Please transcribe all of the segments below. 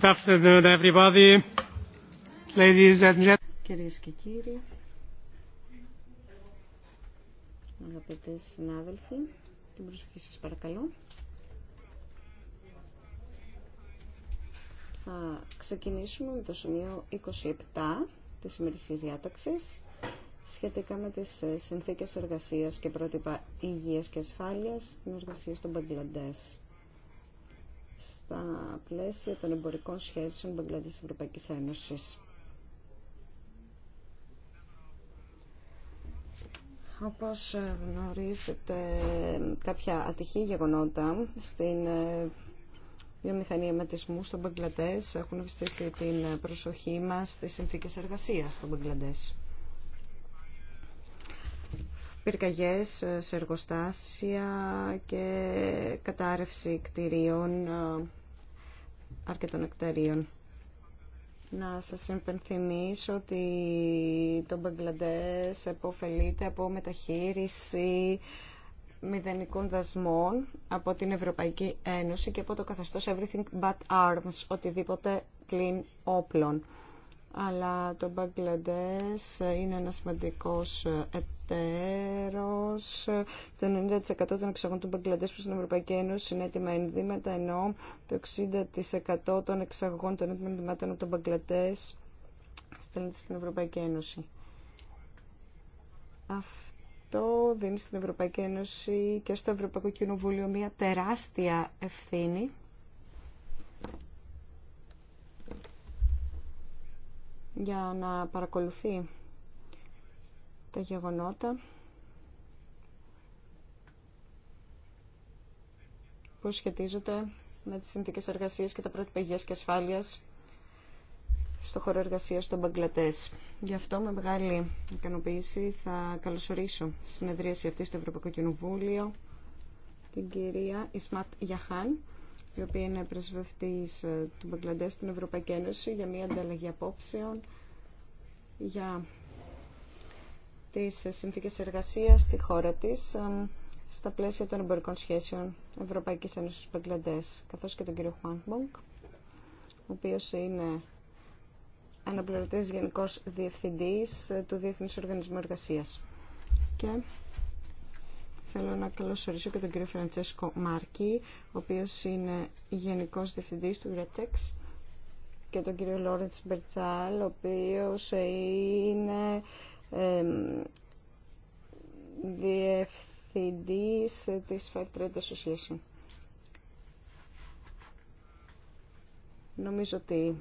Good Κυρίες και κύριοι, αγαπητές συνάδελφοι, την προσοχή σας παρακαλώ. Θα ξεκινήσουμε με το σημείο 27 της ημερησίας διάταξης σχετικά με τις ε, συνθήκες εργασίας και πρότυπα υγείας και ασφάλειας στην εργασία των Παγκλαντές στα πλαίσια των εμπορικών σχέσεων της Ευρωπαϊκής Ένωσης. Όπως γνωρίζετε, κάποια ατυχή γεγονότα στην ε, βιομηχανία μετισμού στον Μπαγκλαντές έχουν ευστήσει την προσοχή μας στις συνθήκες εργασίας στον Μπαγκλαντές πυρκαγιές ε, σε εργοστάσια και κατάρρευση κτηρίων ε, αρκετών εκτερίων, Να σας υπενθυμίσω ότι το Μπαγκλαντές επωφελείται από μεταχείριση μηδενικών δασμών από την Ευρωπαϊκή Ένωση και από το καθεστώς Everything But Arms, οτιδήποτε πλην όπλων. Αλλά το Μπαγκλαντές είναι ένα σημαντικός Τέλος, το 90% των εξαγών των Παγκλαντές προς την Ευρωπαϊκή Ένωση είναι έτοιμα ενδύματα, ενώ το 60% των εξαγών των έτοιμων ενδυμάτων από τον στέλνεται στην Ευρωπαϊκή Ένωση. Αυτό δίνει στην Ευρωπαϊκή Ένωση και στο Ευρωπαϊκό Κοινοβούλιο μια τεράστια ευθύνη για να παρακολουθεί τα γεγονότα που σχετίζονται με τις συνθήκες εργασίας και τα πρότυπα υγείας και ασφάλειας στο χώρο εργασία των Μπαγκλατέ. Γι' αυτό με μεγάλη ικανοποίηση θα καλωσορίσω στη συνεδρίαση αυτή στο Ευρωπαϊκό Κοινοβούλιο την κυρία Ισμάτ Γιαχάν, η οποία είναι πρεσβευτή ε, του Μπαγκλατέ στην Ευρωπαϊκή Ένωση για μια ανταλλαγή απόψεων για τις συνθήκες εργασίας στη χώρα της στα πλαίσια των εμπορικών σχέσεων Ευρωπαϊκής Ένωσης Παγκλαντές, καθώς και τον κύριο Χουάνμπονγκ, ο οποίος είναι αναπληρωτής γενικός διευθυντής του Διεθνούς Οργανισμού Εργασίας. Και θέλω να καλωσορίσω και τον κύριο Φραντσέσκο Μάρκη, ο οποίος είναι γενικός διευθυντής του Ρετσέξ, και τον κύριο Λόρεντς Μπερτσάλ, ο οποίος είναι διευθυντής της Fair Trade Association. Νομίζω ότι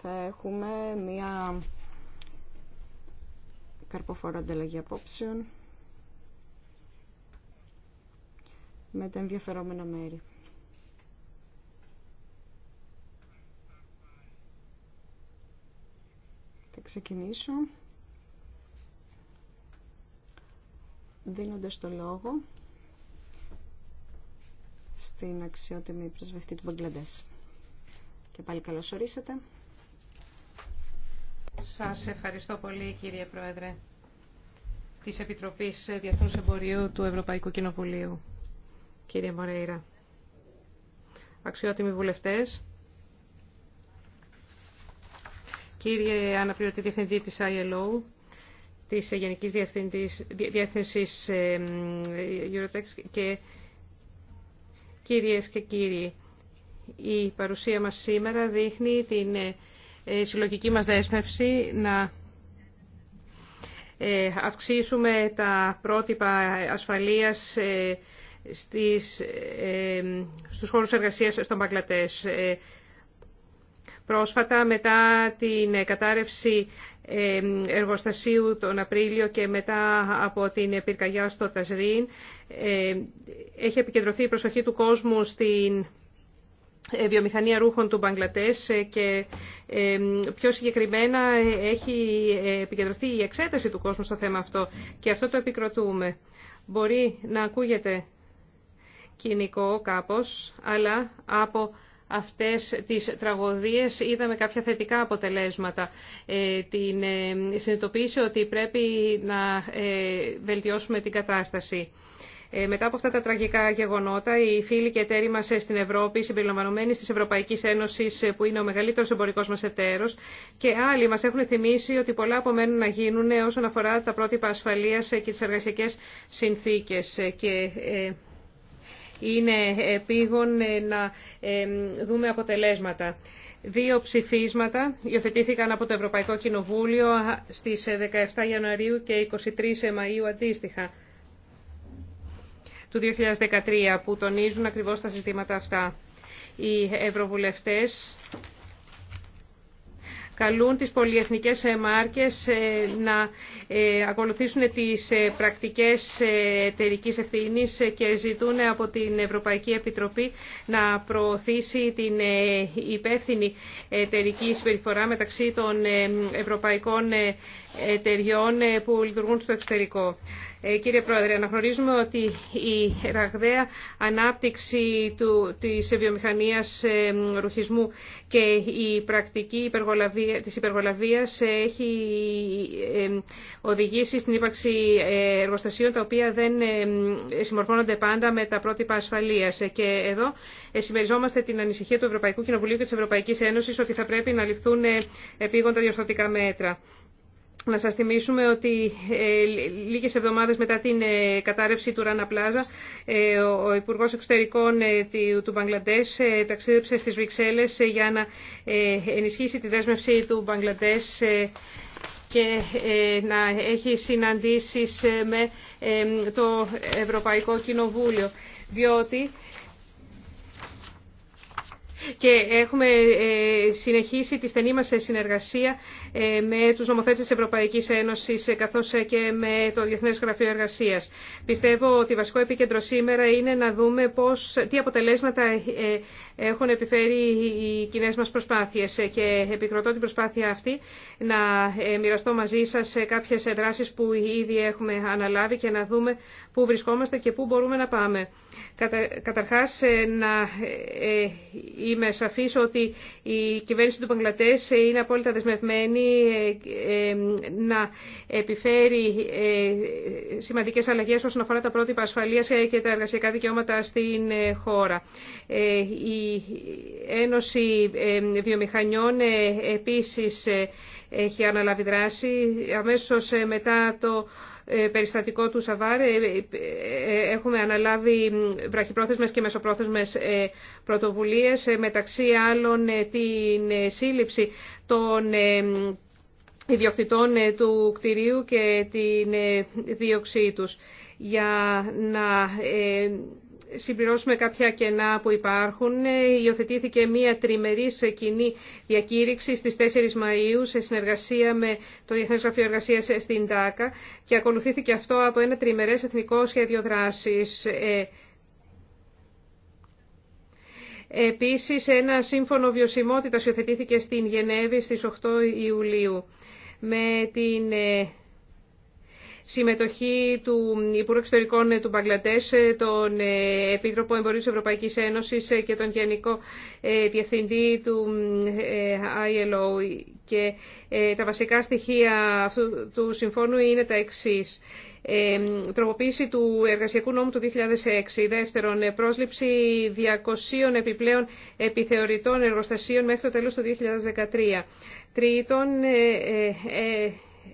θα έχουμε μία καρποφόρα ανταλλαγή απόψεων με τα ενδιαφερόμενα μέρη. Θα ξεκινήσω. δίνοντας το λόγο στην αξιότιμη πρεσβευτή του Μπαγκλαντές. Και πάλι καλώς ορίσατε. Σας ευχαριστώ πολύ κύριε Πρόεδρε της Επιτροπής Διεθνούς Εμπορίου του Ευρωπαϊκού Κοινοβουλίου. Κύριε Μορέιρα, αξιότιμοι βουλευτές, κύριε Αναπληρωτή Διευθυντή της ILO, της Γενικής Διεύθυνσης ε, Eurotex και κυρίες και κύριοι. Η παρουσία μας σήμερα δείχνει την ε, ε, συλλογική μας δέσμευση να αυξήσουμε τα πρότυπα ασφαλείας στις, στους χώρους εργασίας στον Παγκλατές. Πρόσφατα, μετά την κατάρρευση εργοστασίου τον Απρίλιο και μετά από την πυρκαγιά στο Ταζρίν. Έχει επικεντρωθεί η προσοχή του κόσμου στην ε, βιομηχανία ρούχων του Μπαγκλατές ε, και πιο συγκεκριμένα έχει ε, επικεντρωθεί η εξέταση του κόσμου στο θέμα αυτό και αυτό το επικροτούμε. Μπορεί να ακούγεται κοινικό κάπως, αλλά από αυτές τις τραγωδίες είδαμε κάποια θετικά αποτελέσματα. Ε, την ε, συνειδητοποίηση ότι πρέπει να ε, βελτιώσουμε την κατάσταση. Μετά από αυτά τα τραγικά γεγονότα, οι φίλοι και εταίροι μας στην Ευρώπη, συμπεριλαμβανομένοι τη Ευρωπαϊκή Ένωσης, που είναι ο μεγαλύτερος εμπορικός μας εταίρος και άλλοι μας έχουν θυμίσει ότι πολλά απομένουν να γίνουν όσον αφορά τα πρότυπα ασφαλεία και τις εργασιακές συνθήκες. Και είναι επίγον ε, να ε, δούμε αποτελέσματα. Δύο ψηφίσματα υιοθετήθηκαν από το Ευρωπαϊκό Κοινοβούλιο στις 17 ε, Ιανουαρίου και 23 Μαΐου αντίστοιχα του 2013 που τονίζουν ακριβώς τα ζητήματα αυτά. Οι ευρωβουλευτές καλούν τις πολυεθνικές ε, μάρκες ε, να ε, ακολουθήσουν τις πρακτικές εταιρική ευθύνη και ζητούν από την Ευρωπαϊκή Επιτροπή να προωθήσει την υπεύθυνη εταιρική συμπεριφορά μεταξύ των ευρωπαϊκών εταιριών ε, που λειτουργούν στο εξωτερικό. Ε, κύριε Πρόεδρε, αναγνωρίζουμε ότι η ραγδαία ανάπτυξη του, της βιομηχανίας ε, ρουχισμού και η πρακτική υπεργολαβία, της υπεργολαβίας έχει οδηγήσει στην ύπαρξη εργοστασίων τα οποία δεν συμμορφώνονται πάντα με τα πρότυπα ασφαλείας. Και εδώ συμμεριζόμαστε την ανησυχία του Ευρωπαϊκού Κοινοβουλίου και της Ευρωπαϊκής Ένωσης ότι θα πρέπει να ληφθούν επίγοντα διορθωτικά μέτρα. Να σας θυμίσουμε ότι ε, λίγες εβδομάδες μετά την ε, κατάρρευση του Ράνα Πλάζα, ε, ο Υπουργός Εξωτερικών του Μπαγκλαντές ταξίδεψε στις Βρυξέλλες για να ενισχύσει τη δέσμευση του Μπαγκλαντές και να έχει συναντήσεις με το Ευρωπαϊκό Κοινοβούλιο. Διότι και έχουμε συνεχίσει τη στενή μας συνεργασία ε, με τους νομοθέτες της Ευρωπαϊκής Ένωσης ε, καθώς ε, και με το Διεθνές Γραφείο Εργασίας. Πιστεύω ότι βασικό επίκεντρο σήμερα είναι να δούμε πώς, τι αποτελέσματα έχουν επιφέρει οι κοινέ μας προσπάθειες και επικροτώ την προσπάθεια αυτή να μοιραστώ μαζί σας κάποιες δράσεις που ήδη έχουμε αναλάβει και να δούμε πού βρισκόμαστε και πού μπορούμε να πάμε. Καταρχάς, να είμαι σαφής ότι η κυβέρνηση του Παγκλατές είναι απόλυτα δεσμευμένη ε, ε, να επιφέρει ε, σημαντικές αλλαγές όσον αφορά τα πρότυπα ασφαλείας και τα εργασιακά δικαιώματα στην χώρα. Η Ένωση Βιομηχανιών επίσης έχει αναλάβει δράση αμέσως μετά το ε, περιστατικό του Σαβάρ ε, ε, έχουμε αναλάβει βραχυπρόθεσμες και μεσοπρόθεσμες πρωτοβουλίες μεταξύ άλλων την σύλληψη των ιδιοκτητών του κτηρίου και την δίωξή τους για να συμπληρώσουμε κάποια κενά που υπάρχουν. Ε, υιοθετήθηκε μία τριμερή κοινή διακήρυξη στις 4 Μαΐου σε συνεργασία με το Διεθνές Γραφείο εργασία στην ΤΑΚΑ και ακολουθήθηκε αυτό από ένα τριμερέ εθνικό σχέδιο δράση. Ε, επίσης, ένα σύμφωνο βιωσιμότητα υιοθετήθηκε στην Γενέβη στις 8 Ιουλίου. Με την ε, συμμετοχή του Υπουργού Εξωτερικών του Μπαγκλατές, τον ε, Επίτροπο Εμπορίου της Ευρωπαϊκής Ένωσης ε, και τον Γενικό ε, Διευθυντή του ILO. Και τα βασικά στοιχεία αυτού του συμφώνου είναι τα εξής. Τροποποίηση του εργασιακού νόμου του 2006. Δεύτερον, πρόσληψη 200 επιπλέον επιθεωρητών εργοστασίων μέχρι το τέλος του 2013. Τρίτον,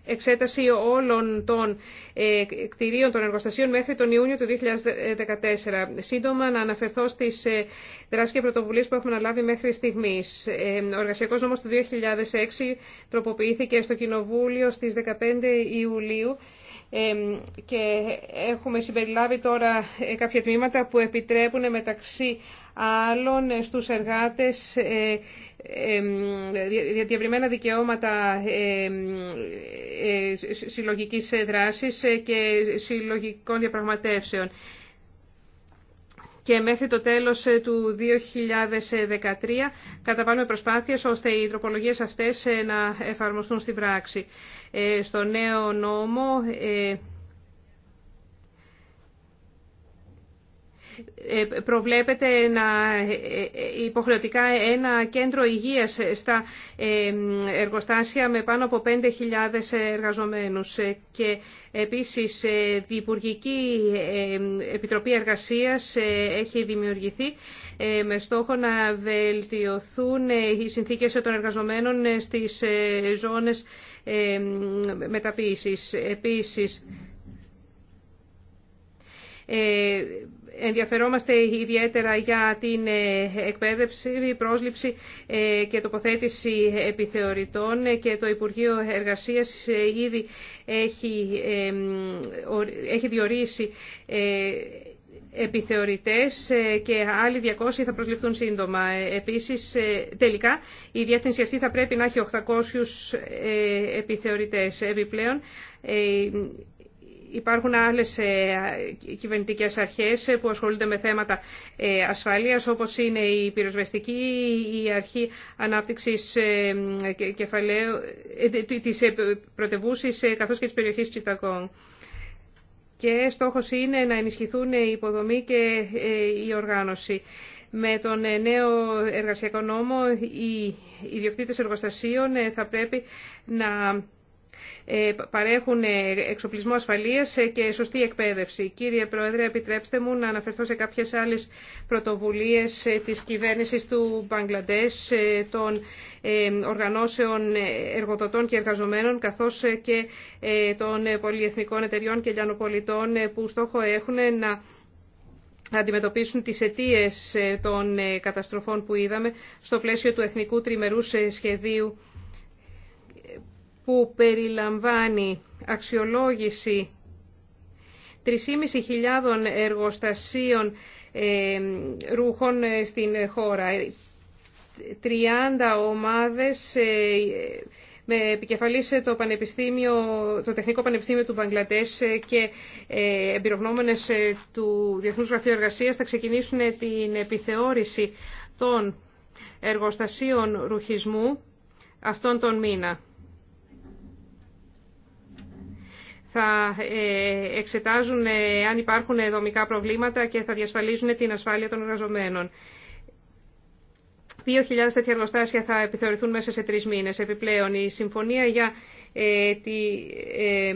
εξέταση όλων των ε, κτηρίων των εργοστασίων μέχρι τον Ιούνιο του 2014. Σύντομα να αναφερθώ στις ε, δράσεις και πρωτοβουλίες που έχουμε αναλάβει μέχρι στιγμής. Ε, ο εργασιακός νόμος του 2006 τροποποιήθηκε στο Κοινοβούλιο στις 15 Ιουλίου και έχουμε συμπεριλάβει τώρα κάποια τμήματα που επιτρέπουν μεταξύ άλλων στους εργάτες διαβριμένα δικαιώματα ε, συλλογικής δράσης και συλλογικών διαπραγματεύσεων. Και μέχρι το τέλος ε, του 2013 καταβάλουμε προσπάθειες ώστε οι τροπολογίες αυτές ε, να εφαρμοστούν στην πράξη. Στο νέο νόμο Ε, προβλέπεται να ε, ε, υποχρεωτικά ένα κέντρο υγείας στα εργοστάσια με πάνω από 5.000 εργαζομένους και επίσης Υπουργική Επιτροπή Εργασίας έχει δημιουργηθεί με στόχο να βελτιωθούν οι συνθήκες των εργαζομένων στις ζώνες μεταποίησης. Επίσης, ενδιαφερόμαστε ιδιαίτερα για την ε, εκπαίδευση, πρόσληψη ε, και τοποθέτηση επιθεωρητών ε, και το Υπουργείο Εργασίας ήδη έχει, έχει διορίσει επιθεωρητές και άλλοι 200 θα προσληφθούν σύντομα. Επίσης, τελικά, η διεύθυνση αυτή θα πρέπει να έχει 800 επιθεωρητές. Επιπλέον, Υπάρχουν άλλες ε, κυβερνητικές αρχές που ασχολούνται με θέματα ε, ασφαλείας, όπως είναι η πυροσβεστική, η αρχή ανάπτυξης ε, κεφαλαίου, της καθώ καθώς και της περιοχής Ψητακών. Και στόχος είναι να ενισχυθούν η υποδομή και η οργάνωση. Με τον νέο εργασιακό νόμο, οι ιδιοκτήτες εργοστασίων θα πρέπει να ε, παρέχουν ε, εξοπλισμό ασφαλείας ε, και σωστή εκπαίδευση. Κύριε Πρόεδρε, επιτρέψτε μου να αναφερθώ σε κάποιες άλλες πρωτοβουλίες της κυβέρνησης του Μπαγκλαντές, των οργανώσεων εργοδοτών και εργαζομένων, καθώς και των πολυεθνικών εταιριών και λιανοπολιτών που στόχο έχουν να αντιμετωπίσουν τις αιτίες των καταστροφών που είδαμε στο πλαίσιο του Εθνικού Τριμερούς Σχεδίου που περιλαμβάνει αξιολόγηση 3.500 εργοστασίων ε, ρούχων ε, στην χώρα. 30 ομάδες ε, με επικεφαλής το, πανεπιστήμιο, το Τεχνικό Πανεπιστήμιο του Μπαγκλαντές και εμπειρογνώμονες του Διεθνούς Γραφείου Εργασίας θα ξεκινήσουν την επιθεώρηση των εργοστασίων ρουχισμού αυτών τον μήνα. θα ε, εξετάζουν ε, αν υπάρχουν δομικά προβλήματα και θα διασφαλίζουν την ασφάλεια των εργαζομένων. 2.000 τέτοια εργοστάσια θα επιθεωρηθούν μέσα σε τρει μήνες. Επιπλέον, η Συμφωνία για ε, τη, ε,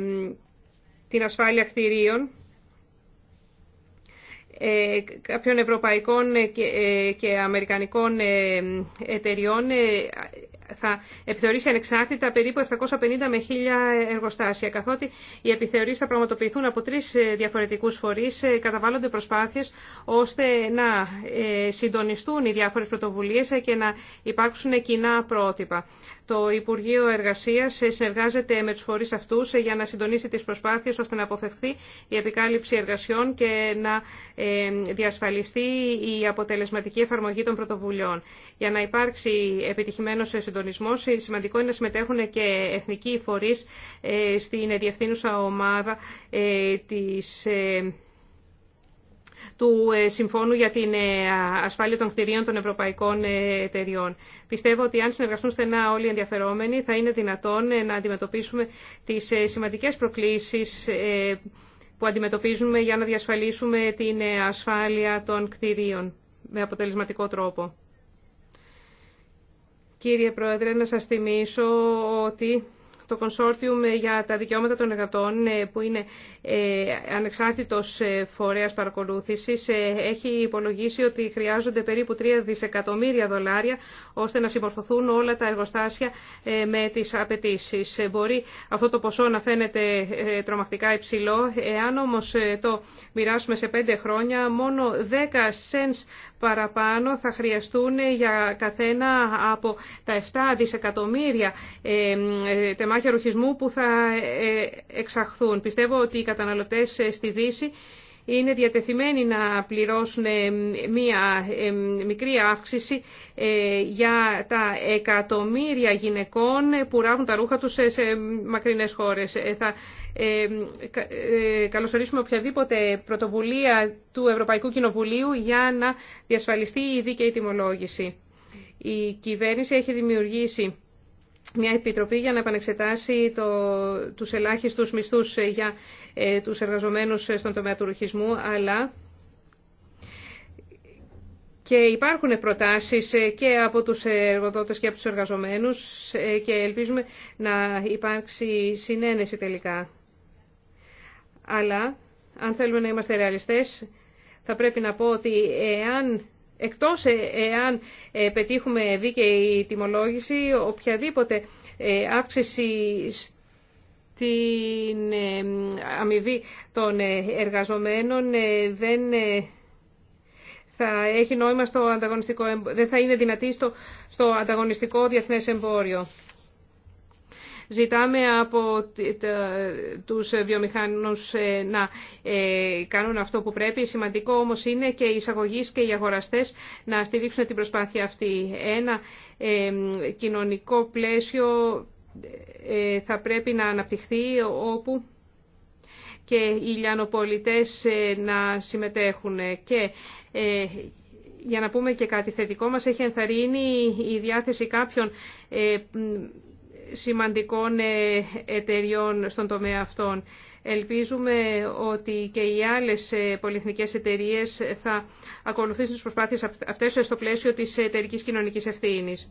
την ασφάλεια κτηρίων ε, κάποιων ευρωπαϊκών και, και αμερικανικών εταιριών θα επιθεωρήσει ανεξάρτητα περίπου 750 με 1000 εργοστάσια, καθότι οι επιθεωρήσεις θα πραγματοποιηθούν από τρεις ε, διαφορετικούς φορείς, ε, καταβάλλονται προσπάθειες ώστε να ε, συντονιστούν οι διάφορες πρωτοβουλίες και να υπάρξουν κοινά πρότυπα. Το Υπουργείο Εργασία συνεργάζεται με του φορεί αυτού για να συντονίσει τι προσπάθειε ώστε να αποφευχθεί η επικάλυψη εργασιών και να διασφαλιστεί η αποτελεσματική εφαρμογή των πρωτοβουλειών. Για να υπάρξει επιτυχημένο συντονισμό ε, σημαντικό είναι να συμμετέχουν και εθνικοί φορείς ε, στην διευθύνουσα ομάδα ε, της του Συμφώνου για την Ασφάλεια των Κτηρίων των Ευρωπαϊκών Εταιριών. Πιστεύω ότι αν συνεργαστούν στενά όλοι οι ενδιαφερόμενοι θα είναι δυνατόν να αντιμετωπίσουμε τις σημαντικές προκλήσεις που αντιμετωπίζουμε για να διασφαλίσουμε την ασφάλεια των κτηρίων με αποτελεσματικό τρόπο. Κύριε Πρόεδρε, να σας θυμίσω ότι το Consortium για τα Δικαιώματα των Εργατών, ε, που είναι ε, ανεξάρτητος ε, φορέας παρακολούθησης, έχει υπολογίσει ότι χρειάζονται περίπου 3 δισεκατομμύρια δολάρια ώστε να συμμορφωθούν όλα τα εργοστάσια με τις απαιτήσει. Μπορεί αυτό το ποσό να φαίνεται τρομακτικά υψηλό, εάν όμως το μοιράσουμε σε 5 χρόνια, μόνο 10 cents παραπάνω θα χρειαστούν για καθένα από τα 7 δισεκατομμύρια ε, ε, τεμάχια ρουχισμού που θα ε, εξαχθούν. Πιστεύω ότι οι καταναλωτές στη Δύση είναι διατεθειμένοι να πληρώσουν ε, μία ε, μικρή αύξηση ε, για τα εκατομμύρια γυναικών που ράβουν τα ρούχα τους σε μακρινές χώρες. Θα καλωσορίσουμε οποιαδήποτε πρωτοβουλία του Ευρωπαϊκού Κοινοβουλίου για να διασφαλιστεί η δίκαιη τιμολόγηση. Η κυβέρνηση έχει δημιουργήσει μια επιτροπή για να επανεξετάσει το, τους ελάχιστους μισθούς για ε, τους εργαζομένους στον τομέα του ρουχισμού, αλλά και υπάρχουν προτάσεις ε, και από τους εργοδότες και από τους εργαζομένους ε, και ελπίζουμε να υπάρξει συνένεση τελικά. Αλλά αν θέλουμε να είμαστε ρεαλιστές, θα πρέπει να πω ότι εάν Εκτός ε, εάν ε, πετύχουμε δίκαιη τιμολόγηση, οποιαδήποτε ε, αύξηση στην αμοιβή των εργαζομένων δεν θα έχει νόημα στο ανταγωνιστικό, δεν θα είναι δυνατή στο, στο ανταγωνιστικό διεθνές εμπόριο. Ζητάμε από τους βιομηχάνους ε, να ε, κάνουν αυτό που πρέπει. Σημαντικό όμως είναι και οι εισαγωγείς και οι αγοραστές να στηρίξουν την προσπάθεια αυτή. Ένα ε, κοινωνικό πλαίσιο θα πρέπει να αναπτυχθεί όπου και οι λιανοπολιτές να συμμετέχουν. Και για να πούμε και κάτι θετικό, μας έχει ενθαρρύνει η διάθεση κάποιων σημαντικών ε, εταιριών στον τομέα αυτών. Ελπίζουμε ότι και οι άλλες ε, πολυεθνικές εταιρείες θα ακολουθήσουν τις προσπάθειες αυτές στο πλαίσιο της εταιρικής κοινωνικής ευθύνης.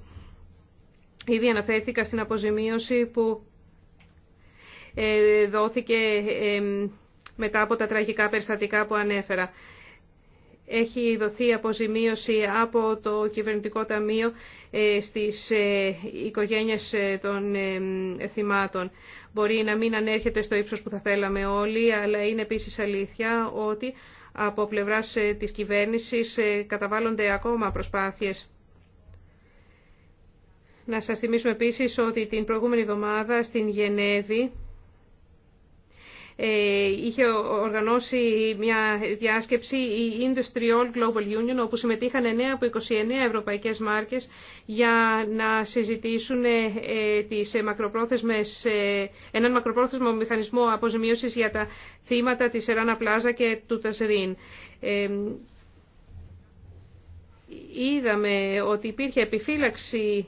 Ήδη αναφέρθηκα στην αποζημίωση που ε, δόθηκε μετά από τα τραγικά περιστατικά που ανέφερα έχει δοθεί αποζημίωση από το Κυβερνητικό Ταμείο ε, στις ε, οικογένειες ε, των θυμάτων. Μπορεί να μην ανέρχεται στο ύψος που θα θέλαμε όλοι, αλλά είναι επίσης αλήθεια ότι από πλευράς της κυβέρνησης καταβάλλονται ακόμα προσπάθειες. Να σας θυμίσουμε επίσης ότι την προηγούμενη εβδομάδα στην Γενέβη ε, είχε οργανώσει μια διάσκεψη η Industrial Global Union όπου συμμετείχαν 9 από 29 ευρωπαϊκές μάρκες για να συζητήσουν ε, τις ε, μακροπρόθεσμες, έναν μακροπρόθεσμο μηχανισμό αποζημίωσης για τα θύματα της Εράνα Πλάζα και του Ταζρίν. Είδαμε ότι υπήρχε επιφύλαξη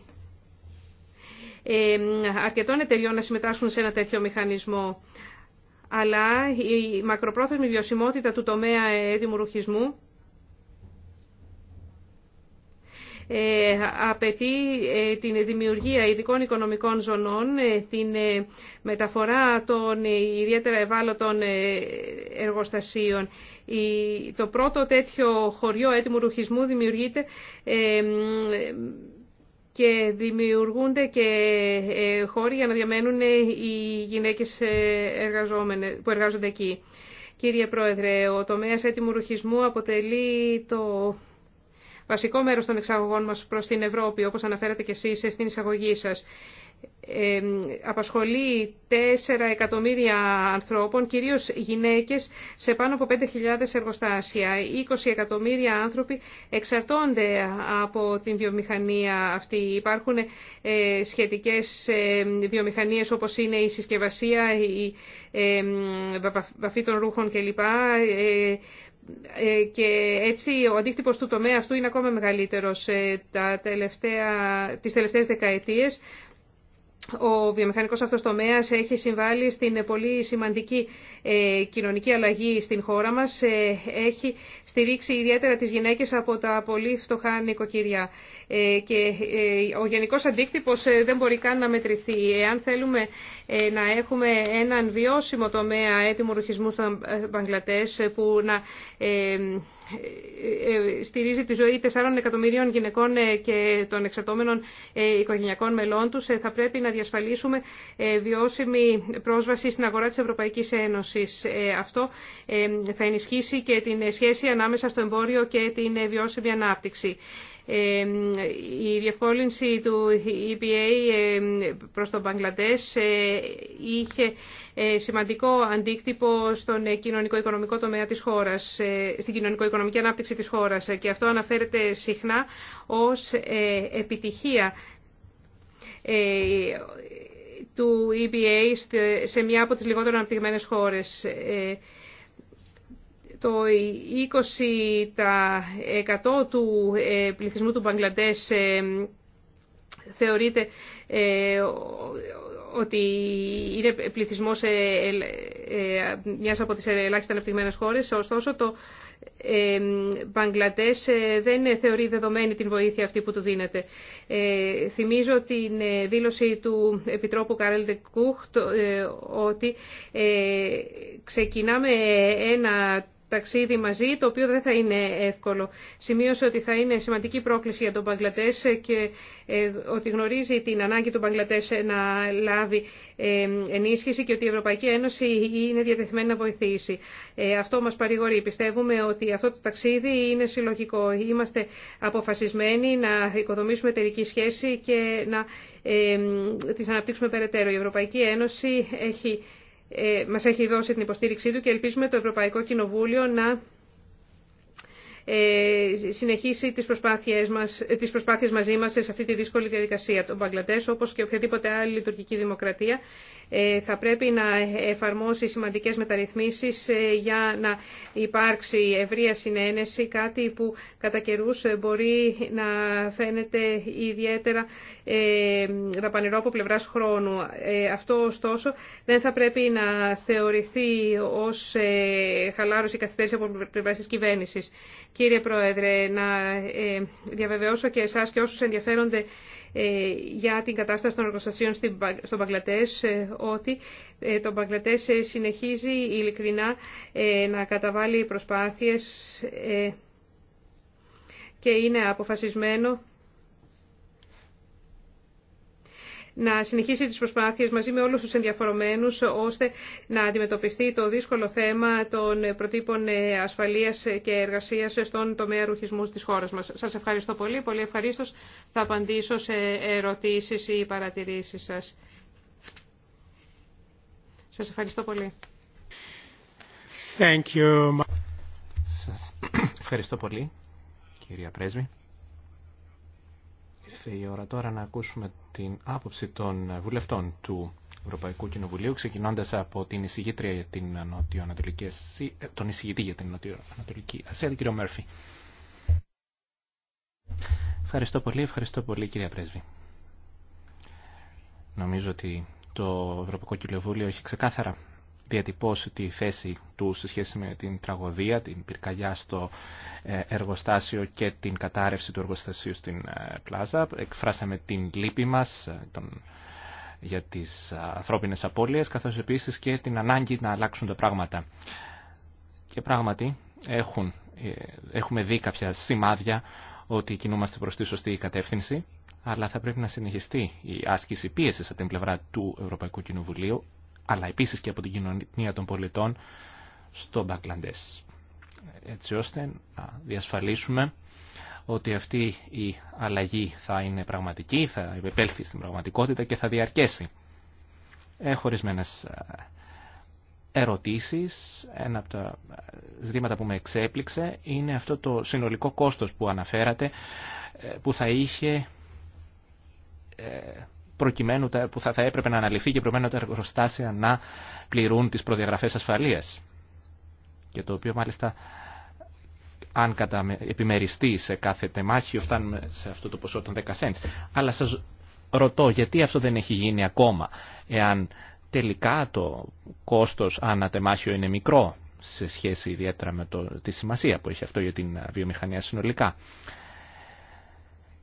αρκετών εταιριών να συμμετάσχουν σε ένα τέτοιο μηχανισμό αλλά η μακροπρόθεσμη βιωσιμότητα του τομέα ε, έτοιμου ρουχισμού ε, απαιτεί ε, την δημιουργία ειδικών οικονομικών ζωνών, την μεταφορά των ιδιαίτερα ευάλωτων εργοστασίων. Το πρώτο τέτοιο χωριό έτοιμου ρουχισμού δημιουργείται και δημιουργούνται και ε, χώροι για να διαμένουν ε, οι γυναίκες ε, που εργάζονται εκεί. Κύριε Πρόεδρε, ο τομέας έτοιμου ρουχισμού αποτελεί το βασικό μέρος των εξαγωγών μας προς την Ευρώπη, όπως αναφέρατε και εσείς στην εισαγωγή σας απασχολεί 4 εκατομμύρια ανθρώπων, κυρίως γυναίκες, σε πάνω από 5.000 εργοστάσια. 20 εκατομμύρια άνθρωποι εξαρτώνται από την βιομηχανία αυτή. Υπάρχουν ε, σχετικές ε, βιομηχανίες όπως είναι η συσκευασία, η βαφή των ρούχων κλπ. Ε, και έτσι ο αντίκτυπος του τομέα αυτού είναι ακόμα μεγαλύτερος τα τελευταία, τις τελευταίες δεκαετίες ο βιομηχανικός αυτός τομέας έχει συμβάλει στην πολύ σημαντική ε, κοινωνική αλλαγή στην χώρα μας. Ε, έχει στηρίξει ιδιαίτερα τις γυναίκες από τα πολύ φτωχά νοικοκυριά. Ε, και ο γενικός αντίκτυπος δεν μπορεί καν να μετρηθεί. Εάν θέλουμε να έχουμε έναν βιώσιμο τομέα έτοιμου ρουχισμού στον Μπαγκλατές που να ε, ε, στηρίζει τη ζωή 4 εκατομμυρίων γυναικών ε, και των εξαρτώμενων οικογενειακών μελών τους, θα πρέπει να διασφαλίσουμε βιώσιμη πρόσβαση στην αγορά της Ευρωπαϊκής Ένωσης. Αυτό θα ενισχύσει και την σχέση ανάμεσα στο εμπόριο και την βιώσιμη ανάπτυξη. Η διευκόλυνση του EPA προς τον Μπαγκλαντές ε, είχε ε, σημαντικό αντίκτυπο στον κοινωνικο τομέα της χώρας, ε, στην κοινωνικο-οικονομική ανάπτυξη της χώρας και αυτό αναφέρεται συχνά ως επιτυχία του EPA σε μια από τις λιγότερο αναπτυγμένες χώρες το 20% του ε, πληθυσμού του Μπαγκλαντές ε, θεωρείται ε, ότι είναι πληθυσμός μιας από τις ελάχιστα αναπτυγμένες χώρες. Ωστόσο, το Μπαγκλαντές δεν θεωρεί δεδομένη την βοήθεια αυτή που του δίνεται. Θυμίζω την δήλωση του Επιτρόπου Καρέλ Δεκούχτ ότι ξεκινάμε ένα ταξίδι μαζί, το οποίο δεν θα είναι εύκολο. Σημείωσε ότι θα είναι σημαντική πρόκληση για τον Παγκλατές και ε, ότι γνωρίζει την ανάγκη του Παγκλατές να λάβει ε, ενίσχυση και ότι η Ευρωπαϊκή Ένωση είναι διατεθειμένη να βοηθήσει. Ε, αυτό μας παρηγορεί. Πιστεύουμε ότι αυτό το ταξίδι είναι συλλογικό. Είμαστε αποφασισμένοι να οικοδομήσουμε εταιρική σχέση και να ε, τις αναπτύξουμε περαιτέρω. Η Ευρωπαϊκή Ένωση έχει ε, μας έχει δώσει την υποστήριξή του και ελπίζουμε το Ευρωπαϊκό Κοινοβούλιο να ε, συνεχίσει τις προσπάθειες, μας, τις προσπάθειες μαζί μας σε αυτή τη δύσκολη διαδικασία. Το Μπαγκλαντές, όπως και οποιαδήποτε άλλη τουρκική δημοκρατία, ε, θα πρέπει να εφαρμόσει σημαντικές μεταρρυθμίσεις ε, για να υπάρξει ευρεία συνένεση, κάτι που κατά καιρού μπορεί να φαίνεται ιδιαίτερα δαπανηρό από πλευράς χρόνου. Αυτό ωστόσο δεν θα πρέπει να θεωρηθεί ως χαλάρωση καθυστέρηση από πλευράς της κυβέρνησης. Κύριε Πρόεδρε, να ε, διαβεβαιώσω και εσάς και όσους ενδιαφέρονται ε, για την κατάσταση των εργοστασίων στον Παγκλατές ε, ότι το Παγκλατές συνεχίζει ειλικρινά να καταβάλει προσπάθειες και είναι αποφασισμένο να συνεχίσει τις προσπάθειες μαζί με όλους τους ενδιαφορομένους ώστε να αντιμετωπιστεί το δύσκολο θέμα των προτύπων ε, ασφαλείας και εργασίας στον τομέα ρουχισμού της χώρας μας. Σας ευχαριστώ πολύ. Πολύ ευχαριστώ. Θα απαντήσω σε ερωτήσεις ή παρατηρήσεις σας. Σας ευχαριστώ πολύ. Thank you. Σας ευχαριστώ πολύ, κυρία Πρέσβη. Ήρθε η ώρα τώρα να ακούσουμε την άποψη των βουλευτών του Ευρωπαϊκού Κοινοβουλίου, ξεκινώντα από την εισηγήτρια για την Νοτιοανατολική Ασία, ε, τον εισηγητή για την Νοτιοανατολική Ασία, τον κύριο Μέρφυ. Ευχαριστώ πολύ, ευχαριστώ πολύ κυρία Πρέσβη. Νομίζω ότι το Ευρωπαϊκό Κοινοβούλιο έχει ξεκάθαρα διατυπώσει τη θέση του σε σχέση με την τραγωδία, την πυρκαγιά στο ε, εργοστάσιο και την κατάρρευση του εργοστασίου στην ε, Πλάζα. Εκφράσαμε την λύπη μας ε, τον, για τις ανθρώπινες απώλειες, καθώς επίσης και την ανάγκη να αλλάξουν τα πράγματα. Και πράγματι έχουν, έχουμε δει κάποια σημάδια ότι κινούμαστε προς τη σωστή κατεύθυνση αλλά θα πρέπει να συνεχιστεί η άσκηση πίεσης από την πλευρά του Ευρωπαϊκού Κοινοβουλίου αλλά επίσης και από την κοινωνία των πολιτών στο Μπαγκλαντές. Έτσι ώστε να διασφαλίσουμε ότι αυτή η αλλαγή θα είναι πραγματική, θα επέλθει στην πραγματικότητα και θα διαρκέσει. Έχω ε, ερωτήσεις. Ένα από τα ζητήματα που με εξέπληξε είναι αυτό το συνολικό κόστος που αναφέρατε, ε, που θα είχε ε, προκειμένου που θα, θα έπρεπε να αναλυθεί και προκειμένου τα εργοστάσια να πληρούν τις προδιαγραφές ασφαλείας. Και το οποίο μάλιστα αν επιμεριστεί σε κάθε τεμάχιο φτάνουμε σε αυτό το ποσό των 10 cents. Αλλά σας ρωτώ γιατί αυτό δεν έχει γίνει ακόμα εάν τελικά το κόστος ανά τεμάχιο είναι μικρό σε σχέση ιδιαίτερα με το, τη σημασία που έχει αυτό για την βιομηχανία συνολικά.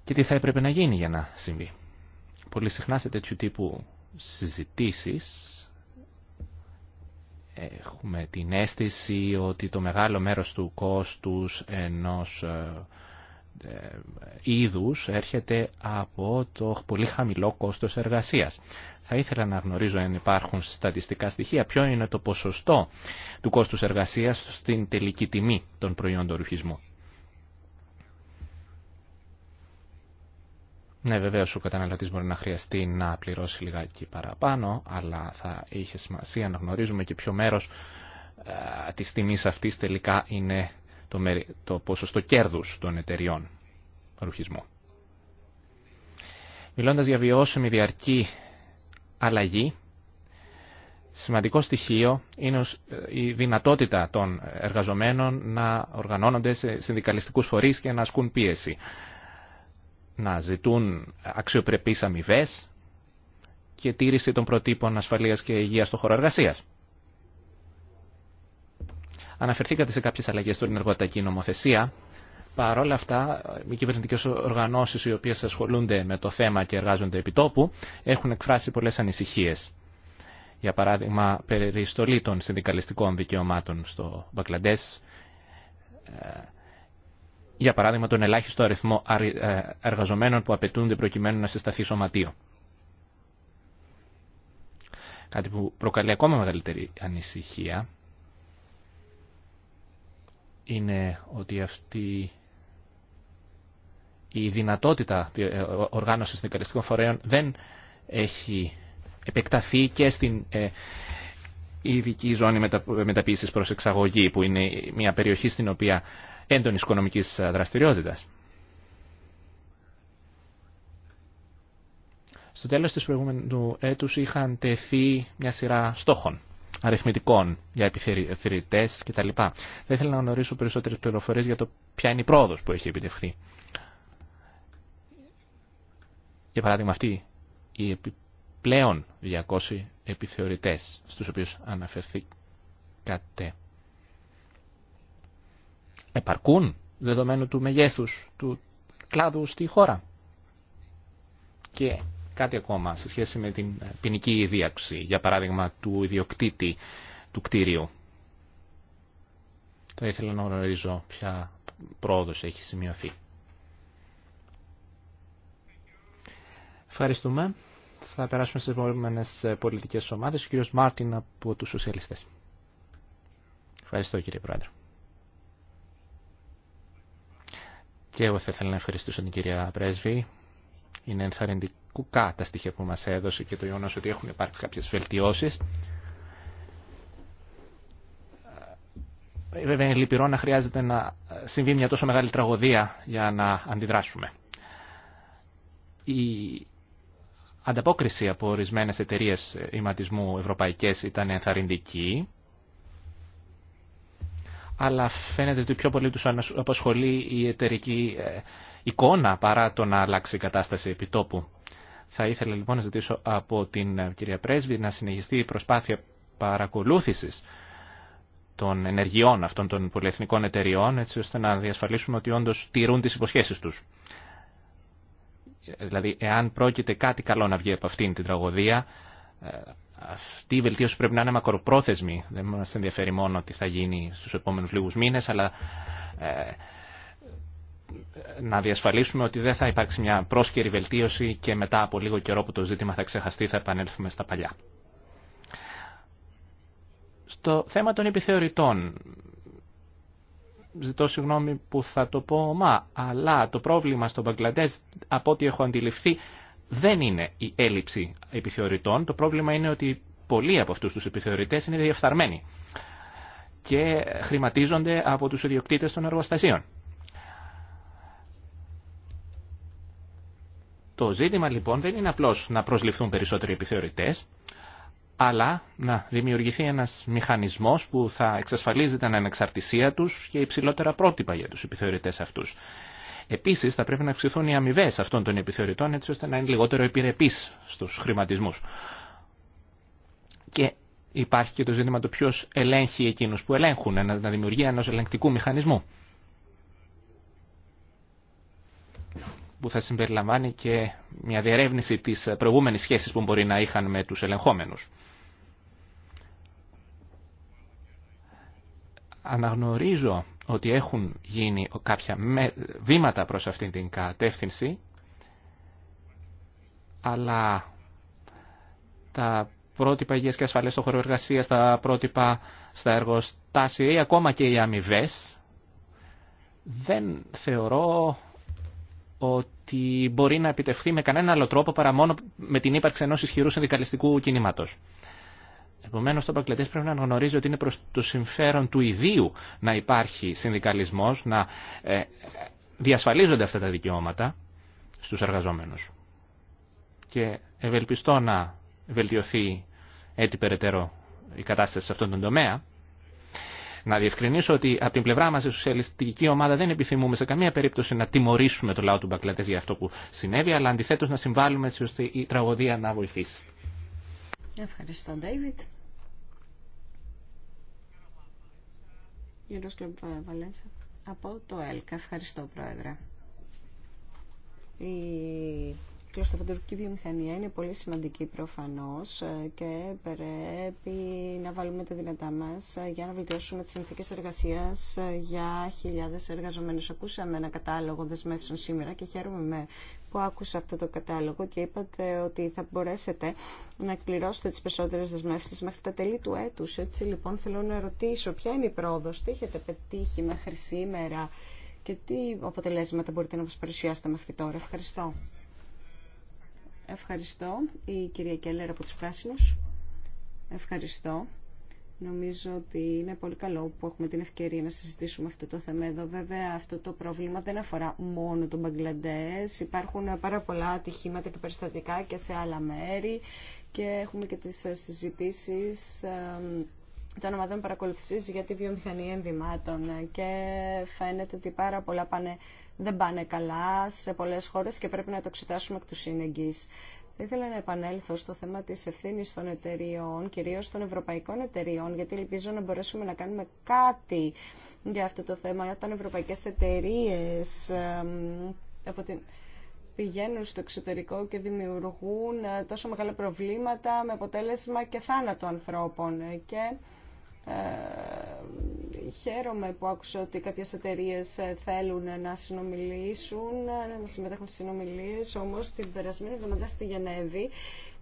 Και τι θα έπρεπε να γίνει για να συμβεί. Πολύ συχνά σε τέτοιου τύπου συζητήσεις έχουμε την αίσθηση ότι το μεγάλο μέρος του κόστους ενός ε, ε, είδους έρχεται από το πολύ χαμηλό κόστος εργασίας. Θα ήθελα να γνωρίζω αν υπάρχουν στατιστικά στοιχεία ποιο είναι το ποσοστό του κόστους εργασίας στην τελική τιμή των προϊόντων ρουχισμού. Ναι, βεβαίω ο καταναλωτή μπορεί να χρειαστεί να πληρώσει λιγάκι παραπάνω, αλλά θα είχε σημασία να γνωρίζουμε και ποιο μέρο ε, της τη τιμή αυτή τελικά είναι το, το ποσοστό κέρδου των εταιριών ρουχισμού. Μιλώντα για βιώσιμη διαρκή αλλαγή, σημαντικό στοιχείο είναι ε, η δυνατότητα των εργαζομένων να οργανώνονται σε συνδικαλιστικούς φορείς και να ασκούν πίεση να ζητούν αξιοπρεπείς αμοιβέ και τήρηση των προτύπων ασφαλείας και υγείας στο χώρο εργασίας. Αναφερθήκατε σε κάποιες αλλαγές στην ενεργοτακή νομοθεσία. Παρόλα αυτά, οι κυβερνητικέ οργανώσει οι οποίε ασχολούνται με το θέμα και εργάζονται επί τόπου έχουν εκφράσει πολλέ ανησυχίε. Για παράδειγμα, περιστολή των συνδικαλιστικών δικαιωμάτων στο Μπαγκλαντέ, ε, για παράδειγμα τον ελάχιστο αριθμό ε, εργαζομένων που απαιτούνται προκειμένου να συσταθεί σωματείο. Κάτι που προκαλεί ακόμα μεγαλύτερη ανησυχία είναι ότι αυτή η δυνατότητα ε, οργάνωσης συνδικαλιστικών φορέων δεν έχει επεκταθεί και στην ε, ειδική ζώνη μεταποίησης προς εξαγωγή που είναι μια περιοχή στην οποία έντονη οικονομική ε, δραστηριότητας. Στο τέλος της προηγούμενου έτους είχαν τεθεί μια σειρά στόχων αριθμητικών για επιθεωρητέ κτλ. Δεν ήθελα να γνωρίσω περισσότερες πληροφορίες για το ποια είναι η πρόοδο που έχει επιτευχθεί. Για παράδειγμα αυτή η επιπλέον 200 επιθεωρητές στους οποίους αναφερθήκατε επαρκούν δεδομένου του μεγέθους του κλάδου στη χώρα. Και κάτι ακόμα σε σχέση με την ποινική δίαξη, για παράδειγμα του ιδιοκτήτη του κτίριου. Θα ήθελα να γνωρίζω ποια πρόοδος έχει σημειωθεί. Ευχαριστούμε. Θα περάσουμε στις επόμενες πολιτικές ομάδες. Ο κύριος Μάρτιν από τους Σοσιαλιστές. Ευχαριστώ κύριε Πρόεδρε. Και εγώ θα ήθελα να ευχαριστήσω την κυρία Πρέσβη. Είναι ενθαρρυντικά τα στοιχεία που μας έδωσε και το γεγονό ότι έχουν υπάρξει κάποιες βελτιώσεις. Ε, βέβαια είναι λυπηρό να χρειάζεται να συμβεί μια τόσο μεγάλη τραγωδία για να αντιδράσουμε. Η ανταπόκριση από ορισμένες εταιρείες ηματισμού ευρωπαϊκές ήταν ενθαρρυντική αλλά φαίνεται ότι πιο πολύ τους απασχολεί η εταιρική ε, εικόνα παρά το να αλλάξει η κατάσταση επιτόπου. Θα ήθελα λοιπόν να ζητήσω από την ε, κυρία Πρέσβη να συνεχιστεί η προσπάθεια παρακολούθησης των ενεργειών αυτών των πολυεθνικών εταιριών, έτσι ώστε να διασφαλίσουμε ότι όντως τηρούν τις υποσχέσεις τους. Ε, δηλαδή, εάν πρόκειται κάτι καλό να βγει από αυτήν την τραγωδία, αυτή η βελτίωση πρέπει να είναι μακροπρόθεσμη. Δεν μα ενδιαφέρει μόνο τι θα γίνει στου επόμενου λίγου μήνε, αλλά ε, να διασφαλίσουμε ότι δεν θα υπάρξει μια πρόσκαιρη βελτίωση και μετά από λίγο καιρό που το ζήτημα θα ξεχαστεί θα επανέλθουμε στα παλιά. Στο θέμα των επιθεωρητών, ζητώ συγγνώμη που θα το πω, μα, αλλά το πρόβλημα στο Μπαγκλαντές, από ό,τι έχω αντιληφθεί, δεν είναι η έλλειψη επιθεωρητών. Το πρόβλημα είναι ότι πολλοί από αυτούς τους επιθεωρητές είναι διεφθαρμένοι και χρηματίζονται από τους ιδιοκτήτες των εργοστασίων. Το ζήτημα λοιπόν δεν είναι απλώς να προσληφθούν περισσότεροι επιθεωρητές, αλλά να δημιουργηθεί ένας μηχανισμός που θα εξασφαλίζει την ανεξαρτησία τους και υψηλότερα πρότυπα για τους επιθεωρητές αυτούς. Επίση, θα πρέπει να αυξηθούν οι αμοιβέ αυτών των επιθεωρητών έτσι ώστε να είναι λιγότερο επιρρεπεί στου χρηματισμού. Και υπάρχει και το ζήτημα το ποιο ελέγχει εκείνου που ελέγχουν, να, δημιουργεί ενό ελεγκτικού μηχανισμού. που θα συμπεριλαμβάνει και μια διερεύνηση τη προηγούμενη σχέση που μπορεί να είχαν με του ελεγχόμενους. Αναγνωρίζω ότι έχουν γίνει κάποια βήματα προς αυτήν την κατεύθυνση, αλλά τα πρότυπα υγείας και ασφαλείας στο χώρο εργασίας, τα πρότυπα στα εργοστάσια ή ακόμα και οι αμοιβέ, δεν θεωρώ ότι μπορεί να επιτευχθεί με κανένα άλλο τρόπο παρά μόνο με την ύπαρξη ενός ισχυρού συνδικαλιστικού κινήματος. Επομένω, το επαγγελματία πρέπει να γνωρίζει ότι είναι προ το συμφέρον του ιδίου να υπάρχει συνδικαλισμό, να ε, διασφαλίζονται αυτά τα δικαιώματα στου εργαζόμενου. Και ευελπιστώ να βελτιωθεί έτσι περαιτέρω η κατάσταση σε αυτόν τον τομέα. Να διευκρινίσω ότι από την πλευρά μα η σοσιαλιστική ομάδα δεν επιθυμούμε σε καμία περίπτωση να τιμωρήσουμε το λαό του Μπαγκλαντέ για αυτό που συνέβη, αλλά αντιθέτω να συμβάλλουμε έτσι ώστε η τραγωδία να βοηθήσει. Ευχαριστώ, Ντέιβιτ. Γιώργος Βαλένσα από το ΕΛΚΑ. Ευχαριστώ, Πρόεδρε. Η κλωστοφαντουργική βιομηχανία είναι πολύ σημαντική προφανώς ε, και πρέπει να βάλουμε τα δυνατά μας ε, για να βελτιώσουμε τις συνθήκες εργασίας ε, για χιλιάδες εργαζομένους. Ακούσαμε ένα κατάλογο δεσμεύσεων σήμερα και χαίρομαι που άκουσα αυτό το κατάλογο και είπατε ότι θα μπορέσετε να εκπληρώσετε τις περισσότερες δεσμεύσεις μέχρι τα τέλη του έτους. Έτσι λοιπόν θέλω να ρωτήσω ποια είναι η πρόοδος, τι έχετε πετύχει μέχρι σήμερα και τι αποτελέσματα μπορείτε να μας παρουσιάσετε μέχρι τώρα. Ευχαριστώ. Ευχαριστώ. Η κυρία Κέλλερ από τους Πράσινους. Ευχαριστώ. Νομίζω ότι είναι πολύ καλό που έχουμε την ευκαιρία να συζητήσουμε αυτό το θέμα εδώ. Βέβαια, αυτό το πρόβλημα δεν αφορά μόνο τον Μπαγκλαντές. Υπάρχουν πάρα πολλά ατυχήματα και περιστατικά και σε άλλα μέρη και έχουμε και τις συζητήσεις των ομάδων παρακολουθήσεις για τη βιομηχανία ενδυμάτων και φαίνεται ότι πάρα πολλά πάνε δεν πάνε καλά σε πολλές χώρες και πρέπει να το εξετάσουμε εκ του συνεγγύς. Θα ήθελα να επανέλθω στο θέμα τη ευθύνη των εταιριών, κυρίω των ευρωπαϊκών εταιριών, γιατί ελπίζω να μπορέσουμε να κάνουμε κάτι για αυτό το θέμα. Όταν ευρωπαϊκέ εταιρείε την πηγαίνουν στο εξωτερικό και δημιουργούν ε, τόσο μεγάλα προβλήματα με αποτέλεσμα και θάνατο ανθρώπων. Ε, και ε, χαίρομαι που άκουσα ότι κάποιες εταιρείες ε, θέλουν να συνομιλήσουν, ε, να συμμετέχουν στις συνομιλίες, όμως την περασμένη εβδομάδα στη Γενέβη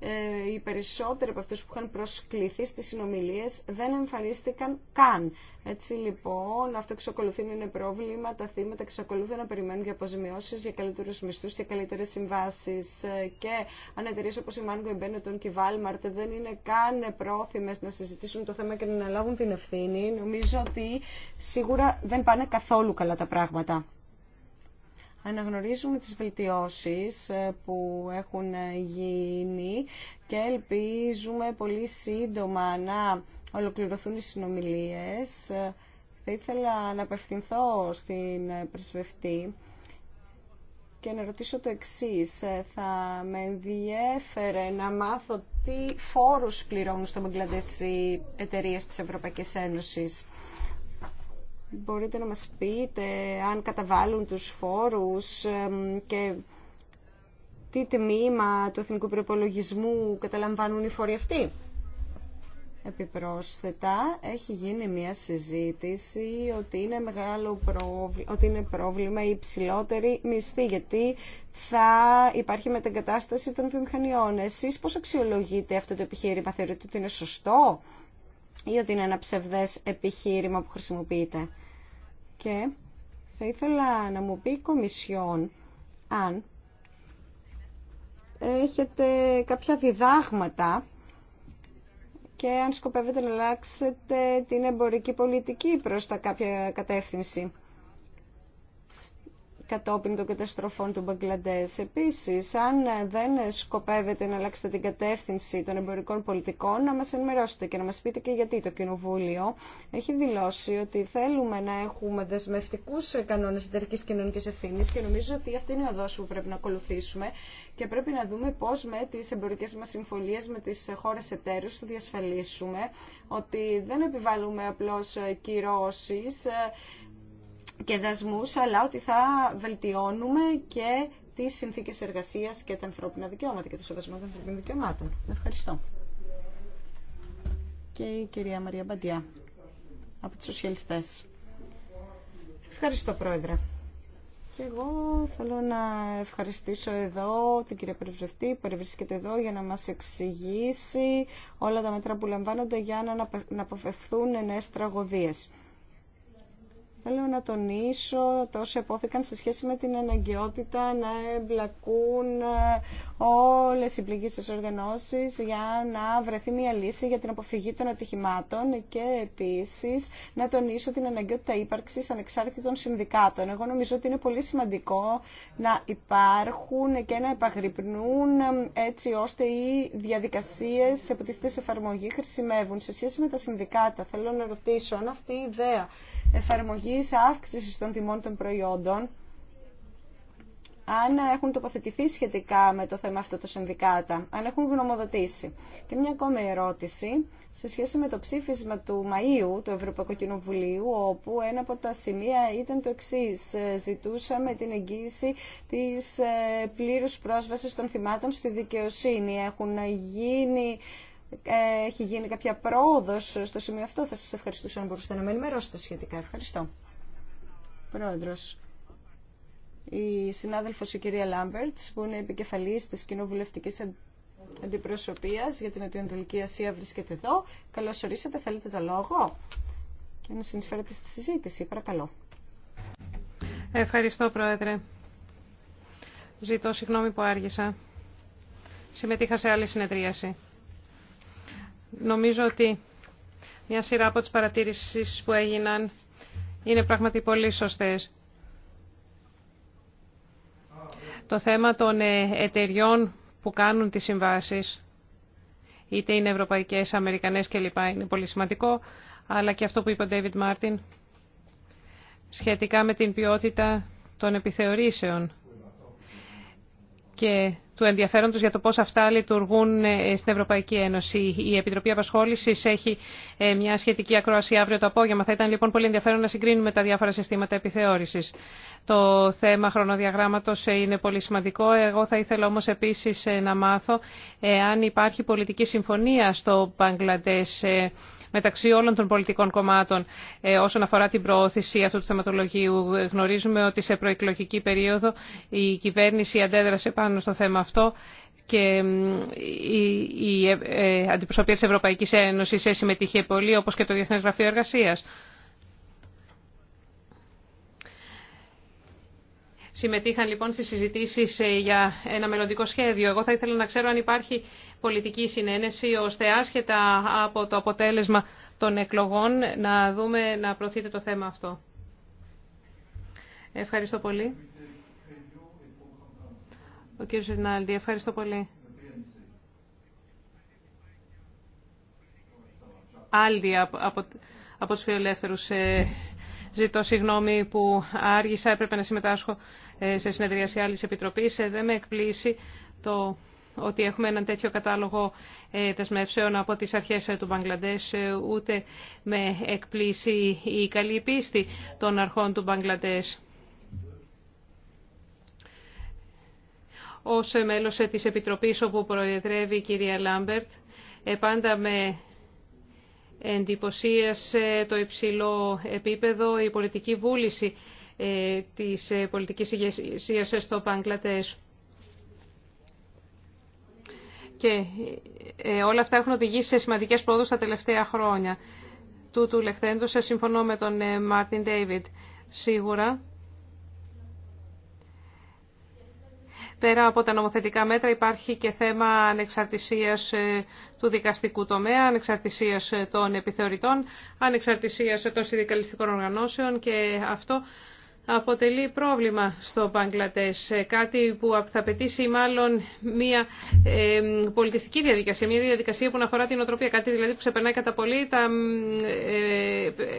ε, οι περισσότεροι από αυτούς που είχαν προσκληθεί στις συνομιλίες δεν εμφανίστηκαν καν. Έτσι λοιπόν αυτό εξακολουθεί να είναι πρόβλημα, τα θύματα εξακολουθούν να περιμένουν για αποζημιώσεις, για καλύτερους μισθούς και καλύτερες συμβάσεις ε, και αν εταιρείε όπως η Μάνγκο, η Μπένετον και η Βάλμαρτ δεν είναι καν πρόθυμες να συζητήσουν το θέμα και να αναλάβουν την ευθύνη, νομίζω ότι σίγουρα δεν πάνε καθόλου καλά τα πράγματα αναγνωρίζουμε τις βελτιώσεις ε, που έχουν ε, γίνει και ελπίζουμε πολύ σύντομα να ολοκληρωθούν οι συνομιλίες. Ε, θα ήθελα να απευθυνθώ στην πρεσβευτή και να ρωτήσω το εξής. Θα με ενδιέφερε να μάθω τι φόρους πληρώνουν στο Μπαγκλαντές εταιρείες της Ευρωπαϊκής Ένωσης. Μπορείτε να μας πείτε αν καταβάλουν τους φόρους και τι τμήμα του εθνικού προπολογισμού καταλαμβάνουν οι φόροι αυτοί. Επιπρόσθετα, έχει γίνει μια συζήτηση ότι είναι, μεγάλο πρόβλημα, ότι είναι πρόβλημα η υψηλότερη μισθή, γιατί θα υπάρχει μετεγκατάσταση των βιομηχανιών. Εσείς πώς αξιολογείτε αυτό το επιχείρημα, θεωρείτε ότι είναι σωστό ή ότι είναι ένα ψευδές επιχείρημα που χρησιμοποιείται. Και θα ήθελα να μου πει η Κομισιόν αν έχετε κάποια διδάγματα και αν σκοπεύετε να αλλάξετε την εμπορική πολιτική προς τα κάποια κατεύθυνση κατόπιν των καταστροφών του Μπαγκλαντές. Επίσης, αν δεν σκοπεύετε να αλλάξετε την κατεύθυνση των εμπορικών πολιτικών, να μας ενημερώσετε και να μας πείτε και γιατί το Κοινοβούλιο έχει δηλώσει ότι θέλουμε να έχουμε δεσμευτικούς κανόνες εταιρικής κοινωνικής ευθύνης και νομίζω ότι αυτή είναι η οδός που πρέπει να ακολουθήσουμε και πρέπει να δούμε πώς με τις εμπορικές μας συμφωνίες με τις χώρες εταίρους θα διασφαλίσουμε ότι δεν επιβάλλουμε απλώς κυρώσει και αλλά ότι θα βελτιώνουμε και τις συνθήκες εργασίας και τα ανθρώπινα δικαιώματα και το σεβασμό των ανθρώπινων δικαιωμάτων. Ευχαριστώ. Και η κυρία Μαρία Μπαντιά από τους Σοσιαλιστές. Ευχαριστώ, Πρόεδρε. Και εγώ θέλω να ευχαριστήσω εδώ την κυρία Περιβρευτή που περιβρίσκεται εδώ για να μας εξηγήσει όλα τα μέτρα που λαμβάνονται για να αποφευθούν νέες τραγωδίες. Θέλω να τονίσω το όσο υπόθηκαν σε σχέση με την αναγκαιότητα να εμπλακούν ε, όλες οι πληγήσεις οργανώσεις για να βρεθεί μια λύση για την αποφυγή των ατυχημάτων και επίσης να τονίσω την αναγκαιότητα ύπαρξης ανεξάρτητων συνδικάτων. Εγώ νομίζω ότι είναι πολύ σημαντικό να υπάρχουν και να επαγρυπνούν έτσι ώστε οι διαδικασίες σε εφαρμογή χρησιμεύουν. Σε σχέση με τα συνδικάτα θέλω να ρωτήσω αν αυτή η ιδέα εφαρμογής αύξησης των τιμών των προϊόντων αν έχουν τοποθετηθεί σχετικά με το θέμα αυτό το συνδικάτα, αν έχουν γνωμοδοτήσει. Και μια ακόμη ερώτηση σε σχέση με το ψήφισμα του Μαΐου του Ευρωπαϊκού Κοινοβουλίου, όπου ένα από τα σημεία ήταν το εξή. Ε, ζητούσαμε την εγγύηση της ε, πλήρους πρόσβασης των θυμάτων στη δικαιοσύνη. Έχουν γίνει ε, έχει γίνει κάποια πρόοδο στο σημείο αυτό. Θα σας ευχαριστούσα αν μπορούσατε να με ενημερώσετε σχετικά. Ευχαριστώ. Πρόεδρος, η συνάδελφος η κυρία Λάμπερτς που είναι επικεφαλής της κοινοβουλευτικής αντιπροσωπείας για την Νοτιοανατολική Ασία βρίσκεται εδώ. Καλώς ορίσατε, θέλετε το λόγο και να συνεισφέρετε στη συζήτηση. Παρακαλώ. Ευχαριστώ Πρόεδρε. Ζητώ συγγνώμη που άργησα. Συμμετείχα σε άλλη συνεδρίαση. Νομίζω ότι μια σειρά από τις παρατήρησεις που έγιναν είναι πράγματι πολύ σωστές. το θέμα των ε, εταιριών που κάνουν τις συμβάσεις, είτε είναι ευρωπαϊκές, αμερικανές κλπ. είναι πολύ σημαντικό, αλλά και αυτό που είπε ο David Martin σχετικά με την ποιότητα των επιθεωρήσεων και του ενδιαφέροντος για το πώ αυτά λειτουργούν ε, στην Ευρωπαϊκή Ένωση. Η Επιτροπή Απασχόληση έχει ε, μια σχετική ακρόαση αύριο το απόγευμα. Θα ήταν λοιπόν πολύ ενδιαφέρον να συγκρίνουμε τα διάφορα συστήματα επιθεώρηση. Το θέμα χρονοδιαγράμματος ε, είναι πολύ σημαντικό. Εγώ θα ήθελα όμως επίσης να μάθω αν υπάρχει πολιτική συμφωνία στο Μπαγκλαντέ μεταξύ όλων των πολιτικών κομμάτων ε, όσον αφορά την προώθηση αυτού του θεματολογίου. Γνωρίζουμε ότι σε προεκλογική περίοδο η κυβέρνηση αντέδρασε πάνω στο θέμα αυτό και η ε, ε, αντιπροσωπεία της Ευρωπαϊκής Ένωσης συμμετείχε πολύ, όπως και το Διεθνές Γραφείο Εργασίας. συμμετείχαν λοιπόν στις συζητήσεις ε, για ένα μελλοντικό σχέδιο. Εγώ θα ήθελα να ξέρω αν υπάρχει πολιτική συνένεση ώστε άσχετα από το αποτέλεσμα των εκλογών να δούμε να προωθείτε το θέμα αυτό. Ευχαριστώ πολύ. Ο κύριος Ρινάλντι, ευχαριστώ πολύ. Άλλη από, από, από τους φιλελεύθερους. Ε, Ζητώ συγγνώμη που άργησα, έπρεπε να συμμετάσχω ε, σε συνεδρίαση άλλης επιτροπής. Ε, δεν με εκπλήσει το ότι έχουμε έναν τέτοιο κατάλογο ε, δεσμεύσεων από τις αρχές του Μπαγκλαντές, ούτε με εκπλήσει η καλή πίστη των αρχών του Μπαγκλαντές. Ως μέλος της Επιτροπής όπου προεδρεύει η κυρία Λάμπερτ, πάντα με εντυπωσίασε το υψηλό επίπεδο η πολιτική βούληση ε, της ε, πολιτικής ηγεσία στο Παγκλατές. Και ε, όλα αυτά έχουν οδηγήσει σε σημαντικές πρόοδους τα τελευταία χρόνια. Τούτου λεχθέντος, συμφωνώ με τον Μάρτιν Ντέιβιτ. Σίγουρα Πέρα από τα νομοθετικά μέτρα υπάρχει και θέμα ανεξαρτησίας ε, του δικαστικού τομέα, ανεξαρτησίας ε, των επιθεωρητών, ανεξαρτησίας ε, των συνδικαλιστικών οργανώσεων και αυτό αποτελεί πρόβλημα στο Μπαγκλατές. Κάτι που θα απαιτήσει μάλλον μια πολιτιστική διαδικασία, μια διαδικασία που να αφορά την οτροπία, κάτι δηλαδή που ξεπερνάει κατά πολύ τα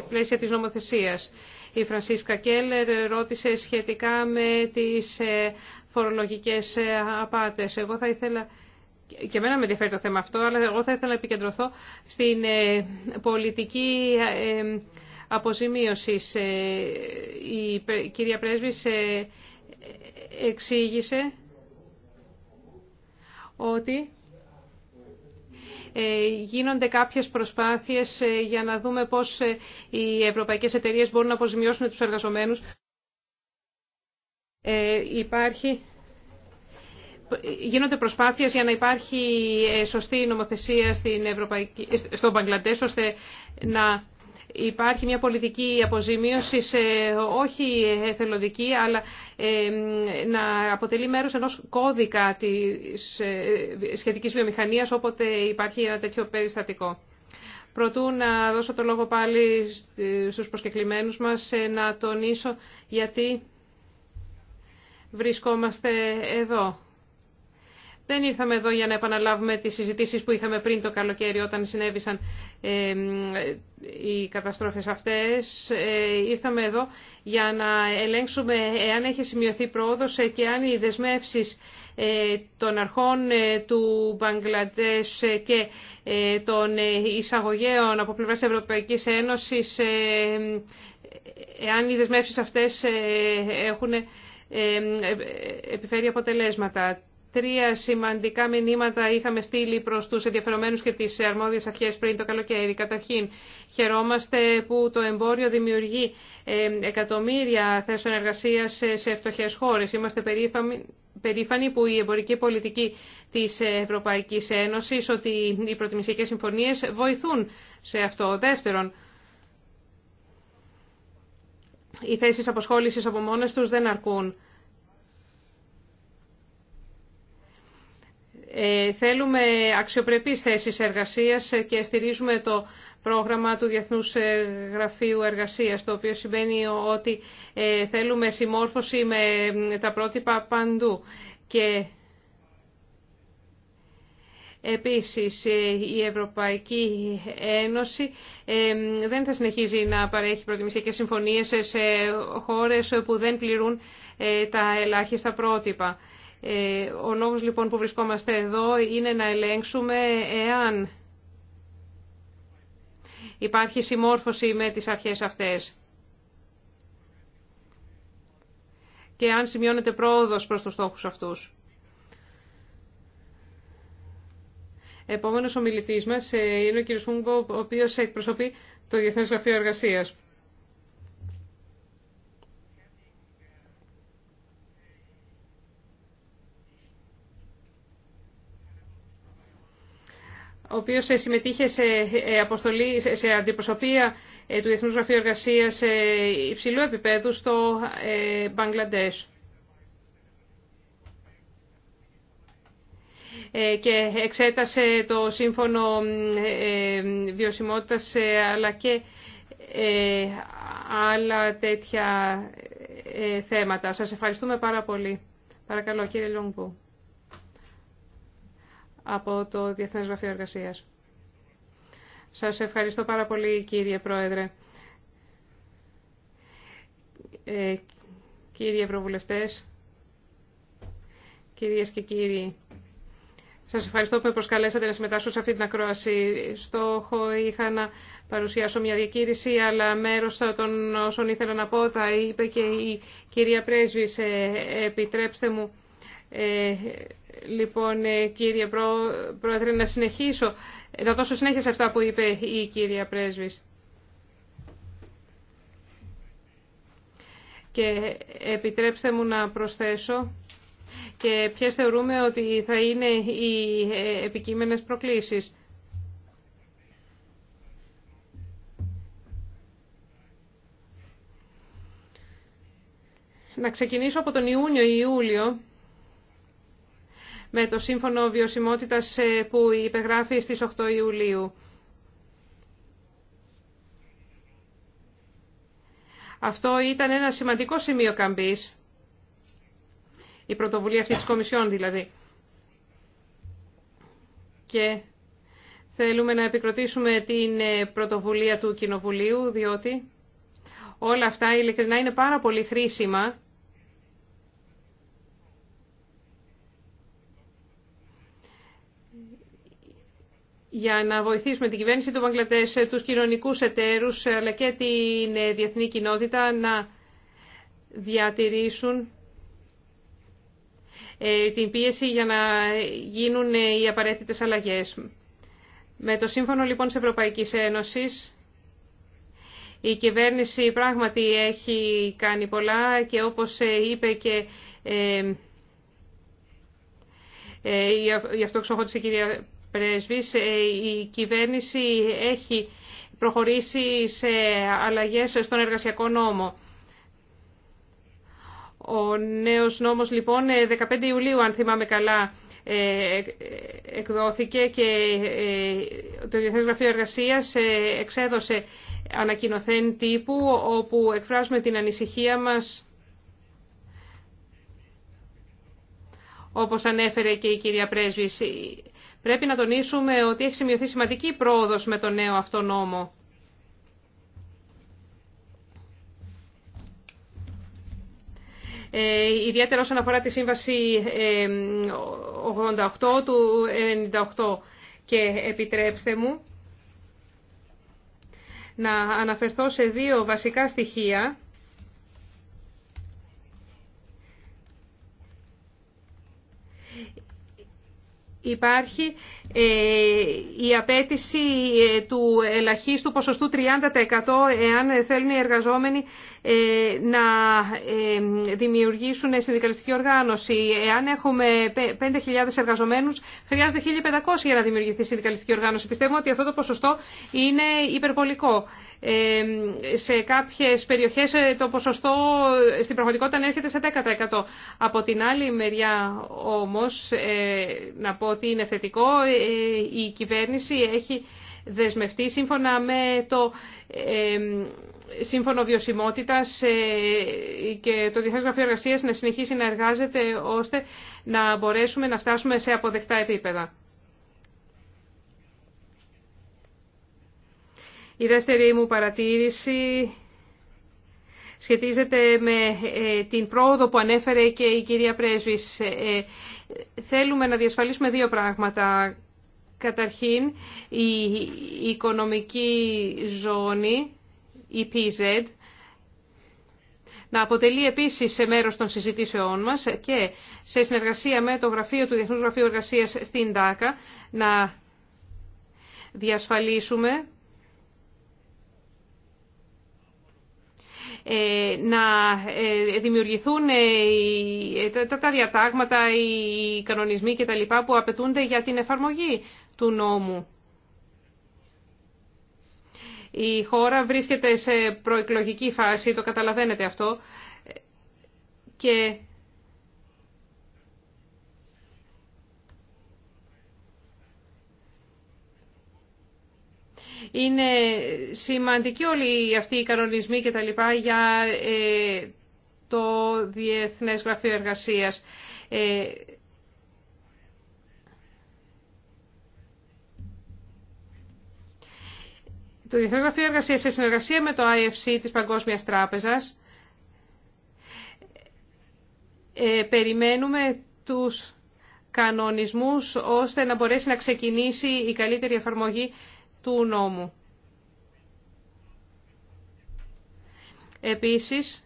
πλαίσια της νομοθεσίας. Η Φρανσίσκα Κέλλερ ρώτησε σχετικά με τις φορολογικές ε, απάτες. Εγώ θα ήθελα, και εμένα με ενδιαφέρει το θέμα αυτό, αλλά εγώ θα ήθελα να επικεντρωθώ στην ε, πολιτική ε, αποζημίωσης. Η κυρία Πρέσβης εξήγησε ότι γίνονται κάποιες προσπάθειες για να δούμε πώς οι ευρωπαϊκές εταιρείες μπορούν να αποζημιώσουν τους εργαζομένους ε, υπάρχει γίνονται προσπάθειες για να υπάρχει ε, σωστή νομοθεσία στην Ευρωπαϊκή, ε, στο ώστε να υπάρχει μια πολιτική αποζημίωση σε, όχι εθελοντική, αλλά να αποτελεί μέρος ενός κώδικα της ε, σχετικής βιομηχανίας, όποτε υπάρχει ένα τέτοιο περιστατικό. Προτού να δώσω το λόγο πάλι στους προσκεκλημένους μας, να τονίσω γιατί βρισκόμαστε εδώ. Δεν ήρθαμε εδώ για να επαναλάβουμε τις συζητήσεις που είχαμε πριν το καλοκαίρι όταν συνέβησαν οι καταστροφές αυτές. Ε, ήρθαμε εδώ για να ελέγξουμε εάν έχει σημειωθεί πρόοδος ε, και αν οι δεσμεύσεις ε, των αρχών του Μπαγκλαντές και των εισαγωγέων από πλευράς της Ευρωπαϊκής Ένωσης εάν οι δεσμεύσεις αυτές έχουν ε, ε, επιφέρει αποτελέσματα. Τρία σημαντικά μηνύματα είχαμε στείλει προ του ενδιαφερομένου και τι αρμόδιε αρχέ πριν το καλοκαίρι. Καταρχήν, χαιρόμαστε που το εμπόριο δημιουργεί εκατομμύρια θέσεων εργασία σε φτωχέ χώρε. Είμαστε περήφανοι που η εμπορική πολιτική τη Ευρωπαϊκή Ένωση, ότι οι προτιμησιακέ συμφωνίε βοηθούν σε αυτό. Δεύτερον, οι θέσεις αποσχόλησης από μόνες τους δεν αρκούν. Ε, θέλουμε αξιοπρεπείς θέσεις εργασίας και στηρίζουμε το πρόγραμμα του Διεθνούς ε, Γραφείου Εργασίας, το οποίο σημαίνει ότι ε, θέλουμε συμμόρφωση με τα πρότυπα παντού. Και Επίσης, ε, η Ευρωπαϊκή Ένωση ε, δεν θα συνεχίζει να παρέχει προτιμησιακές συμφωνίες σε χώρες που δεν πληρούν ε, τα ελάχιστα πρότυπα. Ο λόγος λοιπόν που βρισκόμαστε εδώ είναι να ελέγξουμε εάν υπάρχει συμμόρφωση με τις αρχές αυτές. και αν σημειώνεται πρόοδος προς τους στόχους αυτούς. Επόμενος ομιλητής μας ε, είναι ο κ. Φούγκο, ο οποίο εκπροσωπεί το Διεθνέ Γραφείο εργασία. ο οποίος ε, συμμετείχε σε, ε, αποστολή, σε αντιπροσωπεία του Διεθνούς Γραφείου Εργασίας υψηλού επίπεδου στο Μπαγκλαντές. Ε, και εξέτασε το σύμφωνο ε, ε, βιωσιμότητας αλλά και άλλα τέτοια θέματα. Σας ευχαριστούμε πάρα πολύ. Παρακαλώ, κύριε Λόγκου, από το Διεθνές Γραφείο Εργασίας. Σας ευχαριστώ πάρα πολύ, κύριε Πρόεδρε. Ε, κύριοι Ευρωβουλευτές, κυρίες και κύριοι, Σα ευχαριστώ που με προσκαλέσατε να συμμετάσχω σε αυτή την ακρόαση. Στόχο είχα να παρουσιάσω μια διακήρυξη, αλλά μέρο των όσων ήθελα να πω τα είπε και η κυρία Πρέσβης. Επιτρέψτε μου, ε, λοιπόν, ε, κύριε Πρόεδρε, να συνεχίσω, να δώσω συνέχεια σε αυτά που είπε η κυρία Πρέσβη. Και επιτρέψτε μου να προσθέσω και ποιε θεωρούμε ότι θα είναι οι ε, επικείμενε προκλήσεις. Να ξεκινήσω από τον Ιούνιο-Ιούλιο με το Σύμφωνο Βιωσιμότητας ε, που υπεγράφει στις 8 Ιουλίου. Αυτό ήταν ένα σημαντικό σημείο καμπής η πρωτοβουλία αυτή της Κομισιόν δηλαδή. Και θέλουμε να επικροτήσουμε την ε, πρωτοβουλία του Κοινοβουλίου, διότι όλα αυτά ειλικρινά είναι πάρα πολύ χρήσιμα για να βοηθήσουμε την κυβέρνηση του Μαγκλατές, ε, τους κοινωνικούς εταίρους ε, αλλά και την διεθνή κοινότητα να διατηρήσουν ε, την πίεση για να γίνουν ε, οι απαραίτητες αλλαγές. Με το Σύμφωνο λοιπόν της Ευρωπαϊκής Ένωσης η κυβέρνηση πράγματι έχει κάνει πολλά και όπως ε, είπε και γι' αυτό η κυρία Πρέσβης, η κυβέρνηση έχει προχωρήσει σε αλλαγές στον εργασιακό νόμο. Ο νέος νόμος λοιπόν 15 ε, Ιουλίου αν θυμάμαι καλά ε, εκδόθηκε και ε, το Διεθνές Γραφείο Εργασίας εξέδωσε ανακοινοθέν τύπου όπου εκφράζουμε την ανησυχία μας όπως ανέφερε και η κυρία Πρέσβης. Πρέπει να τονίσουμε ότι έχει σημειωθεί σημαντική πρόοδος με το νέο αυτό νόμο. Ε, ιδιαίτερα όσον αφορά τη Σύμβαση 88 ε, του 98. Και επιτρέψτε μου να αναφερθώ σε δύο βασικά στοιχεία υπάρχει ε, η απέτηση ε, του ελαχίστου ποσοστού 30% εάν θέλουν οι εργαζόμενοι ε, να δημιουργήσουν συνδικαλιστική οργάνωση. Εάν έχουμε 5.000 εργαζομένους, χρειάζονται 1.500 για να δημιουργηθεί συνδικαλιστική οργάνωση. Πιστεύουμε ότι αυτό το ποσοστό είναι υπερβολικό σε κάποιες περιοχές ε, το ποσοστό ε, στην πραγματικότητα ναι, έρχεται σε 10%. Από την άλλη μεριά όμως, ε, να πω ότι είναι θετικό, η κυβέρνηση έχει δεσμευτεί σύμφωνα με το Σύμφωνο Βιωσιμότητας και το Διεθνές Γραφείο Εργασίας να συνεχίσει να εργάζεται ώστε να μπορέσουμε να φτάσουμε σε αποδεκτά επίπεδα. Η δεύτερη μου παρατήρηση σχετίζεται με ε, την πρόοδο που ανέφερε και η κυρία Πρέσβης. Ε, ε, θέλουμε να διασφαλίσουμε δύο πράγματα. Καταρχήν, η οικονομική ζώνη, η PZ, να αποτελεί επίσης σε μέρος των συζητήσεών μας και σε συνεργασία με το Γραφείο του Διεθνούς Γραφείου Εργασίας στην ΤΑΚΑ να διασφαλίσουμε Ε, να ε, δημιουργηθούν ε, τα διατάγματα, οι κανονισμοί κτλ. που απαιτούνται για την εφαρμογή του νόμου. Η χώρα βρίσκεται σε προεκλογική φάση, το καταλαβαίνετε αυτό. Και Είναι σημαντικοί όλοι αυτοί οι κανονισμοί και τα λοιπά για ε, το Διεθνές Γραφείο Εργασίας. Ε, το Διεθνές Γραφείο Εργασίας σε συνεργασία με το IFC της Παγκόσμιας Τράπεζας ε, περιμένουμε τους κανονισμούς ώστε να μπορέσει να ξεκινήσει η καλύτερη εφαρμογή του νόμου. Επίσης,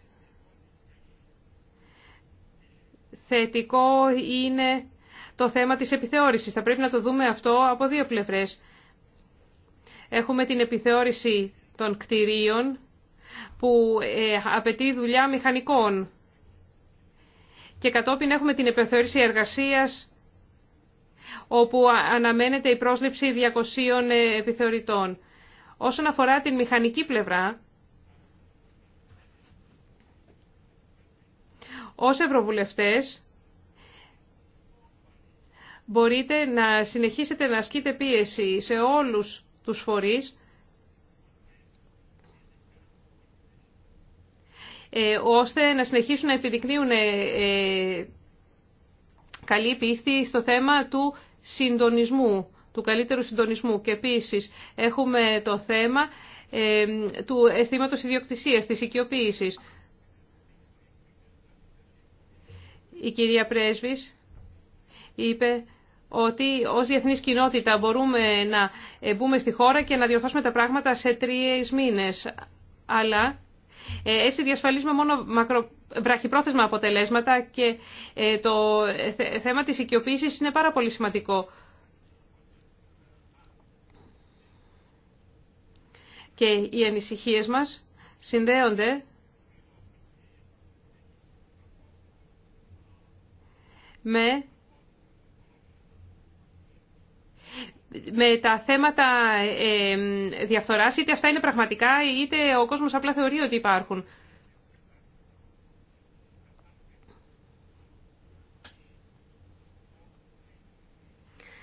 θετικό είναι το θέμα της επιθεώρησης. Θα πρέπει να το δούμε αυτό από δύο πλευρές. Έχουμε την επιθεώρηση των κτηρίων που ε, απαιτεί δουλειά μηχανικών και κατόπιν έχουμε την επιθεώρηση εργασίας όπου αναμένεται η πρόσληψη 200 ε, επιθεωρητών. Όσον αφορά την μηχανική πλευρά, ως Ευρωβουλευτές μπορείτε να συνεχίσετε να ασκείτε πίεση σε όλους τους φορείς, ε, ώστε να συνεχίσουν να επιδεικνύουν ε, καλή πίστη στο θέμα του συντονισμού, του καλύτερου συντονισμού. Και επίση έχουμε το θέμα ε, του αισθήματος ιδιοκτησίας, της οικειοποίησης. Η κυρία Πρέσβης είπε ότι ως διεθνής κοινότητα μπορούμε να ε, μπούμε στη χώρα και να διορθώσουμε τα πράγματα σε τρεις μήνες. Αλλά ε, έτσι διασφαλίζουμε μόνο μακρο... βραχυπρόθεσμα αποτελέσματα και ε, το ε, θέμα της οικειοποίησης είναι πάρα πολύ σημαντικό. Και οι ανησυχίες μας συνδέονται με με τα θέματα ε, ε, διαφθοράς, είτε αυτά είναι πραγματικά, είτε ο κόσμος απλά θεωρεί ότι υπάρχουν.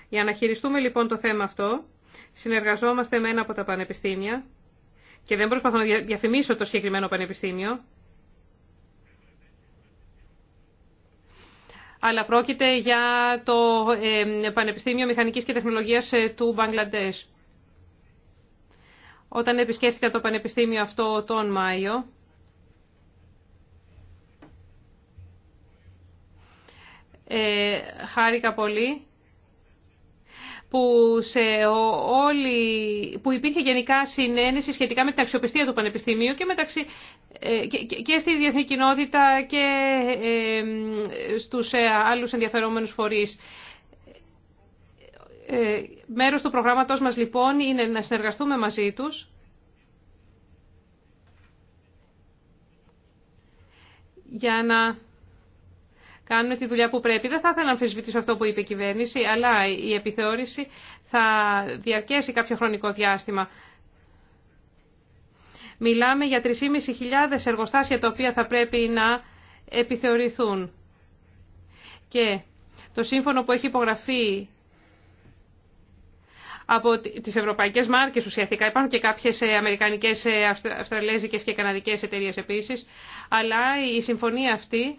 Για να χειριστούμε λοιπόν το θέμα αυτό, συνεργαζόμαστε με ένα από τα πανεπιστήμια και δεν προσπαθώ να διαφημίσω το συγκεκριμένο πανεπιστήμιο, αλλά πρόκειται για το ε, Πανεπιστήμιο Μηχανικής και Τεχνολογίας ε, του Μπαγκλαντές. Όταν επισκέφθηκα το Πανεπιστήμιο αυτό τον Μάιο, ε, χάρηκα πολύ που, σε όλη, που υπήρχε γενικά συνένεση σχετικά με την αξιοπιστία του Πανεπιστημίου και, μεταξύ, ε, και, και στη διεθνή κοινότητα και ε, στους ε, άλλους ενδιαφερόμενους φορείς. Μέρος του προγράμματος μας λοιπόν είναι να συνεργαστούμε μαζί τους για να κάνουν τη δουλειά που πρέπει. Δεν θα ήθελα να αμφισβητήσω αυτό που είπε η κυβέρνηση, αλλά η επιθεώρηση θα διαρκέσει κάποιο χρονικό διάστημα. Μιλάμε για 3.500 εργοστάσια τα οποία θα πρέπει να επιθεωρηθούν. Και το σύμφωνο που έχει υπογραφεί από τις ευρωπαϊκές μάρκες ουσιαστικά. Υπάρχουν και κάποιες ε, αμερικανικές, ε, αυστραλέζικες και καναδικές εταιρείες επίσης. Αλλά η συμφωνία αυτή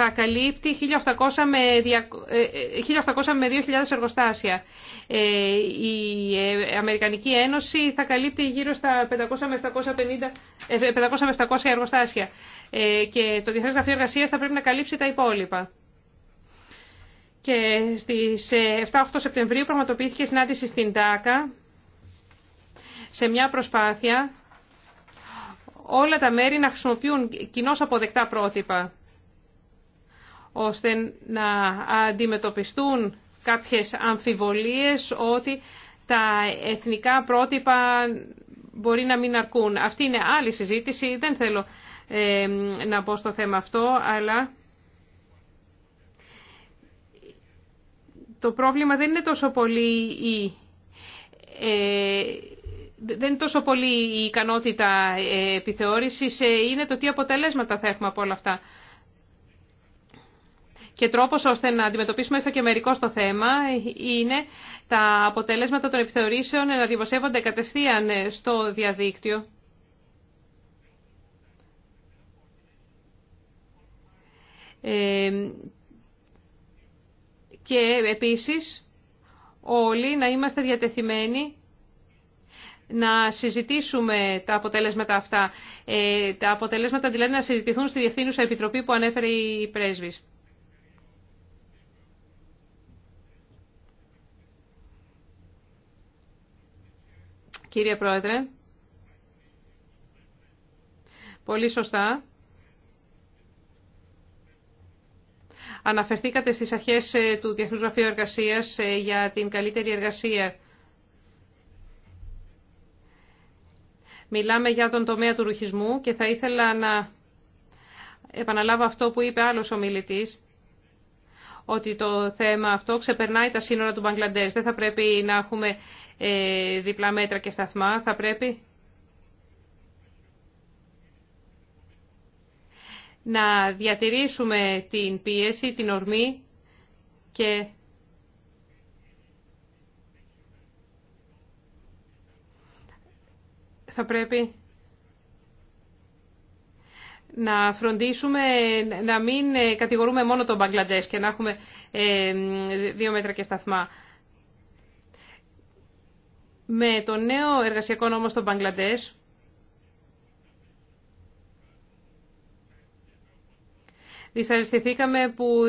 θα καλύπτει 1800 με, 1800 2.000 ε, ε, εργοστάσια. Ε, η Αμερικανική Ένωση θα καλύπτει γύρω στα 500 με 500 με 700 εργοστάσια και το Διεθνές Γραφείο Εργασίας θα πρέπει να καλύψει τα υπόλοιπα. Και στις 7-8 Σεπτεμβρίου πραγματοποιήθηκε συνάντηση στην ΤΑΚΑ σε μια προσπάθεια όλα τα μέρη να χρησιμοποιούν κοινώς αποδεκτά πρότυπα ώστε να αντιμετωπιστούν κάποιες αμφιβολίες ότι τα εθνικά πρότυπα μπορεί να μην αρκούν. Αυτή είναι άλλη συζήτηση, δεν θέλω ε, να μπω στο θέμα αυτό, αλλά το πρόβλημα δεν είναι τόσο πολύ η... Ε, δεν είναι τόσο πολύ η ικανότητα ε, επιθεώρησης, είναι το τι αποτελέσματα θα έχουμε από όλα αυτά και τρόπος ώστε να αντιμετωπίσουμε έστω και μερικό στο θέμα είναι τα αποτελέσματα των επιθεωρήσεων να δημοσιεύονται κατευθείαν στο διαδίκτυο. Ε, και επίσης όλοι να είμαστε διατεθειμένοι να συζητήσουμε τα αποτελέσματα αυτά. Ε, τα αποτελέσματα δηλαδή να συζητηθούν στη Διευθύνουσα Επιτροπή που ανέφερε η πρέσβης. Κύριε Πρόεδρε, πολύ σωστά αναφερθήκατε στις αρχές ε, του Διεθνούς Γραφείου Εργασίας ε, για την καλύτερη εργασία. Μιλάμε για τον τομέα του ρουχισμού και θα ήθελα να επαναλάβω αυτό που είπε άλλος ομιλητής, ότι το θέμα αυτό ξεπερνάει τα σύνορα του Μπαγκλαντές. Δεν θα πρέπει να έχουμε ε, διπλά μέτρα και σταθμά. Θα πρέπει να διατηρήσουμε την πίεση, την ορμή και θα πρέπει να φροντίσουμε να μην κατηγορούμε μόνο τον Μπαγκλαντές και να έχουμε ε, δύο μέτρα και σταθμά. Με το νέο εργασιακό νόμο στο Μπαγκλαντές, δυσαρεστηθήκαμε που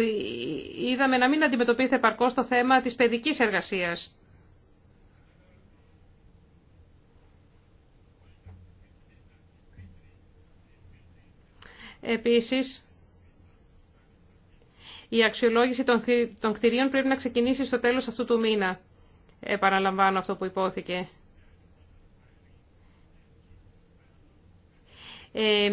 είδαμε να μην αντιμετωπίσετε επαρκώς το θέμα της παιδικής εργασίας. Επίσης, η αξιολόγηση των κτηρίων πρέπει να ξεκινήσει στο τέλος αυτού του μήνα επαναλαμβάνω αυτό που υπόθηκε. Ε,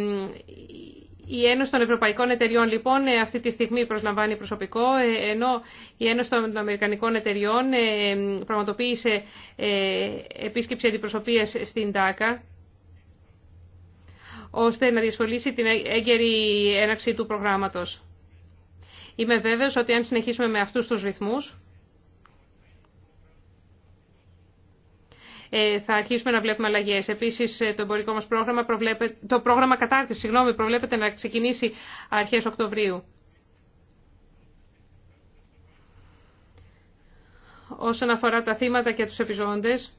η Ένωση των Ευρωπαϊκών Εταιριών, λοιπόν, ε, αυτή τη στιγμή προσλαμβάνει προσωπικό, ε, ενώ η Ένωση των Αμερικανικών Εταιριών πραγματοποίησε επίσκεψη αντιπροσωπείας στην ΤΑΚΑ, ώστε να διασφαλίσει την έγκαιρη έναρξη του προγράμματος. Είμαι βέβαιος ότι αν συνεχίσουμε με αυτούς τους ρυθμούς, Ε, θα αρχίσουμε να βλέπουμε αλλαγέ. Επίση, ε, το εμπορικό μα πρόγραμμα, το πρόγραμμα κατάρτιση, συγγνώμη, προβλέπεται να ξεκινήσει αρχέ Οκτωβρίου. Όσον αφορά τα θύματα και τους επιζώντες,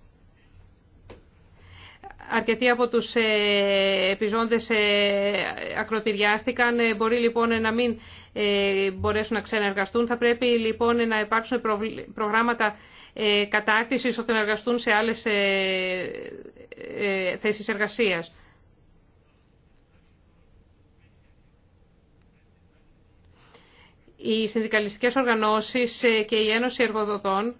Αρκετοί από τους ε, επιζώντες ε, ακροτηριάστηκαν, ε, μπορεί λοιπόν να μην μπορέσουν να ξενεργαστούν. Θα πρέπει λοιπόν να υπάρξουν προγράμματα κατάρτισης ώστε να εργαστούν σε άλλες θέσεις εργασίας. Οι συνδικαλιστικές οργανώσεις και η Ένωση Εργοδοτών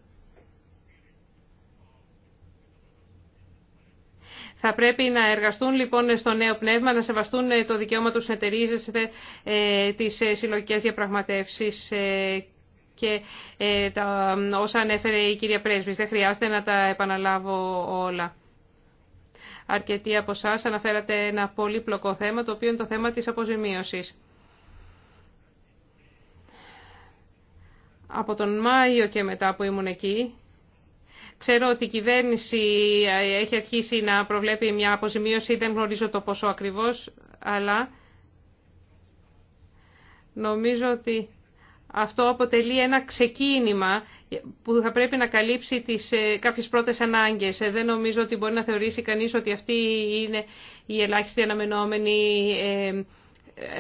Θα πρέπει να εργαστούν λοιπόν στο νέο πνεύμα, να σεβαστούν ε, το δικαίωμα τους να τι ε, τις ε, συλλογικές διαπραγματεύσεις και τα, όσα ανέφερε η κυρία Πρέσβης. Δεν χρειάζεται να τα επαναλάβω όλα. Αρκετοί από εσά αναφέρατε ένα πλοκό θέμα, το οποίο είναι το θέμα της αποζημίωσης. Από τον Μάιο και μετά που ήμουν εκεί, Ξέρω ότι η κυβέρνηση ε, έχει αρχίσει να προβλέπει μια αποζημίωση, δεν γνωρίζω το πόσο ακριβώς, αλλά νομίζω ότι αυτό αποτελεί ένα ξεκίνημα που θα πρέπει να καλύψει τις, ε, κάποιες πρώτες ανάγκες. Ε, δεν νομίζω ότι μπορεί να θεωρήσει κανείς ότι αυτή είναι η ελάχιστη αναμενόμενη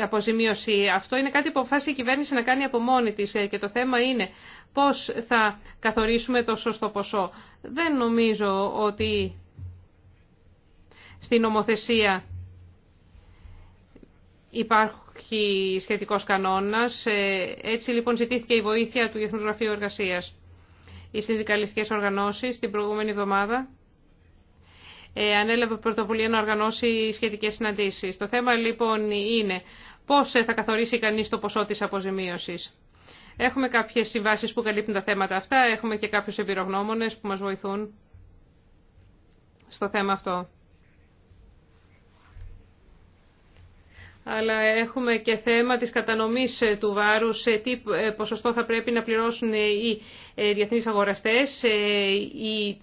αποζημίωση. Αυτό είναι κάτι που αποφάσισε η κυβέρνηση να κάνει από μόνη της και το θέμα είναι πώς θα καθορίσουμε το σωστό ποσό. Δεν νομίζω ότι στην νομοθεσία υπάρχει σχετικός κανόνας. Ε, έτσι λοιπόν ζητήθηκε η βοήθεια του Διεθνούς Γραφείου Εργασίας. Οι συνδικαλιστικές οργανώσεις την προηγούμενη εβδομάδα ε, ανέλαβε πρωτοβουλία να οργανώσει σχετικές συναντήσεις. Το θέμα λοιπόν είναι πώς θα καθορίσει κανείς το ποσό της αποζημίωσης. Έχουμε κάποιες συμβάσει που καλύπτουν τα θέματα αυτά, έχουμε και κάποιους επιρογνώμονες που μας βοηθούν στο θέμα αυτό. αλλά έχουμε και θέμα της κατανομής ε, του βάρου, σε τι ε, ποσοστό θα πρέπει να πληρώσουν ε, οι διεθνείς αγοραστές, οι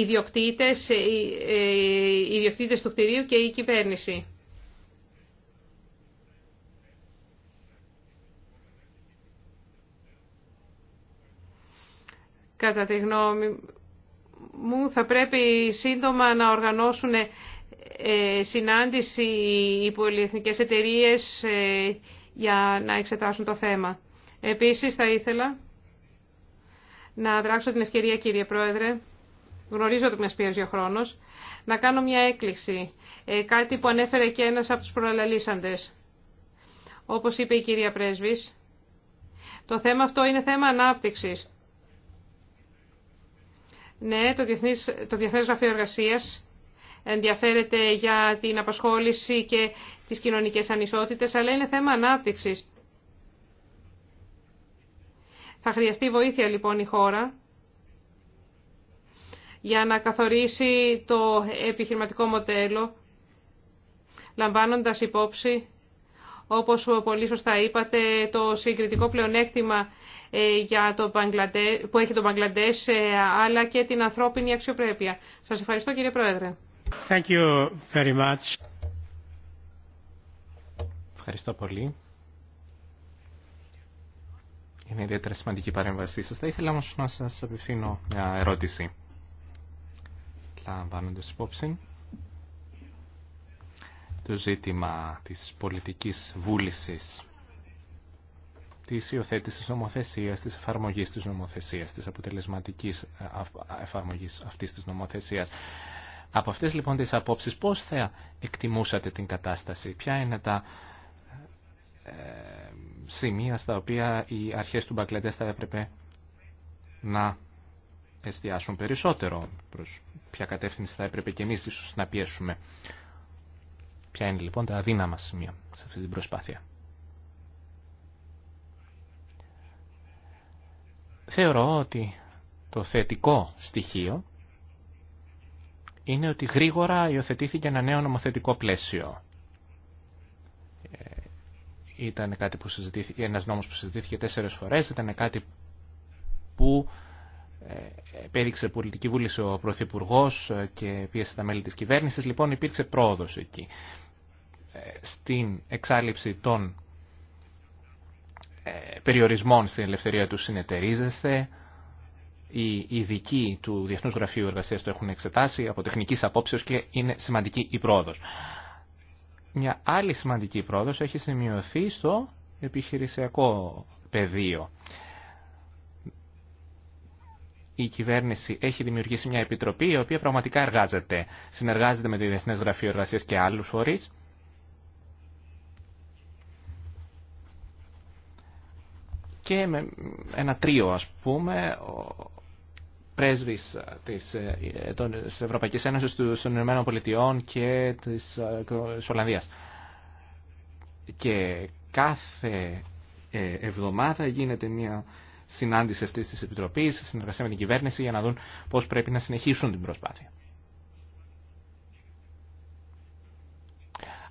ιδιοκτήτες, οι ιδιοκτήτες του κτηρίου και η κυβέρνηση. κατά τη γνώμη μου, θα πρέπει σύντομα να οργανώσουν ε, συνάντηση οι πολυεθνικές εταιρείες ε, για να εξετάσουν το θέμα. Επίσης, θα ήθελα να δράξω την ευκαιρία, κύριε Πρόεδρε, γνωρίζω ότι μας πιέζει ο χρόνος, να κάνω μια έκκληση, ε, κάτι που ανέφερε και ένας από τους προαλαλήσαντες. Όπως είπε η κυρία Πρέσβης, το θέμα αυτό είναι θέμα ανάπτυξης. Ναι, το, Διεθνές, το Διεθνές Γραφείο Εργασίας ενδιαφέρεται για την απασχόληση και τις κοινωνικές ανισότητες, αλλά είναι θέμα ανάπτυξης. Θα χρειαστεί βοήθεια λοιπόν η χώρα για να καθορίσει το επιχειρηματικό μοντέλο, λαμβάνοντας υπόψη, όπως πολύ σωστά είπατε, το συγκριτικό πλεονέκτημα ε, για το που έχει το Μπαγκλαντές, ε, αλλά και την ανθρώπινη αξιοπρέπεια. Σας ευχαριστώ κύριε Πρόεδρε. Thank you very much. Ευχαριστώ πολύ. Είναι ιδιαίτερα σημαντική παρέμβασή σας. Θα ήθελα όμως να σας απευθύνω μια ερώτηση. Λαμβάνοντας υπόψη το ζήτημα της πολιτικής βούλησης της υιοθέτηση νομοθεσίας, της εφαρμογής της νομοθεσίας, της αποτελεσματικής ε, εφαρμογής αυτής της νομοθεσίας. Από αυτές λοιπόν τις απόψεις πώς θα εκτιμούσατε την κατάσταση, ποια είναι τα ε, σημεία στα οποία οι αρχές του Μπαγκλαντέ θα έπρεπε να εστιάσουν περισσότερο, προς ποια κατεύθυνση θα έπρεπε και εμείς ίσως να πιέσουμε. Ποια είναι λοιπόν τα αδύναμα σημεία σε αυτή την προσπάθεια. Θεωρώ ότι το θετικό στοιχείο είναι ότι γρήγορα υιοθετήθηκε ένα νέο νομοθετικό πλαίσιο. Ε, ήταν κάτι που συζητήθηκε, ένας νόμος που συζητήθηκε τέσσερις φορές, ήταν κάτι που ε, επέδειξε πολιτική βούληση ο Πρωθυπουργό ε, και πίεσε τα μέλη της κυβέρνησης. Λοιπόν, υπήρξε πρόοδος εκεί. Στην εξάλληψη των ε, περιορισμών στην ελευθερία του συνεταιρίζεστε, Οι ειδικοί του Διεθνούς Γραφείου Εργασίας το έχουν εξετάσει από τεχνικής απόψεως και είναι σημαντική η πρόοδος. Μια άλλη σημαντική πρόοδος έχει σημειωθεί στο επιχειρησιακό πεδίο. Η κυβέρνηση έχει δημιουργήσει μια επιτροπή η οποία πραγματικά εργάζεται. Συνεργάζεται με το Διεθνές Γραφείο Εργασίας και άλλους φορείς και με ένα τρίο ας πούμε πρέσβης της, ε, της Ευρωπαϊκής Ένωσης των Ηνωμένων Πολιτειών και της, ε, της Ολλανδίας. Και κάθε ε, εβδομάδα γίνεται μια συνάντηση αυτή τη Επιτροπή, συνεργασία με την κυβέρνηση για να δουν πώς πρέπει να συνεχίσουν την προσπάθεια.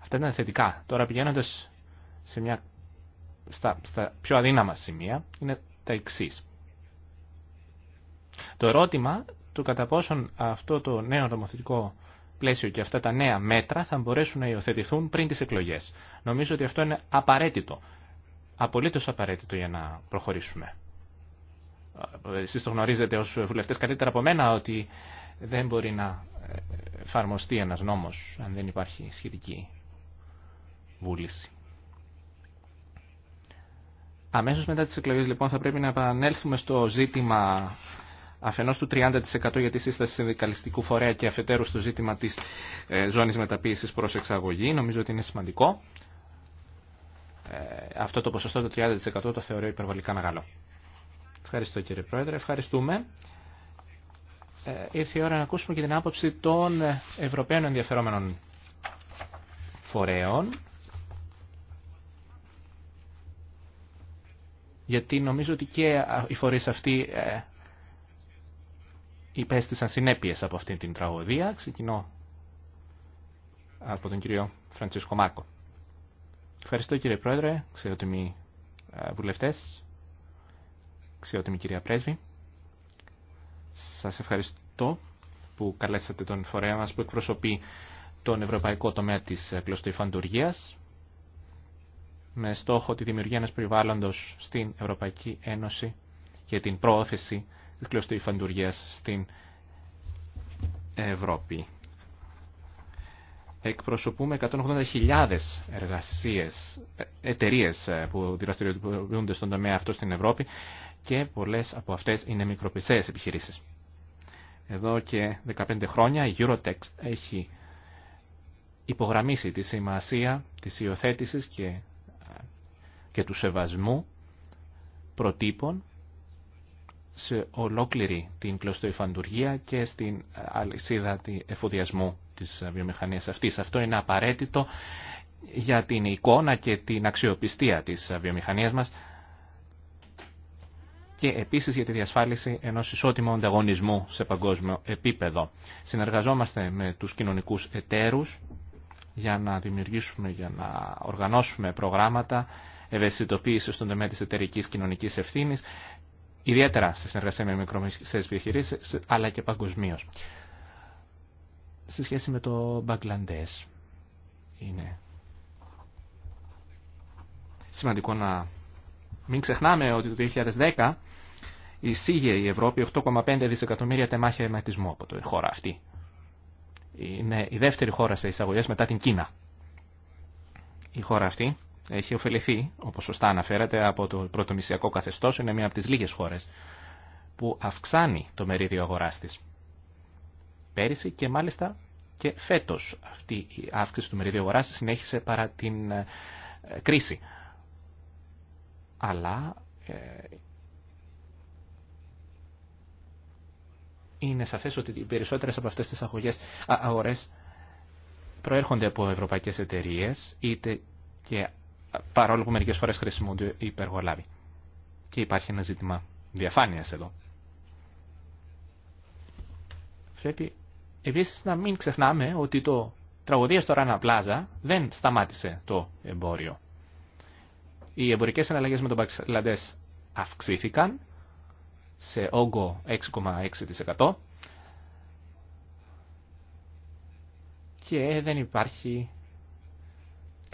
Αυτά ήταν θετικά. Τώρα πηγαίνοντας σε μια στα, στα πιο αδύναμα σημεία είναι τα εξή. Το ερώτημα του κατά πόσον αυτό το νέο νομοθετικό πλαίσιο και αυτά τα νέα μέτρα θα μπορέσουν να υιοθετηθούν πριν τις εκλογές. Νομίζω ότι αυτό είναι απαραίτητο, απολύτως απαραίτητο για να προχωρήσουμε. Εσείς το γνωρίζετε ως βουλευτές καλύτερα από μένα ότι δεν μπορεί να εφαρμοστεί ένας νόμος αν δεν υπάρχει σχετική βούληση. Αμέσως μετά τις εκλογές λοιπόν θα πρέπει να επανέλθουμε στο ζήτημα αφενός του 30% για τη σύσταση συνδικαλιστικού φορέα και αφετέρου στο ζήτημα της ε, ζώνης μεταποίησης προς εξαγωγή. Νομίζω ότι είναι σημαντικό. Ε, αυτό το ποσοστό το 30% το θεωρώ υπερβολικά μεγάλο. Ευχαριστώ κύριε Πρόεδρε. Ευχαριστούμε. Ε, ήρθε η ώρα να ακούσουμε και την άποψη των Ευρωπαίων ενδιαφερόμενων φορέων. γιατί νομίζω ότι και οι φορείς αυτοί ε, υπέστησαν συνέπειες από αυτήν την τραγωδία. Ξεκινώ από τον κύριο Φραντσίσκο Μάκο. Ευχαριστώ κύριε Πρόεδρε, ξεωτιμοί ε, βουλευτές, ξεοτιμή κυρία Πρέσβη. Σας ευχαριστώ που καλέσατε τον φορέα μας που εκπροσωπεί τον ευρωπαϊκό τομέα της κλωστοϊφαντουργίας με στόχο τη δημιουργία ενός περιβάλλοντος στην Ευρωπαϊκή Ένωση και την πρόθεση της κλωστοϊφαντουργίας στην Ευρώπη. Εκπροσωπούμε 180.000 εργασίες, ε, εταιρείες ε, που δραστηριοποιούνται στον τομέα αυτό στην Ευρώπη και πολλές από αυτές είναι μικροπισές επιχειρήσεις. Εδώ και 15 χρόνια η Eurotext έχει υπογραμμίσει τη σημασία της υιοθέτηση και και του σεβασμού προτύπων σε ολόκληρη την κλωστοϊφαντουργία και στην αλυσίδα εφοδιασμού της βιομηχανίας αυτής. Αυτό είναι απαραίτητο για την εικόνα και την αξιοπιστία της βιομηχανίας μας και επίσης για τη διασφάλιση ενός ισότιμου ανταγωνισμού σε παγκόσμιο επίπεδο. Συνεργαζόμαστε με τους κοινωνικούς εταίρους για να δημιουργήσουμε, για να οργανώσουμε προγράμματα ευαισθητοποίηση στον τομέα τη εταιρική κοινωνική ευθύνη, ιδιαίτερα σε συνεργασία με μικρομεσαίε επιχειρήσει, αλλά και παγκοσμίω. Σε σχέση με το Μπαγκλαντέ, είναι σημαντικό να μην ξεχνάμε ότι το 2010 εισήγε η Ευρώπη 8,5 δισεκατομμύρια τεμάχια αιματισμού από τη χώρα αυτή. Είναι η δεύτερη χώρα σε εισαγωγές μετά την Κίνα. Η χώρα αυτή έχει ωφεληθεί, όπως σωστά αναφέρατε, από το πρωτομισιακό καθεστώς. Είναι μία από τις λίγες χώρες που αυξάνει το μερίδιο αγοράς της. Πέρυσι και μάλιστα και φέτος αυτή η αύξηση του μεριδίου αγοράς συνέχισε παρά την ε, κρίση. Αλλά ε, είναι σαφές ότι οι περισσότερες από αυτές τις αγορές προέρχονται από ευρωπαϊκές εταιρείες είτε και παρόλο που μερικές φορές χρησιμοποιούνται υπεργολάβοι. Και υπάρχει ένα ζήτημα διαφάνειας εδώ. Πρέπει επίσης να μην ξεχνάμε ότι το τραγωδία στο Ράνα Πλάζα δεν σταμάτησε το εμπόριο. Οι εμπορικές συναλλαγέ με τον Παγκλαντές αυξήθηκαν σε όγκο 6,6% και δεν υπάρχει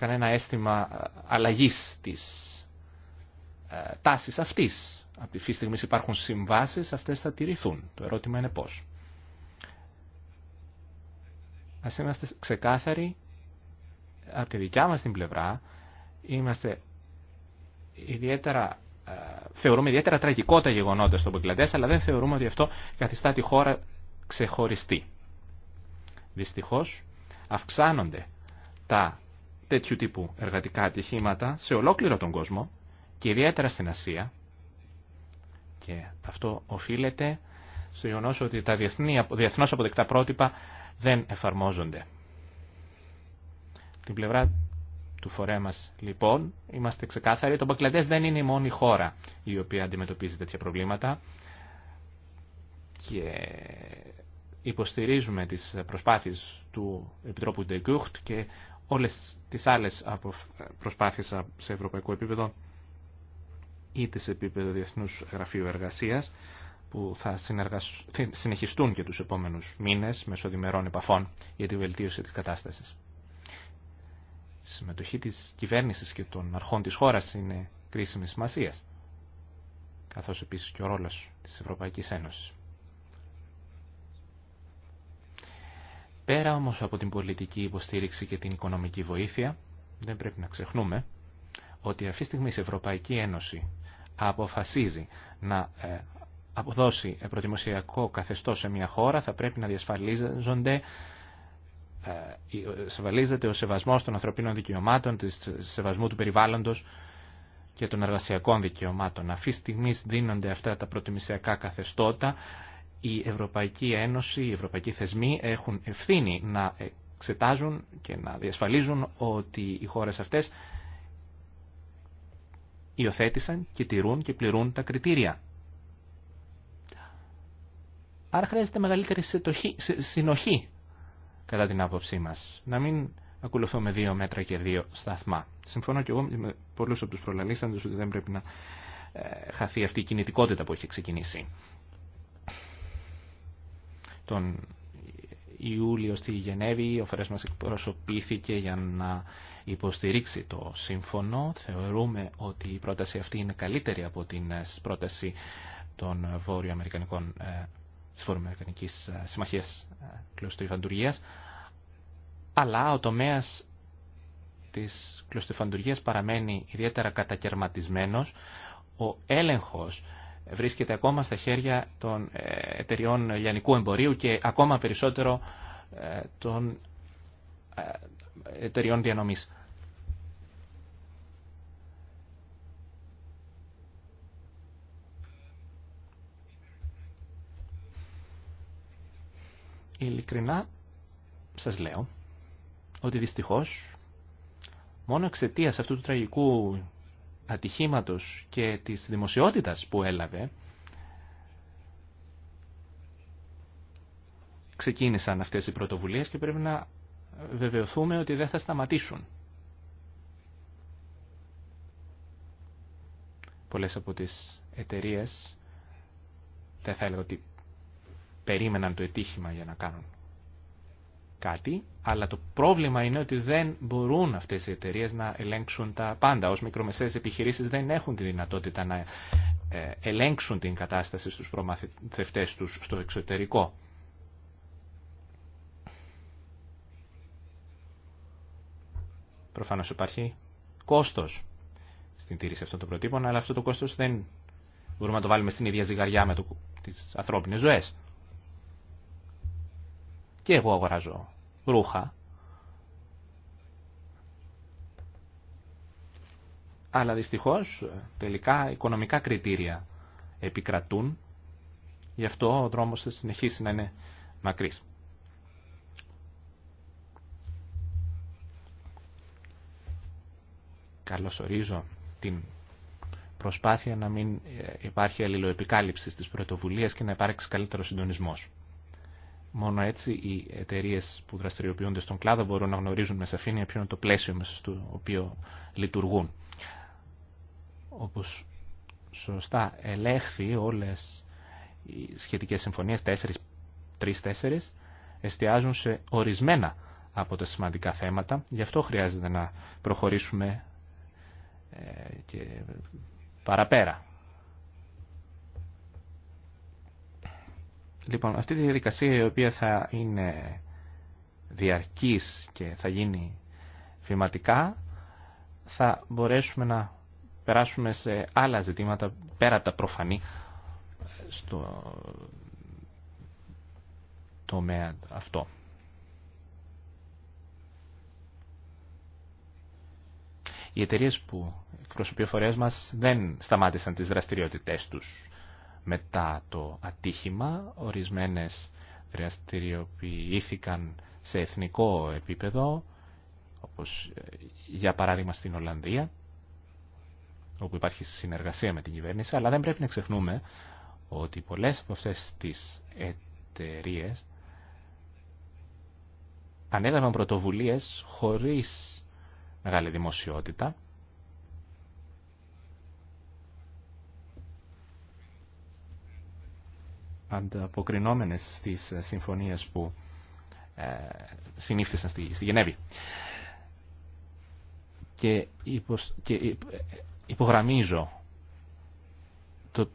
κανένα αίσθημα ε, αλλαγής της ε, τάσης αυτής. Από τη στιγμή υπάρχουν συμβάσεις, αυτές θα τηρηθούν. Το ερώτημα είναι πώς. Ας είμαστε ξεκάθαροι, από τη δικιά μας την πλευρά, είμαστε ιδιαίτερα, ε, θεωρούμε ιδιαίτερα τραγικό τα γεγονότα στον Μπογκλαντές, αλλά δεν θεωρούμε ότι αυτό καθιστά τη χώρα ξεχωριστή. Δυστυχώς, αυξάνονται τα τέτοιου τύπου εργατικά ατυχήματα σε ολόκληρο τον κόσμο και ιδιαίτερα στην Ασία. Και αυτό οφείλεται στο γεγονό ότι τα διεθνώ αποδεκτά πρότυπα δεν εφαρμόζονται. Την πλευρά του φορέα μας λοιπόν είμαστε ξεκάθαροι. Το Μπακλαντές δεν είναι η μόνη χώρα η οποία αντιμετωπίζει τέτοια προβλήματα και υποστηρίζουμε τις προσπάθειες του Επιτρόπου Ντεγκούχτ και όλες τις άλλες προσπάθειες σε ευρωπαϊκό επίπεδο είτε σε επίπεδο Διεθνούς Γραφείου Εργασίας που θα συνεχιστούν και τους επόμενους μήνες μέσω διμερών επαφών για τη βελτίωση της κατάστασης. Η συμμετοχή της κυβέρνησης και των αρχών της χώρας είναι κρίσιμη σημασία, καθώς επίσης και ο ρόλος της Ευρωπαϊκής Ένωσης. Πέρα όμως από την πολιτική υποστήριξη και την οικονομική βοήθεια, δεν πρέπει να ξεχνούμε ότι αυτή τη στιγμή η Ευρωπαϊκή Ένωση αποφασίζει να ε, αποδώσει προτιμοσιακό καθεστώς σε μια χώρα, θα πρέπει να διασφαλίζονται ε, σεβαλίζεται ο σεβασμός των ανθρωπίνων δικαιωμάτων, του σεβασμού του περιβάλλοντος και των εργασιακών δικαιωμάτων. Αυτή τη στιγμή δίνονται αυτά τα προτιμησιακά καθεστώτα η Ευρωπαϊκή Ένωση, οι ευρωπαϊκοί θεσμοί έχουν ευθύνη να εξετάζουν και να διασφαλίζουν ότι οι χώρες αυτές υιοθέτησαν και τηρούν και πληρούν τα κριτήρια. Άρα χρειάζεται μεγαλύτερη συνοχή κατά την άποψή μας. Να μην ακολουθούμε δύο μέτρα και δύο σταθμά. Συμφωνώ και εγώ με πολλούς από τους προλαλήσαντες ότι δεν πρέπει να ε, χαθεί αυτή η κινητικότητα που έχει ξεκινήσει τον Ιούλιο στη Γενέβη ο Φερές μας εκπροσωπήθηκε για να υποστηρίξει το σύμφωνο. Θεωρούμε ότι η πρόταση αυτή είναι καλύτερη από την ε, πρόταση των Βόρειο Αμερικανικών ε, της Αμερικανικής ε, Συμμαχίας Κλωστοϊφαντουργίας, αλλά ο τομέας της κλωστοϊφαντουργίας παραμένει ιδιαίτερα κατακαιρματισμένος. Ο έλεγχος βρίσκεται ακόμα στα χέρια των ε, εταιριών λιανικού εμπορίου και ακόμα περισσότερο ε, των ε, εταιριών διανομής. Ειλικρινά σας λέω ότι δυστυχώς μόνο εξαιτία αυτού του τραγικού ατυχήματος και της δημοσιότητας που έλαβε, ξεκίνησαν αυτές οι πρωτοβουλίες και πρέπει να βεβαιωθούμε ότι δεν θα σταματήσουν. Πολλές από τις εταιρείες δεν θα έλεγα ότι περίμεναν το ετύχημα για να κάνουν κάτι, αλλά το πρόβλημα είναι ότι δεν μπορούν αυτές οι εταιρείες να ελέγξουν τα πάντα. Ως μικρομεσαίες επιχειρήσεις δεν έχουν τη δυνατότητα να ε, ελέγξουν την κατάσταση στους προμαθευτές τους στο εξωτερικό. Προφανώς υπάρχει κόστος στην τήρηση αυτών των προτύπων, αλλά αυτό το κόστος δεν μπορούμε να το βάλουμε στην ίδια ζυγαριά με το, τις ανθρώπινες ζωές και εγώ αγοράζω ρούχα, αλλά δυστυχώς τελικά οικονομικά κριτήρια επικρατούν, γι' αυτό ο δρόμος θα συνεχίσει να είναι μακρύς. Καλωσορίζω την προσπάθεια να μην ε, υπάρχει αλληλοεπικάλυψη στις πρωτοβουλίες και να υπάρξει καλύτερο συντονισμός. Μόνο έτσι οι εταιρείε που δραστηριοποιούνται στον κλάδο μπορούν να γνωρίζουν με σαφήνεια ποιο είναι το πλαίσιο μέσα στο οποίο λειτουργούν. Όπως σωστά ελέγχθη όλες οι σχετικές συμφωνίες 4-3-4 εστιάζουν σε ορισμένα από τα σημαντικά θέματα. Γι' αυτό χρειάζεται να προχωρήσουμε ε, και παραπέρα Λοιπόν, αυτή τη διαδικασία η οποία θα είναι διαρκής και θα γίνει φηματικά θα μπορέσουμε να περάσουμε σε άλλα ζητήματα πέρα από τα προφανή στο τομέα αυτό. Οι εταιρείε που εκπροσωπεί ο φορέας μας δεν σταμάτησαν τις δραστηριότητές τους μετά το ατύχημα. Ορισμένες δραστηριοποιήθηκαν σε εθνικό επίπεδο, όπως ε, για παράδειγμα στην Ολλανδία, όπου υπάρχει συνεργασία με την κυβέρνηση, αλλά δεν πρέπει να ξεχνούμε ότι πολλές από αυτές τις εταιρείε ανέλαβαν πρωτοβουλίες χωρίς μεγάλη δημοσιότητα, ανταποκρινόμενες στις ε, συμφωνίες που ε, συνήφθησαν στη, στη Γενέβη. Και, ε, υπογραμμίζω το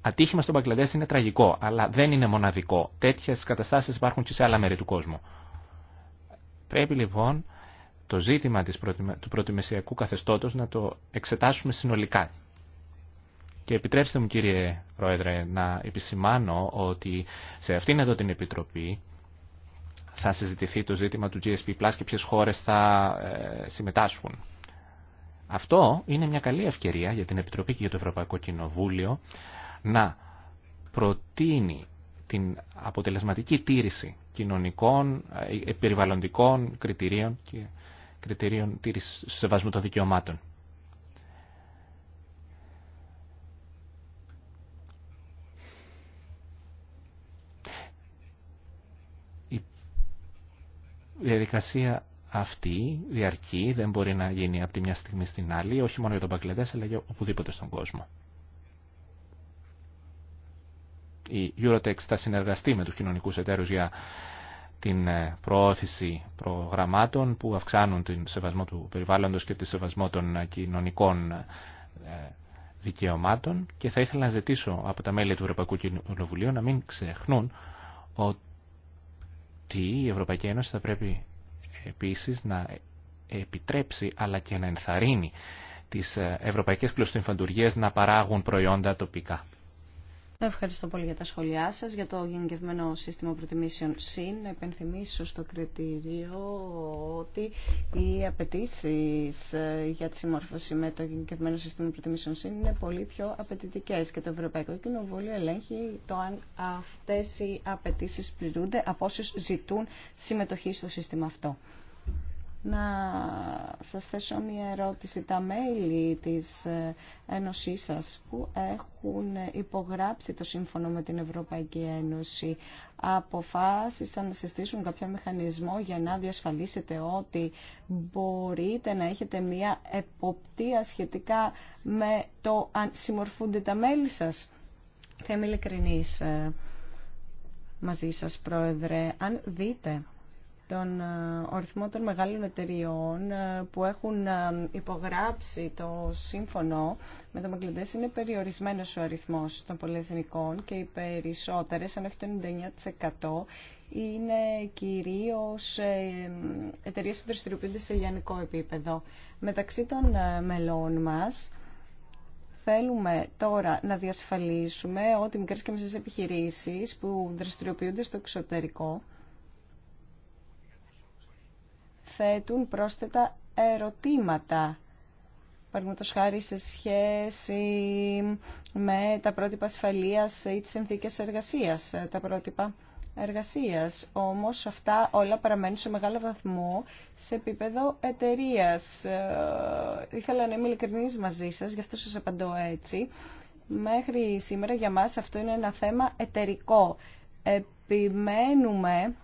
ατύχημα στον Παγκλαντές είναι τραγικό, αλλά δεν είναι μοναδικό. Τέτοιες καταστάσεις υπάρχουν και σε άλλα μέρη του κόσμου. Πρέπει λοιπόν το ζήτημα της του πρωτομεσιακού καθεστώτος να το εξετάσουμε συνολικά και επιτρέψτε μου κύριε Πρόεδρε να επισημάνω ότι σε αυτήν εδώ την Επιτροπή θα συζητηθεί το ζήτημα του GSP Plus και ποιες χώρες θα ε, συμμετάσχουν. Αυτό είναι μια καλή ευκαιρία για την Επιτροπή και για το Ευρωπαϊκό Κοινοβούλιο να προτείνει την αποτελεσματική τήρηση κοινωνικών, ε, ε, περιβαλλοντικών κριτηρίων και κριτηρίων τήρησης σεβασμού των δικαιωμάτων. Η διαδικασία αυτή διαρκεί, δεν μπορεί να γίνει από τη μια στιγμή στην άλλη, όχι μόνο για τον Παγκλαντές, αλλά για οπουδήποτε στον κόσμο. Η Eurotex θα συνεργαστεί με τους κοινωνικούς εταίρους για την ε, προώθηση προγραμμάτων που αυξάνουν τον σεβασμό του περιβάλλοντος και τον σεβασμό των ε, κοινωνικών ε, δικαιωμάτων και θα ήθελα να ζητήσω από τα μέλη του Ευρωπαϊκού Κοινοβουλίου να μην ξεχνούν ότι ότι η Ευρωπαϊκή Ένωση θα πρέπει επίσης να επιτρέψει αλλά και να ενθαρρύνει τις ε, ευρωπαϊκές πλωστοϊφαντουργίες να παράγουν προϊόντα τοπικά. Ευχαριστώ πολύ για τα σχόλιά σα για το γενικευμένο σύστημα προτιμήσεων ΣΥΝ. επενθυμίσω στο κριτήριο ότι οι απαιτήσει ε, για τη συμμόρφωση με το γενικευμένο σύστημα προτιμήσεων ΣΥΝ είναι πολύ πιο απαιτητικέ και το Ευρωπαϊκό Κοινοβούλιο ελέγχει το αν αυτές οι απαιτήσει πληρούνται από όσου ζητούν συμμετοχή στο σύστημα αυτό να σας θέσω μια ερώτηση. Τα μέλη της ε, Ένωσής σας που έχουν υπογράψει το σύμφωνο με την Ευρωπαϊκή Ένωση αποφάσισαν να συστήσουν κάποιο μηχανισμό για να διασφαλίσετε ότι μπορείτε να έχετε μια εποπτεία σχετικά με το αν συμμορφούνται τα μέλη σας. Θα είμαι ε, μαζί σας, Πρόεδρε. Αν δείτε τον ε, οριθμό των μεγάλων εταιριών ε, που έχουν ε, υπογράψει το σύμφωνο με το Μαγκλεντές είναι περιορισμένος ο αριθμός των πολυεθνικών και οι περισσότερες, αν όχι το 99%, είναι κυρίως εταιρείες που δραστηριοποιούνται σε λιανικό επίπεδο. Μεταξύ των μελών μας, θέλουμε τώρα να διασφαλίσουμε ότι μικρές και μεσές επιχειρήσεις που δραστηριοποιούνται στο εξωτερικό θέτουν πρόσθετα ερωτήματα. Παραδείγματο χάρη σε σχέση με τα πρότυπα ασφαλεία ή τι συνθήκε εργασία, τα πρότυπα εργασίας. Όμως αυτά όλα παραμένουν σε μεγάλο βαθμό σε επίπεδο εταιρεία. Ε, ήθελα να είμαι ειλικρινή μαζί σα, γι' αυτό σα απαντώ έτσι. Μέχρι σήμερα για μας αυτό είναι ένα θέμα εταιρικό. Επιμένουμε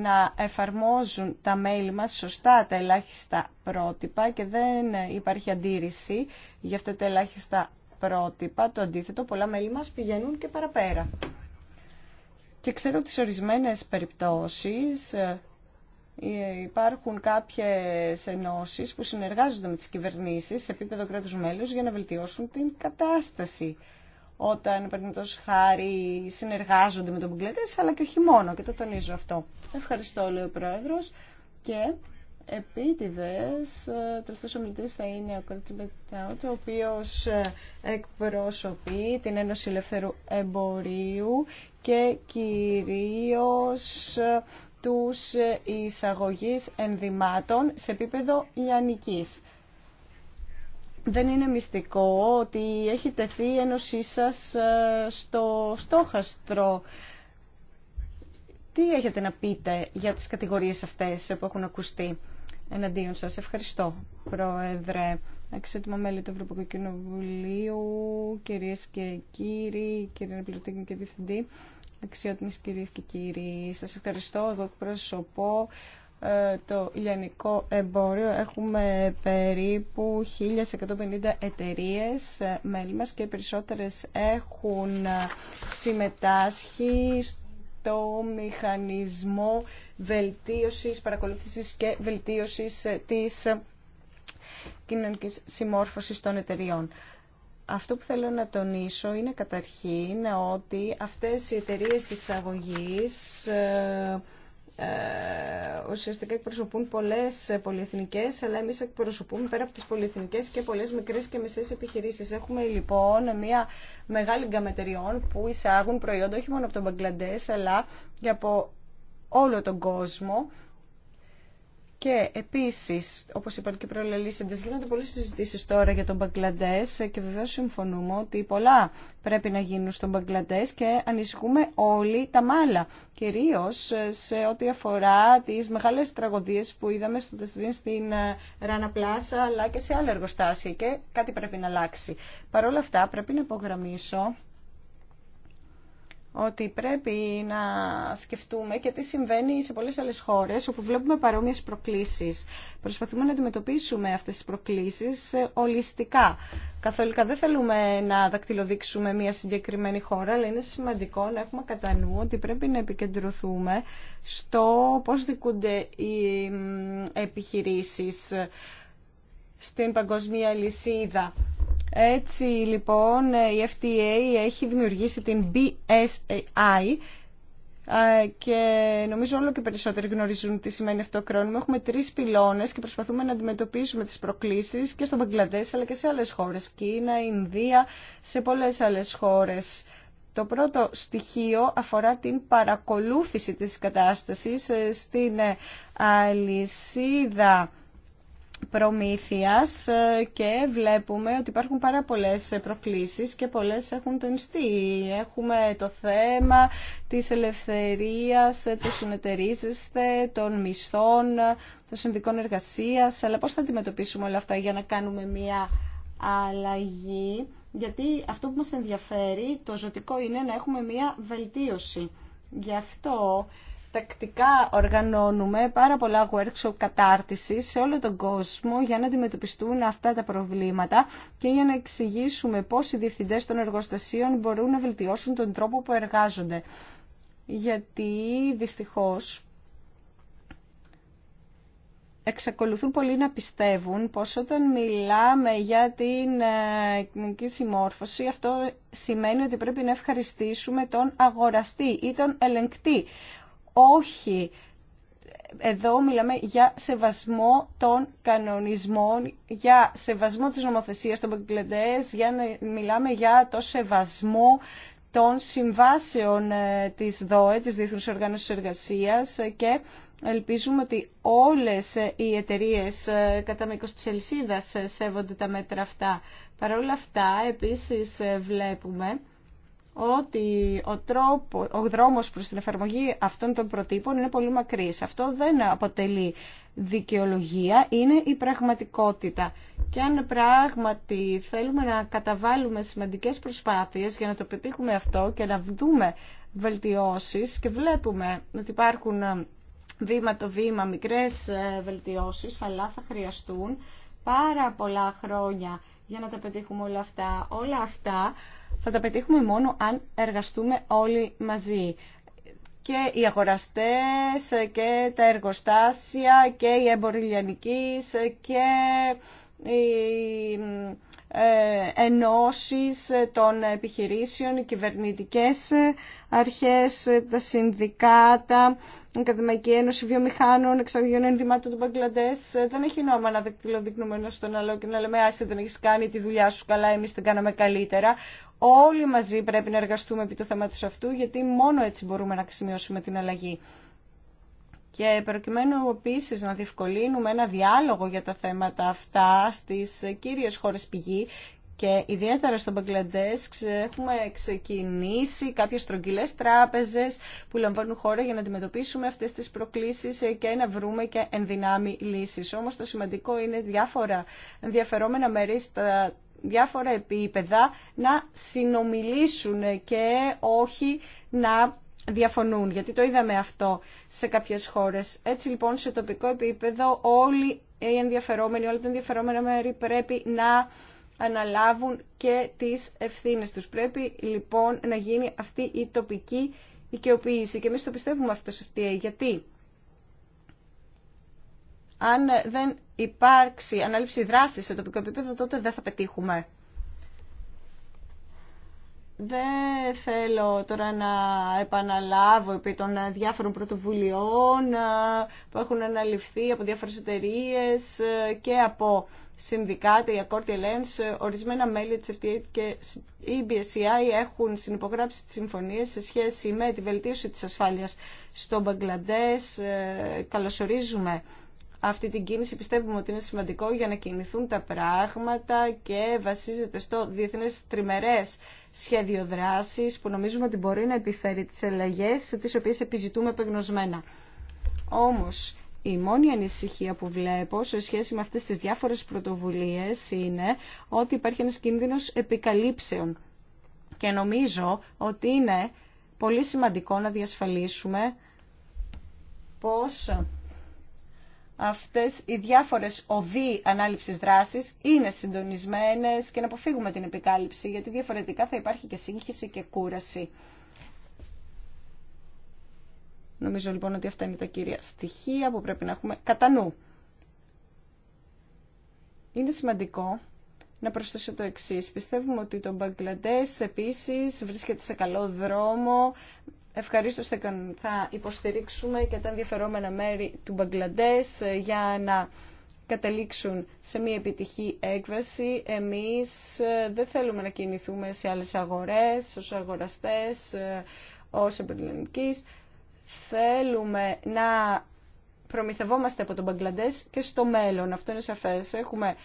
να εφαρμόζουν τα μέλη μας σωστά τα ελάχιστα πρότυπα και δεν υπάρχει αντίρρηση για αυτά τα ελάχιστα πρότυπα. Το αντίθετο, πολλά μέλη μας πηγαίνουν και παραπέρα. Και ξέρω ότι σε ορισμένες περιπτώσεις ε, υπάρχουν κάποιες ενώσεις που συνεργάζονται με τις κυβερνήσεις σε επίπεδο κράτους μέλους για να βελτιώσουν την κατάσταση όταν παραδείγματο χάρη συνεργάζονται με τον Μπουγκλέτε, αλλά και όχι μόνο. Και το τονίζω αυτό. Ευχαριστώ, λέει ο Πρόεδρο. Και επίτηδε, ο ε, τελευταίο ομιλητή θα είναι ο Κόρτσιμπετ ο οποίο ε, εκπροσωπεί την Ένωση Ελευθερού Εμπορίου και κυρίω ε, τους εισαγωγείς ενδυμάτων σε επίπεδο λιανικής δεν είναι μυστικό ότι έχει τεθεί η ένωσή σας ε, στο στόχαστρο. Τι έχετε να πείτε για τις κατηγορίες αυτές που έχουν ακουστεί εναντίον σας. Ευχαριστώ, Πρόεδρε. Αξιότιμα μέλη του Ευρωπαϊκού Κοινοβουλίου, κυρίες και κύριοι, κύριε Αναπληρωτή και Διευθυντή, αξιότιμες κυρίες και κύριοι, σας ευχαριστώ. Εγώ εκπροσωπώ ε, το λιανικό εμπόριο έχουμε περίπου 1150 εταιρείες ε, μέλη μας και οι περισσότερες έχουν ε, συμμετάσχει στο μηχανισμό βελτίωσης, παρακολούθησης και βελτίωσης της κοινωνικής συμμόρφωσης των εταιριών. Αυτό που θέλω να τονίσω είναι καταρχήν ότι αυτές οι εταιρείες εισαγωγής ε, ουσιαστικά εκπροσωπούν πολλές πολυεθνικές, αλλά εμείς εκπροσωπούμε πέρα από τις πολυεθνικές και πολλές μικρές και μεσέ επιχειρήσεις. Έχουμε λοιπόν μια μεγάλη γκαμετεριών που εισάγουν προϊόντα όχι μόνο από τον Μπαγκλαντές, αλλά και από όλο τον κόσμο και επίσης, όπως είπαν και οι γίνεται γίνονται πολλέ συζητήσει τώρα για τον Μπαγκλαντέ και βεβαίω συμφωνούμε ότι πολλά πρέπει να γίνουν στον Μπαγκλαντέ και ανησυχούμε όλοι τα μάλα, κυρίως σε ό,τι αφορά τις μεγάλες τραγωδίες που είδαμε στο τεστριν στην Ράνα ε, Πλάσα αλλά και σε άλλα εργοστάσια και κάτι πρέπει να αλλάξει. Παρ' όλα αυτά πρέπει να υπογραμμίσω ότι πρέπει να σκεφτούμε και τι συμβαίνει σε πολλές άλλες χώρες όπου βλέπουμε παρόμοιες προκλήσεις. Προσπαθούμε να αντιμετωπίσουμε αυτές τις προκλήσεις ε, ολιστικά. Καθολικά δεν θέλουμε να δακτυλοδείξουμε μια συγκεκριμένη χώρα, αλλά είναι σημαντικό να έχουμε κατά νου ότι πρέπει να επικεντρωθούμε στο πώς δικούνται οι επιχειρήσεις στην παγκοσμία λυσίδα. Έτσι λοιπόν η FTA έχει δημιουργήσει την BSAI και νομίζω όλο και περισσότεροι γνωρίζουν τι σημαίνει αυτό κρόνιμο. Έχουμε τρει πυλώνε και προσπαθούμε να αντιμετωπίσουμε τι προκλήσει και στον Μπαγκλαντέ αλλά και σε άλλε χώρε. Κίνα, Ινδία, σε πολλέ άλλε χώρε. Το πρώτο στοιχείο αφορά την παρακολούθηση της κατάστασης ε, στην ε, αλυσίδα προμήθειας ε, και βλέπουμε ότι υπάρχουν πάρα πολλές προκλήσεις και πολλές έχουν τονιστεί. Έχουμε το θέμα της ελευθερίας, ε, του συνεταιρίζεστε, των μισθών, ε, των συνδικών εργασίας, αλλά πώς θα αντιμετωπίσουμε όλα αυτά για να κάνουμε μια αλλαγή, γιατί αυτό που μας ενδιαφέρει, το ζωτικό είναι να έχουμε μια βελτίωση. Γι' αυτό τακτικά οργανώνουμε πάρα πολλά workshop κατάρτιση σε όλο τον κόσμο για να αντιμετωπιστούν αυτά τα προβλήματα και για να εξηγήσουμε πώς οι διευθυντές των εργοστασίων μπορούν να βελτιώσουν τον τρόπο που εργάζονται. Γιατί δυστυχώς εξακολουθούν πολλοί να πιστεύουν πως όταν μιλάμε για την ε, κοινωνική συμμόρφωση αυτό σημαίνει ότι πρέπει να ευχαριστήσουμε τον αγοραστή ή τον ελεγκτή όχι εδώ μιλάμε για σεβασμό των κανονισμών, για σεβασμό της νομοθεσίας των παγκλεντές, για να μιλάμε για το σεβασμό των συμβάσεων ε, της ΔΟΕ, της Διεθνούς Οργάνωσης Εργασίας ε, και ελπίζουμε ότι όλες ε, οι εταιρείες κατά μήκος της Ελσίδας σέβονται τα μέτρα αυτά. Παρ' όλα αυτά, επίσης βλέπουμε ότι ο, τρόπο, ο δρόμος προς την εφαρμογή αυτών των προτύπων είναι πολύ μακρύς. Αυτό δεν αποτελεί δικαιολογία, είναι η πραγματικότητα. Και αν πράγματι θέλουμε να καταβάλουμε σημαντικές προσπάθειες για να το πετύχουμε αυτό και να δούμε βελτιώσεις και βλέπουμε ότι υπάρχουν ε, βήμα το βήμα μικρές ε, βελτιώσεις, αλλά θα χρειαστούν πάρα πολλά χρόνια για να τα πετύχουμε όλα αυτά. Όλα αυτά θα τα πετύχουμε μόνο αν εργαστούμε όλοι μαζί. Και οι αγοραστές και τα εργοστάσια και οι εμποριλιανικείς και οι ε, ενώσεις των επιχειρήσεων, οι κυβερνητικές αρχές, τα συνδικάτα, η Ακαδημαϊκή Ένωση Βιομηχάνων, Εξαγωγείων Ενδυμάτων του Μπαγκλαντέ. Δεν έχει νόημα να δεκτυλοδεικνούμε ένα στον άλλο και να λέμε «Άσε, δεν έχει κάνει τη δουλειά σου καλά, εμεί την κάναμε καλύτερα». Όλοι μαζί πρέπει να εργαστούμε επί του αυτού, γιατί μόνο έτσι μπορούμε να σημειώσουμε την αλλαγή. Και προκειμένου επίση να διευκολύνουμε ένα διάλογο για τα θέματα αυτά στι κύριε χώρε πηγή, και ιδιαίτερα στον Μπαγκλαντές έχουμε ξεκινήσει κάποιες στρογγυλές τράπεζες που λαμβάνουν χώρα για να αντιμετωπίσουμε αυτές τις προκλήσεις και να βρούμε και ενδυνάμει λύσεις. Όμως το σημαντικό είναι διάφορα ενδιαφερόμενα μέρη στα διάφορα επίπεδα να συνομιλήσουν και όχι να διαφωνούν, γιατί το είδαμε αυτό σε κάποιες χώρες. Έτσι λοιπόν σε τοπικό επίπεδο όλοι οι ενδιαφερόμενοι, όλα τα ενδιαφερόμενα μέρη πρέπει να αναλάβουν και τις ευθύνες τους. Πρέπει λοιπόν να γίνει αυτή η τοπική δικαιοποίηση και εμείς το πιστεύουμε αυτό σε αυτή. Γιατί αν δεν υπάρξει ανάληψη δράσης σε τοπικό επίπεδο τότε δεν θα πετύχουμε. Δεν θέλω τώρα να επαναλάβω επί των διάφορων πρωτοβουλειών ε, που έχουν αναλυφθεί από διάφορες εταιρείε ε, και από συνδικάτα, η Accord Alliance, ορισμένα μέλη της FTA και η BSEI έχουν συνυπογράψει τις συμφωνίες σε σχέση με τη βελτίωση της ασφάλειας στο Μπαγκλαντές. Ε, καλωσορίζουμε αυτή την κίνηση πιστεύουμε ότι είναι σημαντικό για να κινηθούν τα πράγματα και βασίζεται στο διεθνές τριμερές σχέδιο δράσης που νομίζουμε ότι μπορεί να επιφέρει τις αλλαγές τις οποίες επιζητούμε επεγνωσμένα. Όμως, η μόνη ανησυχία που βλέπω σε σχέση με αυτές τις διάφορες πρωτοβουλίες είναι ότι υπάρχει ένας κίνδυνος επικαλύψεων. Και νομίζω ότι είναι πολύ σημαντικό να διασφαλίσουμε πώς αυτές οι διάφορες οδοί ανάληψης δράσης είναι συντονισμένες και να αποφύγουμε την επικάλυψη, γιατί διαφορετικά θα υπάρχει και σύγχυση και κούραση. Νομίζω λοιπόν ότι αυτά είναι τα κύρια στοιχεία που πρέπει να έχουμε κατά νου. Είναι σημαντικό να προσθέσω το εξή. Πιστεύουμε ότι το Μπαγκλαντέ επίση βρίσκεται σε καλό δρόμο. Ευχαρίστω θα υποστηρίξουμε και τα ενδιαφερόμενα μέρη του Μπαγκλαντέ ε, για να καταλήξουν σε μια επιτυχή έκβαση. Εμείς ε, δεν θέλουμε να κινηθούμε σε άλλες αγορές, ως αγοραστές, ε, ως Θέλουμε να προμηθευόμαστε από τον Μπαγκλαντές και στο μέλλον. Αυτό είναι σαφές. Έχουμε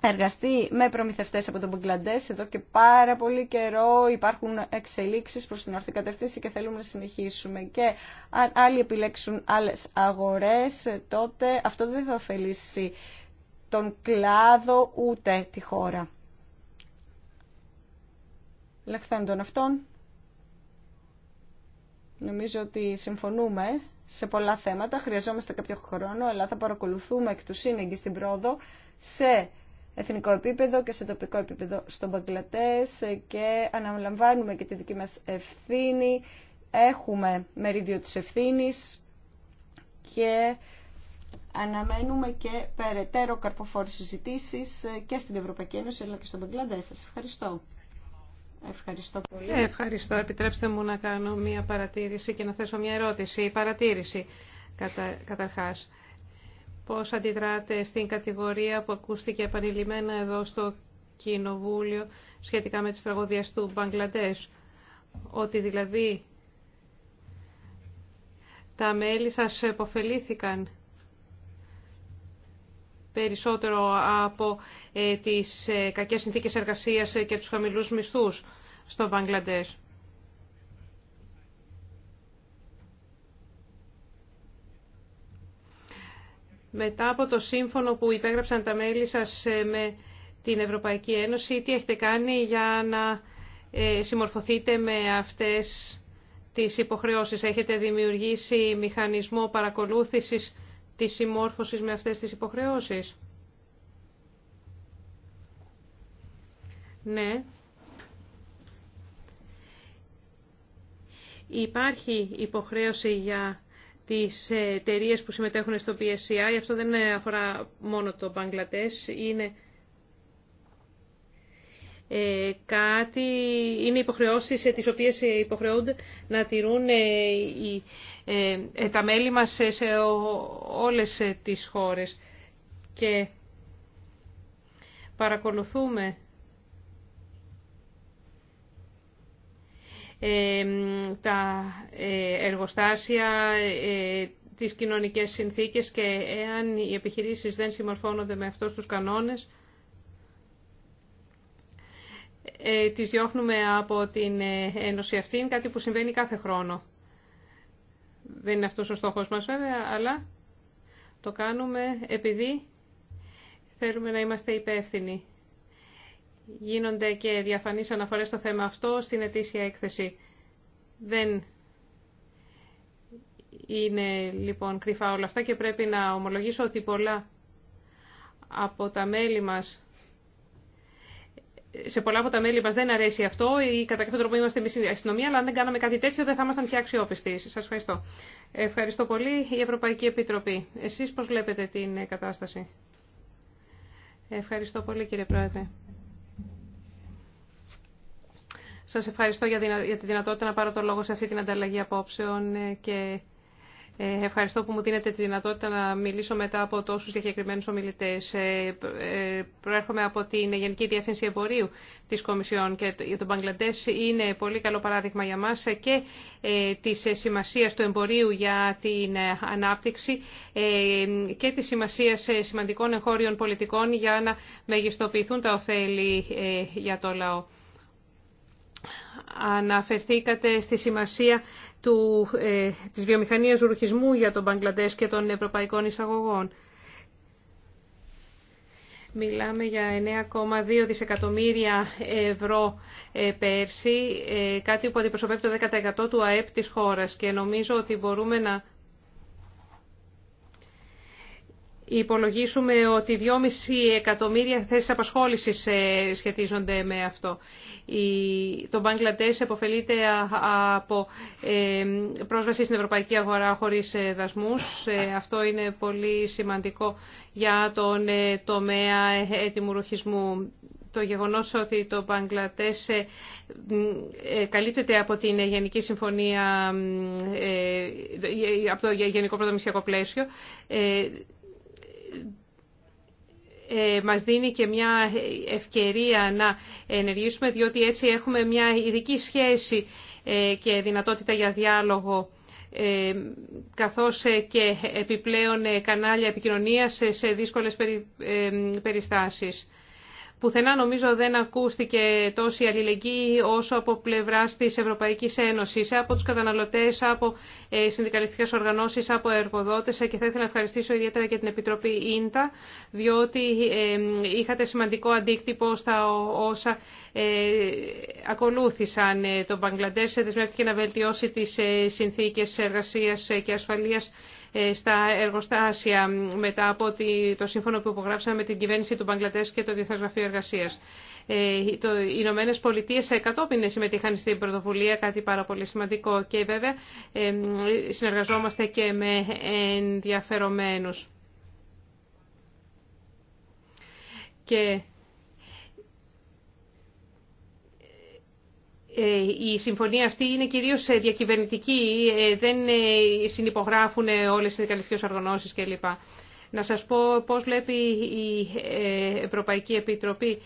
εργαστεί με προμηθευτές από τον Μπαγκλαντές εδώ και πάρα πολύ καιρό. Υπάρχουν εξελίξεις προς την ορθή κατεύθυνση και θέλουμε να συνεχίσουμε. Και αν άλλοι επιλέξουν άλλες αγορές, τότε αυτό δεν θα ωφελήσει τον κλάδο ούτε τη χώρα. Λεχθέντων αυτών, Νομίζω ότι συμφωνούμε σε πολλά θέματα, χρειαζόμαστε κάποιο χρόνο, αλλά θα παρακολουθούμε εκ του σύνεγγυ στην πρόοδο σε εθνικό επίπεδο και σε τοπικό επίπεδο στον Παγκλατές και αναλαμβάνουμε και τη δική μας ευθύνη, έχουμε μερίδιο της ευθύνης και αναμένουμε και περαιτέρω καρποφόρες συζητήσεις και στην Ευρωπαϊκή Ένωση αλλά και στον Παγκλατές. Σας ευχαριστώ. Ευχαριστώ πολύ. Ε, ευχαριστώ. Επιτρέψτε μου να κάνω μία παρατήρηση και να θέσω μία ερώτηση. Η παρατήρηση, κατα, καταρχάς. Πώς αντιδράτε στην κατηγορία που ακούστηκε επανειλημμένα εδώ στο Κοινοβούλιο σχετικά με τις τραγωδίες του Μπαγκλαντές. Ότι δηλαδή τα μέλη σας εποφελήθηκαν περισσότερο από ε, τις ε, κακές συνθήκες εργασίας ε, και τους χαμηλούς μισθούς στο Βαγγλαντές. Μετά από το σύμφωνο που υπέγραψαν τα μέλη σας με την Ευρωπαϊκή Ένωση, τι έχετε κάνει για να συμμορφωθείτε με αυτές τις υποχρεώσεις. Έχετε δημιουργήσει μηχανισμό παρακολούθησης της συμμόρφωσης με αυτές τις υποχρεώσεις. Ναι. Υπάρχει υποχρέωση για τις εταιρείε που συμμετέχουν στο PSCI. Αυτό δεν αφορά μόνο το Μπαγκλατές, είναι ε, κάτι, είναι υποχρεώσεις ε, τις οποίες ε, υποχρεούνται να τηρούν τα μέλη μας σε όλες τις χώρες. Και παρακολουθούμε τα εργοστάσια, τις κοινωνικές συνθήκες και εάν οι επιχειρήσεις δεν συμμορφώνονται με αυτούς τους κανόνες, ε, τις διώχνουμε από την ε, Ένωση αυτήν, κάτι που συμβαίνει κάθε χρόνο. Δεν είναι αυτός ο στόχος μας βέβαια, αλλά το κάνουμε επειδή θέλουμε να είμαστε υπεύθυνοι. Γίνονται και διαφανείς αναφορές στο θέμα αυτό στην ετήσια έκθεση. Δεν είναι λοιπόν κρυφά όλα αυτά και πρέπει να ομολογήσω ότι πολλά από τα μέλη μας σε πολλά από τα μέλη μα δεν αρέσει αυτό ή κατά κάποιο τρόπο είμαστε εμεί η αστυνομία, αλλά αν δεν κάναμε κάτι τέτοιο δεν θα ήμασταν πια αξιόπιστοι. Σα ευχαριστώ. Ευχαριστώ πολύ η Ευρωπαϊκή Επιτροπή. Εσεί πώ βλέπετε την κατάσταση. Ευχαριστώ πολύ κύριε Πρόεδρε. Σας ευχαριστώ για τη δυνατότητα να πάρω το λόγο σε αυτή την ανταλλαγή απόψεων και ε, ευχαριστώ που μου δίνετε τη δυνατότητα να μιλήσω μετά από τόσους διακεκριμένους ομιλητές. Ε, ε, προέρχομαι από την Γενική Διεύθυνση Εμπορίου της Κομισιόν και το Μπαγκλαντές είναι πολύ καλό παράδειγμα για μας και της σημασίας του εμπορίου για την ανάπτυξη και της σημασίας σημαντικών εγχώριων πολιτικών για να μεγιστοποιηθούν τα ωφέλη για το λαό. Αναφερθήκατε στη σημασία του, ε, της βιομηχανίας ρουχισμού για τον Μπαγκλαντές και των ευρωπαϊκών εισαγωγών. Μιλάμε για 9,2 δισεκατομμύρια ευρώ ε, πέρσι, ε, κάτι που αντιπροσωπεύει το 10% του ΑΕΠ της χώρας και νομίζω ότι μπορούμε να υπολογίσουμε ότι 2,5 εκατομμύρια θέσεις απασχόλησης ε, σχετίζονται με αυτό. Το Μπαγκλαντές επωφελείται από ε, πρόσβαση στην ευρωπαϊκή αγορά χωρίς ε, δασμούς. Αυτό είναι πολύ σημαντικό για τον τομέα έτοιμου ρουχισμού. Το γεγονός ότι το Μπαγκλατές καλύπτεται από την Γενική Συμφωνία, από το Γενικό Πρωτομησιακό Πλαίσιο, ε, μας δίνει και μια ευκαιρία να ενεργήσουμε, διότι έτσι έχουμε μια ειδική σχέση ε, και δυνατότητα για διάλογο ε, καθώς και επιπλέον κανάλια επικοινωνίας σε δύσκολες περιστάσεις. Πουθενά νομίζω δεν ακούστηκε τόση αλληλεγγύη όσο από πλευρά τη Ευρωπαϊκή Ένωση, από του καταναλωτέ, από ε, συνδικαλιστικέ οργανώσει, από εργοδότε και θα ήθελα να ευχαριστήσω ιδιαίτερα και την Επιτροπή ΙΝΤΑ, διότι ε, είχατε σημαντικό αντίκτυπο στα όσα ε, ακολούθησαν. Το Μπαγκλαντέ δεσμεύτηκε να βελτιώσει τι συνθήκε εργασία και ασφαλεία ε, στα εργοστάσια μετά από το σύμφωνο που υπογράψαμε με την κυβέρνηση του Μπαγκλατές και το Διεθνές Γραφείο Εργασίας. Ε, Οι Ηνωμένε Πολιτείε κατόπιν συμμετείχαν στην πρωτοβουλία, κάτι πάρα πολύ σημαντικό και βέβαια ε, συνεργαζόμαστε και με ενδιαφερομένους. Ε, η συμφωνία αυτή είναι κυρίως ε, διακυβερνητική, ε, δεν συνυπογράφουν όλες οι συνδικαλιστικές οργανώσεις κλπ. Να σας πω πώς βλέπει η Ευρωπαϊκή Επιτροπή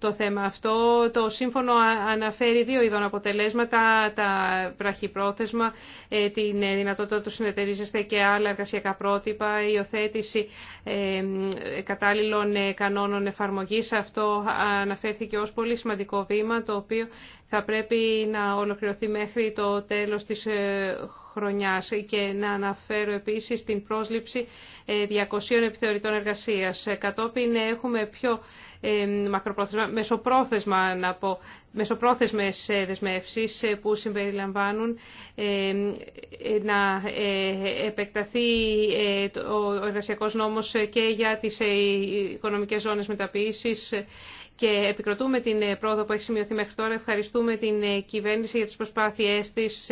το θέμα αυτό. Το σύμφωνο αναφέρει δύο ειδών αποτελέσματα, τα βραχυπρόθεσμα, ε, την ε, δυνατότητα του συνεταιρίζεστε και άλλα εργασιακά πρότυπα, η υιοθέτηση ε, κατάλληλων κανόνων εφαρμογής. Αυτό αναφέρθηκε ως πολύ σημαντικό βήμα, το οποίο θα πρέπει να ολοκληρωθεί μέχρι το τέλος της χρονιάς και να αναφέρω επίσης την πρόσληψη 200 επιθεωρητών εργασίας. Κατόπιν έχουμε πιο ε, μακροπρόθεσμα, μεσοπρόθεσμα να πω μεσοπρόθεσμες ε, δεσμεύσεις ε, που συμπεριλαμβάνουν ε, να επεκταθεί ο εργασιακός νόμος και για τις οικονομικές ζώνες μεταποίησης και επικροτούμε την πρόοδο που έχει σημειωθεί μέχρι τώρα. Ευχαριστούμε την κυβέρνηση για τις προσπάθειές της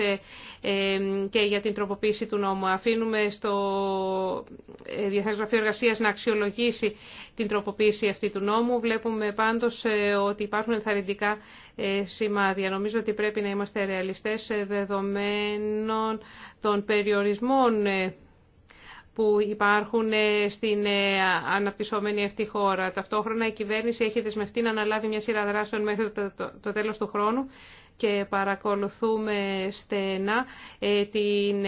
και για την τροποποίηση του νόμου. Αφήνουμε στο Διεθνές Γραφείο Εργασία να αξιολογήσει την τροποποίηση αυτή του νόμου. Βλέπουμε πάντως ότι υπάρχουν ενθαρρυντικά ε, σημάδια. Νομίζω ότι πρέπει να είμαστε ρεαλιστές ε, δεδομένων των περιορισμών ε, που υπάρχουν στην αναπτυσσόμενη αυτή χώρα. Ταυτόχρονα η κυβέρνηση έχει δεσμευτεί να αναλάβει μια σειρά δράσεων μέχρι το τέλος του χρόνου και παρακολουθούμε στενά την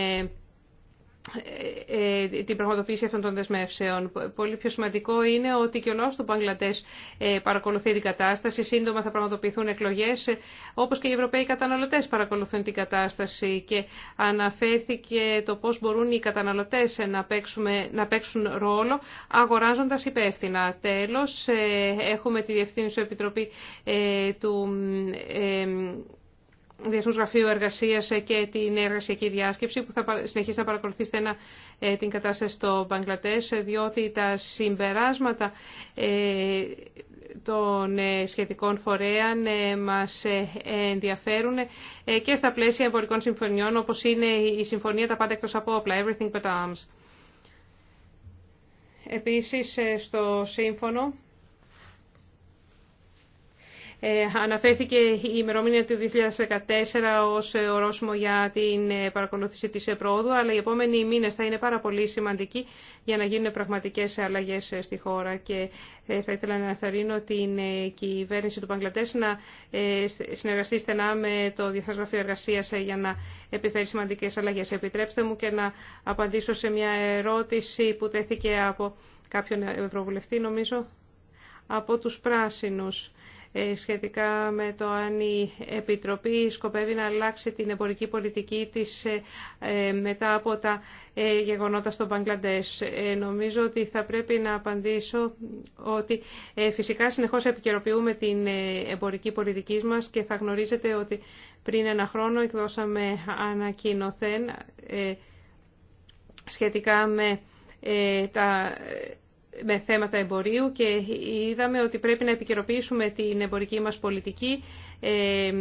ε, ε, την πραγματοποίηση αυτών των δεσμεύσεων. Πολύ πιο σημαντικό είναι ότι και ο λαός του Παγκλαντές ε, παρακολουθεί την κατάσταση. Σύντομα θα πραγματοποιηθούν εκλογές, όπως και οι Ευρωπαίοι καταναλωτές παρακολουθούν την κατάσταση. Και αναφέρθηκε το πώς μπορούν οι καταναλωτές να, παίξουμε, να παίξουν ρόλο αγοράζοντας υπεύθυνα. Τέλος, έχουμε τη Διευθύνουσα Επιτροπή του Διεθνού Γραφείου Εργασίας και την Εργασιακή Διάσκεψη που θα συνεχίσει να παρακολουθεί στενά ε, την κατάσταση στο Μπαγκλατέ, ε, διότι τα συμπεράσματα ε, των σχετικών φορέων μας ενδιαφέρουν και στα πλαίσια εμπορικών συμφωνιών όπως είναι η συμφωνία τα πάντα εκτός από όπλα, everything but arms. Επίσης στο σύμφωνο ε, αναφέρθηκε η ημερομηνία του 2014 ως ορόσημο για την ε, παρακολούθηση της πρόοδου, αλλά οι επόμενοι μήνες θα είναι πάρα πολύ σημαντικοί για να γίνουν πραγματικές αλλαγές ε, στη χώρα και θα ήθελα να αναθαρρύνω την κυβέρνηση του Παγκλατές να συνεργαστεί στενά με το Διεθνές Γραφείο Εργασίας για να επιφέρει σημαντικές αλλαγές. Επιτρέψτε μου και να απαντήσω σε μια ερώτηση που τέθηκε από κάποιον Ευρωβουλευτή, νομίζω, από τους πράσινους ε, σχετικά με το αν η Επιτροπή σκοπεύει να αλλάξει την εμπορική πολιτική της ε, ε, μετά από τα γεγονότα στο Μπαγκλαντές. Νομίζω ότι θα πρέπει να απαντήσω ότι φυσικά συνεχώς επικαιροποιούμε την εμπορική πολιτική μας και θα γνωρίζετε ότι πριν ένα χρόνο εκδώσαμε ανακοινωθέν σχετικά με τα με θέματα εμπορίου και είδαμε ότι πρέπει να επικαιροποιήσουμε την εμπορική μας πολιτική ε, ε,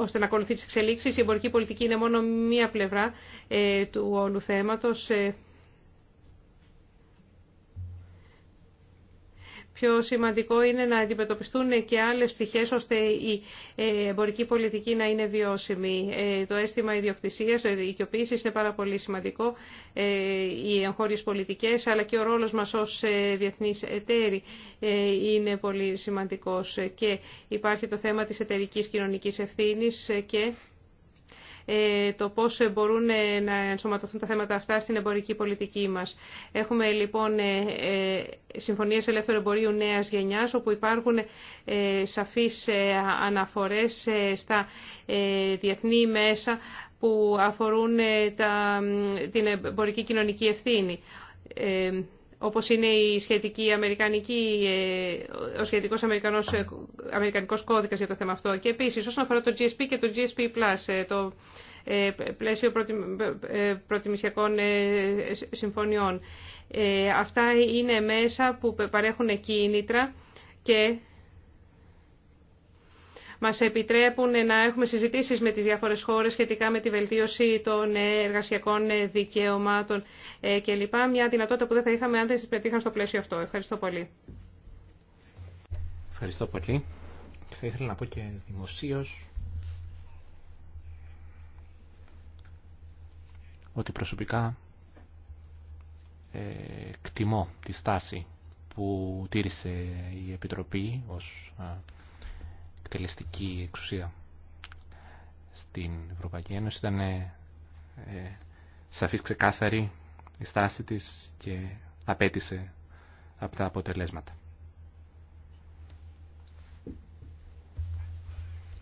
ώστε να ακολουθεί τις εξελίξεις. Η εμπορική πολιτική είναι μόνο μία πλευρά ε, του όλου θέματος. πιο σημαντικό είναι να αντιμετωπιστούν και άλλες πτυχές ώστε η ε, εμπορική πολιτική να είναι βιώσιμη. Ε, το αίσθημα ιδιοκτησίας, ε, οικιοποίηση είναι πάρα πολύ σημαντικό, οι εγχώριες πολιτικές, αλλά και ο ρόλος μας ως διεθνής εταίροι είναι πολύ σημαντικός. Και υπάρχει το θέμα της εταιρικής κοινωνικής ευθύνης και ε, το πώς μπορούν ε, να ενσωματωθούν τα θέματα αυτά στην εμπορική πολιτική μας. Έχουμε λοιπόν ε, συμφωνίες ελεύθερου εμπορίου νέας γενιάς όπου υπάρχουν σαφείς αναφορές στα διεθνή μέσα που αφορούν την εμπορική κοινωνική ευθύνη όπως είναι ε, ο σχετικός αμερικανός, ε, αμερικανικός κώδικας για το θέμα αυτό. Και επίσης, όσον αφορά το GSP και το GSP+, ε, το πλαίσιο προτιμησιακών συμφωνιών. Αυτά είναι μέσα που παρέχουν κίνητρα και μας επιτρέπουν να έχουμε συζητήσεις με τις διάφορες χώρες σχετικά με τη βελτίωση των εργασιακών δικαιωμάτων ε, κλπ. Μια δυνατότητα που δεν θα είχαμε αν δεν συμμετείχαν στο πλαίσιο αυτό. Ευχαριστώ πολύ. Ευχαριστώ πολύ. Θα ήθελα να πω και δημοσίως ότι προσωπικά ε, εκτιμώ τη στάση που τήρησε η Επιτροπή ως εκτελεστική εξουσία στην Ευρωπαϊκή Ένωση. Ήταν ε, ε, σαφής ξεκάθαρη η στάση της και απέτησε από τα αποτελέσματα.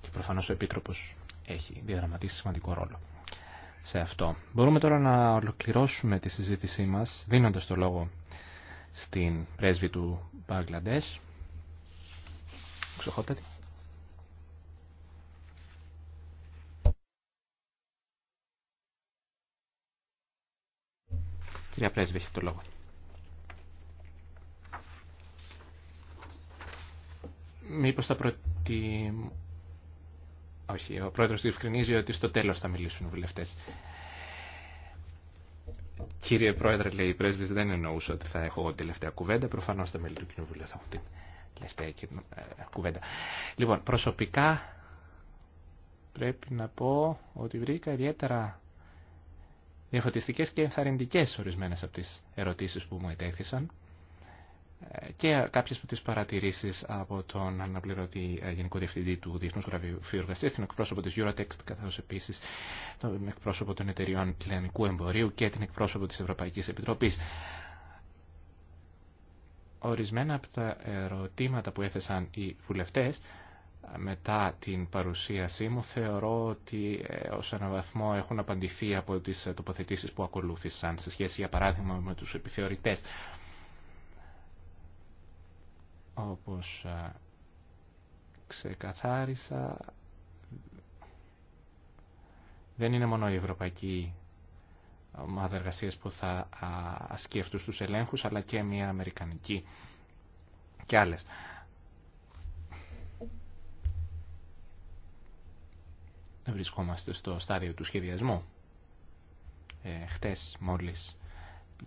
Και προφανώς ο Επίτροπος έχει διαδραματίσει σημαντικό ρόλο σε αυτό. Μπορούμε τώρα να ολοκληρώσουμε τη συζήτησή μας δίνοντας το λόγο στην πρέσβη του Μπαγκλαντές. Ξεχότατη. Κυρία Πρέσβη, έχετε το λόγο. Μήπως θα προτι... Όχι, ο πρόεδρος διευκρινίζει ότι στο τέλος θα μιλήσουν οι βουλευτές. Κύριε Πρόεδρε, λέει η πρέσβη, δεν εννοούσα ότι θα έχω εγώ τελευταία κουβέντα. Προφανώ τα μέλη του Κοινοβουλίου θα έχουν την τελευταία ε, κουβέντα. Λοιπόν, προσωπικά πρέπει να πω ότι βρήκα ιδιαίτερα διαφωτιστικές και ενθαρρυντικές ορισμένες από τις ερωτήσεις που μου ετέθησαν ε, και κάποιες από τις παρατηρήσεις από τον αναπληρωτή ε, Γενικό Διευθυντή του Διεθνούς Γραφείου Εργασίας, ...την εκπρόσωπο της Eurotext, καθώς επίσης τον εκπρόσωπο των εταιριών κλιανικού εμπορίου και την εκπρόσωπο της Ευρωπαϊκής Επιτροπής. Ορισμένα από τα ερωτήματα που έθεσαν οι βουλευτές μετά την παρουσίασή μου θεωρώ ότι ε, ως έναν βαθμό έχουν απαντηθεί από τις ε, τοποθετήσεις που ακολούθησαν σε σχέση για παράδειγμα με τους επιθεωρητές όπως ε, ξεκαθάρισα δεν είναι μόνο η Ευρωπαϊκή Ομάδα εργασία που θα ασκεί αυτούς τους ελέγχους αλλά και μια Αμερικανική και άλλες. βρισκόμαστε στο στάδιο του σχεδιασμού. Ε, χτες μόλις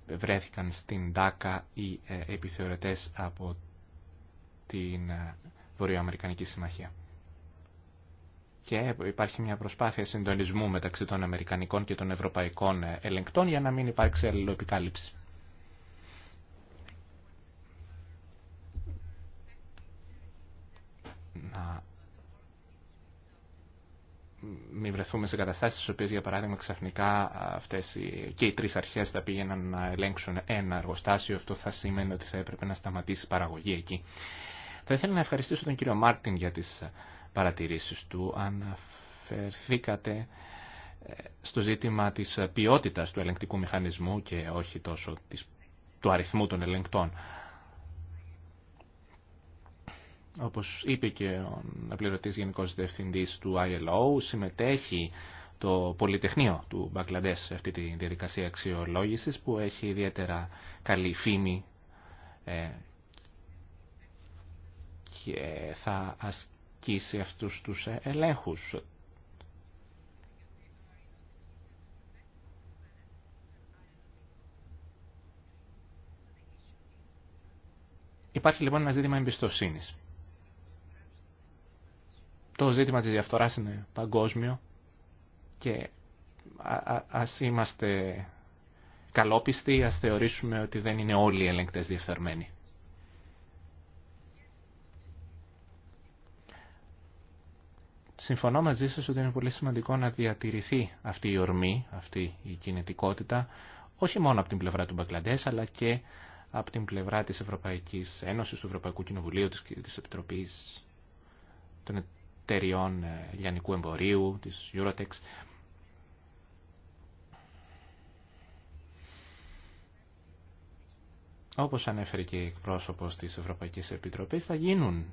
βρέθηκαν στην ΤΑΚΑ οι ε, επιθεωρητές από την ε, Βορειοαμερικανική Συμμαχία. Και υπάρχει μια προσπάθεια συντονισμού μεταξύ των Αμερικανικών και των Ευρωπαϊκών ε, ελεγκτών για να μην υπάρξει αλληλοεπικάλυψη. Να μην βρεθούμε σε καταστάσεις στις οποίες για παράδειγμα ξαφνικά αυτές οι, και οι τρεις αρχές θα πήγαιναν να ελέγξουν ένα εργοστάσιο αυτό θα σημαίνει ότι θα έπρεπε να σταματήσει η παραγωγή εκεί. Θα ήθελα να ευχαριστήσω τον κύριο Μάρτιν για τις παρατηρήσεις του. Αναφερθήκατε ε, στο ζήτημα της ε, ποιότητας του ελεγκτικού μηχανισμού και όχι τόσο του αριθμού των ελεγκτών. Όπως είπε και ο πληρωτής Γενικός Διευθυντής του ILO, συμμετέχει το Πολυτεχνείο του Μπαγκλαντές σε αυτή τη διαδικασία αξιολόγησης που έχει ιδιαίτερα καλή φήμη ε, και θα ασκήσει αυτούς τους ελέγχους. Υπάρχει λοιπόν ένα ζήτημα εμπιστοσύνης το ζήτημα της διαφθοράς είναι παγκόσμιο και ας είμαστε καλόπιστοι, ας θεωρήσουμε ότι δεν είναι όλοι οι ελεγκτές διεφθαρμένοι. Συμφωνώ μαζί σας ότι είναι πολύ σημαντικό να διατηρηθεί αυτή η ορμή, αυτή η κινητικότητα, όχι μόνο από την πλευρά του Μπαγκλαντές, αλλά και από την πλευρά της Ευρωπαϊκής Ένωσης, του Ευρωπαϊκού Κοινοβουλίου, της Επιτροπής, εταιριών λιανικού ε, εμπορίου, της Eurotex. Όπως ανέφερε και η εκπρόσωπος της Ευρωπαϊκής Επιτροπής, θα γίνουν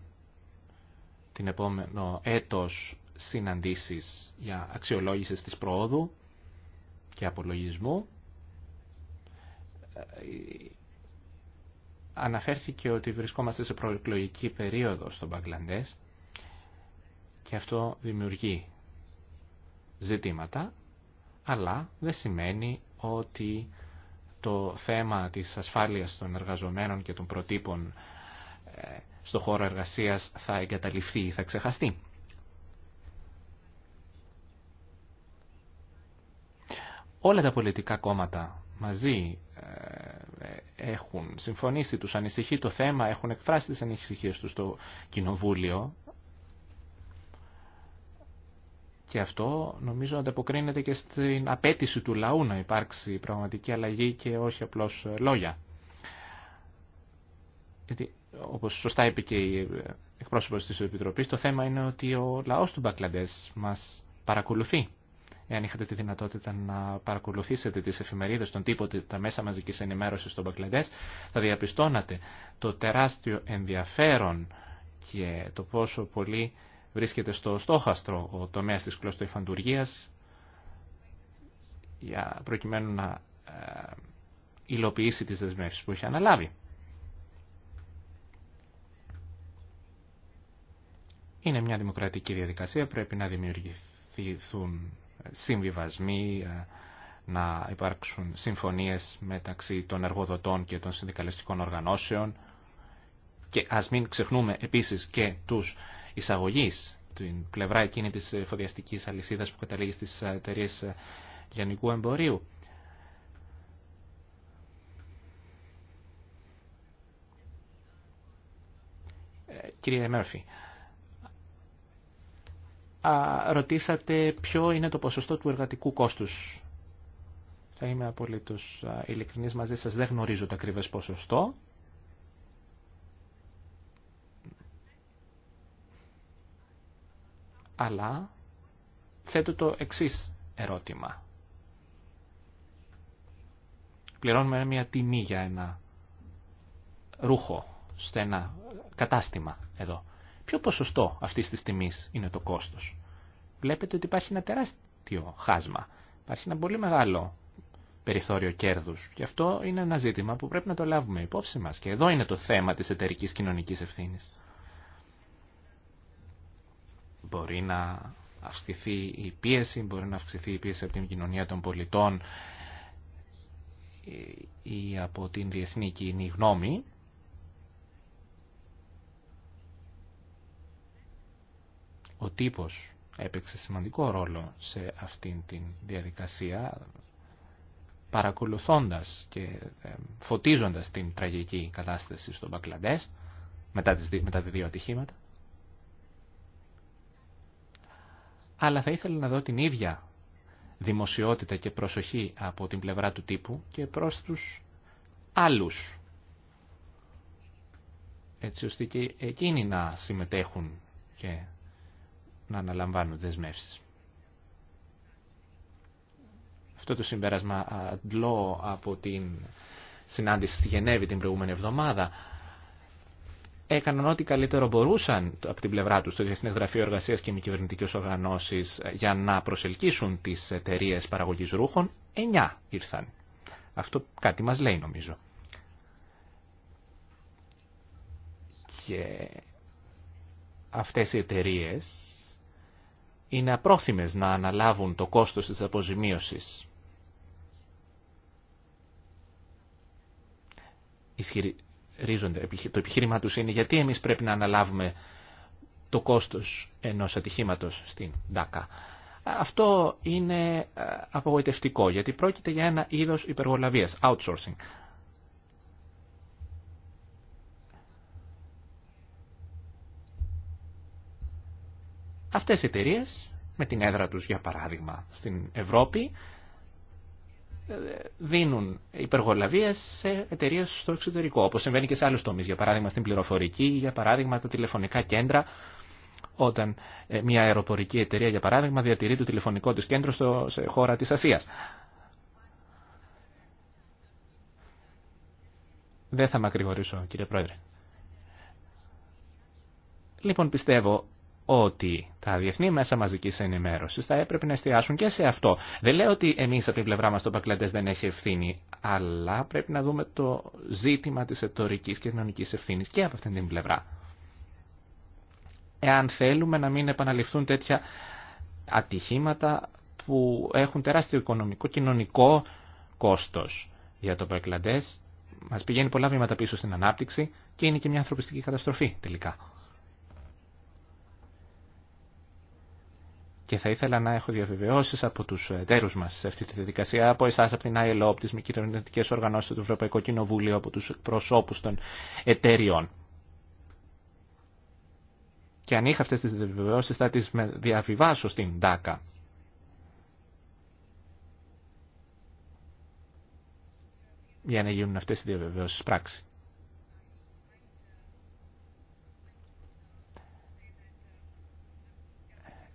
την επόμενο έτος συναντήσεις για αξιολόγηση της προόδου και απολογισμού. Ε, αναφέρθηκε ότι βρισκόμαστε σε προεκλογική περίοδο στο Μπαγκλαντές και αυτό δημιουργεί ζητήματα, αλλά δεν σημαίνει ότι το θέμα της ασφάλειας των εργαζομένων και των προτύπων ε, στο χώρο εργασίας θα εγκαταλειφθεί ή θα ξεχαστεί. Όλα τα πολιτικά κόμματα μαζί ε, ε, έχουν συμφωνήσει, τους ανησυχεί το θέμα, έχουν εκφράσει τις ανησυχίες τους στο Κοινοβούλιο Και αυτό νομίζω ανταποκρίνεται και στην απέτηση του λαού να υπάρξει πραγματική αλλαγή και όχι απλώς λόγια. Γιατί, όπως σωστά είπε και η εκπρόσωπος της Επιτροπής, το θέμα είναι ότι ο λαός του Μπακλαντές μας παρακολουθεί. Εάν είχατε τη δυνατότητα να παρακολουθήσετε τις εφημερίδες, τον τύπο, τα μέσα μαζικής ενημέρωσης στον Μπακλαντές θα διαπιστώνατε το τεράστιο ενδιαφέρον και το πόσο πολύ βρίσκεται στο στόχαστρο ο τομέας της κλωστοϊφαντουργίας για προκειμένου να ε, υλοποιήσει τις δεσμεύσεις που έχει αναλάβει. Είναι μια δημοκρατική διαδικασία, πρέπει να δημιουργηθούν συμβιβασμοί, ε, να υπάρξουν συμφωνίες μεταξύ των εργοδοτών και των συνδικαλιστικών οργανώσεων, και ας μην ξεχνούμε επίσης και τους εισαγωγείς, την πλευρά εκείνη της εφοδιαστικής αλυσίδας που καταλήγει στις εταιρείε γενικού εμπορίου. Ε, κύριε Μέρφυ, ρωτήσατε ποιο είναι το ποσοστό του εργατικού κόστους. Θα είμαι απολύτως ειλικρινής μαζί σας, δεν γνωρίζω το ακριβές ποσοστό. αλλά θέτω το εξής ερώτημα. Πληρώνουμε μια τιμή για ένα ρούχο σε ένα κατάστημα εδώ. Ποιο ποσοστό αυτής της τιμής είναι το κόστος. Βλέπετε ότι υπάρχει ένα τεράστιο χάσμα. Υπάρχει ένα πολύ μεγάλο περιθώριο κέρδους. Και αυτό είναι ένα ζήτημα που πρέπει να το λάβουμε υπόψη μας. Και εδώ είναι το θέμα της εταιρικής κοινωνικής ευθύνης. Μπορεί να αυξηθεί η πίεση, μπορεί να αυξηθεί η πίεση από την κοινωνία των πολιτών ε, ή από την διεθνή κοινή γνώμη. Ο τύπος έπαιξε σημαντικό ρόλο σε αυτήν την διαδικασία παρακολουθώντας και ε, φωτίζοντας την τραγική κατάσταση στον Μπακλαντές μετά, τις, μετά δύο ατυχήματα. αλλά θα ήθελα να δω την ίδια δημοσιότητα και προσοχή από την πλευρά του τύπου και προς τους άλλους. Έτσι ώστε και εκείνοι να συμμετέχουν και να αναλαμβάνουν δεσμεύσεις. Αυτό το συμπέρασμα αντλώ από την συνάντηση στη Γενέβη την προηγούμενη εβδομάδα έκαναν ό,τι καλύτερο μπορούσαν από την πλευρά του το Διεθνές Γραφείο εργασία και μη κυβερνητικέ οργανώσεις για να προσελκύσουν τις εταιρείε παραγωγή ρούχων, εννιά ήρθαν. Αυτό κάτι μας λέει νομίζω. Και αυτές οι εταιρείε είναι απρόθυμες να αναλάβουν το κόστος της αποζημίωσης ρίζονται. Το επιχείρημά τους είναι γιατί εμείς πρέπει να αναλάβουμε το κόστος ενός ατυχήματος στην ΔΑΚΑ. Αυτό είναι ε, απογοητευτικό γιατί πρόκειται για ένα είδος υπεργολαβίας, outsourcing. Αυτές οι εταιρείε με την έδρα τους για παράδειγμα στην Ευρώπη δίνουν υπεργολαβίες σε εταιρείε στο εξωτερικό, όπως συμβαίνει και σε άλλους τομείς, για παράδειγμα στην πληροφορική, για παράδειγμα τα τηλεφωνικά κέντρα, όταν ε, μια αεροπορική εταιρεία, για παράδειγμα, διατηρεί το τηλεφωνικό της κέντρο στο, σε χώρα της Ασίας. Δεν θα με κύριε Πρόεδρε. Λοιπόν, πιστεύω ότι τα διεθνή μέσα μαζική ενημέρωση θα έπρεπε να εστιάσουν και σε αυτό. Δεν λέω ότι εμεί από την πλευρά μα το Παγκλαντέ δεν έχει ευθύνη, αλλά πρέπει να δούμε το ζήτημα τη ετορική και κοινωνική ευθύνη και από αυτήν την πλευρά. Εάν θέλουμε να μην επαναληφθούν τέτοια ατυχήματα που έχουν τεράστιο οικονομικό, κοινωνικό κόστο για το Πακλαντέ, μα πηγαίνει πολλά βήματα πίσω στην ανάπτυξη και είναι και μια ανθρωπιστική καταστροφή τελικά. Και θα ήθελα να έχω διαβεβαιώσει από τους εταίρους μας σε αυτή τη διαδικασία, από εσά από την ILO, από τι μη οργανώσει από του Ευρωπαϊκού Κοινοβούλιο, από τους προσώπους των εταίριων. Και αν είχα αυτές τις διαβεβαιώσεις θα τις διαβιβάσω στην ΤΑΚΑ. για να γίνουν αυτές οι διαβεβαιώσεις πράξη.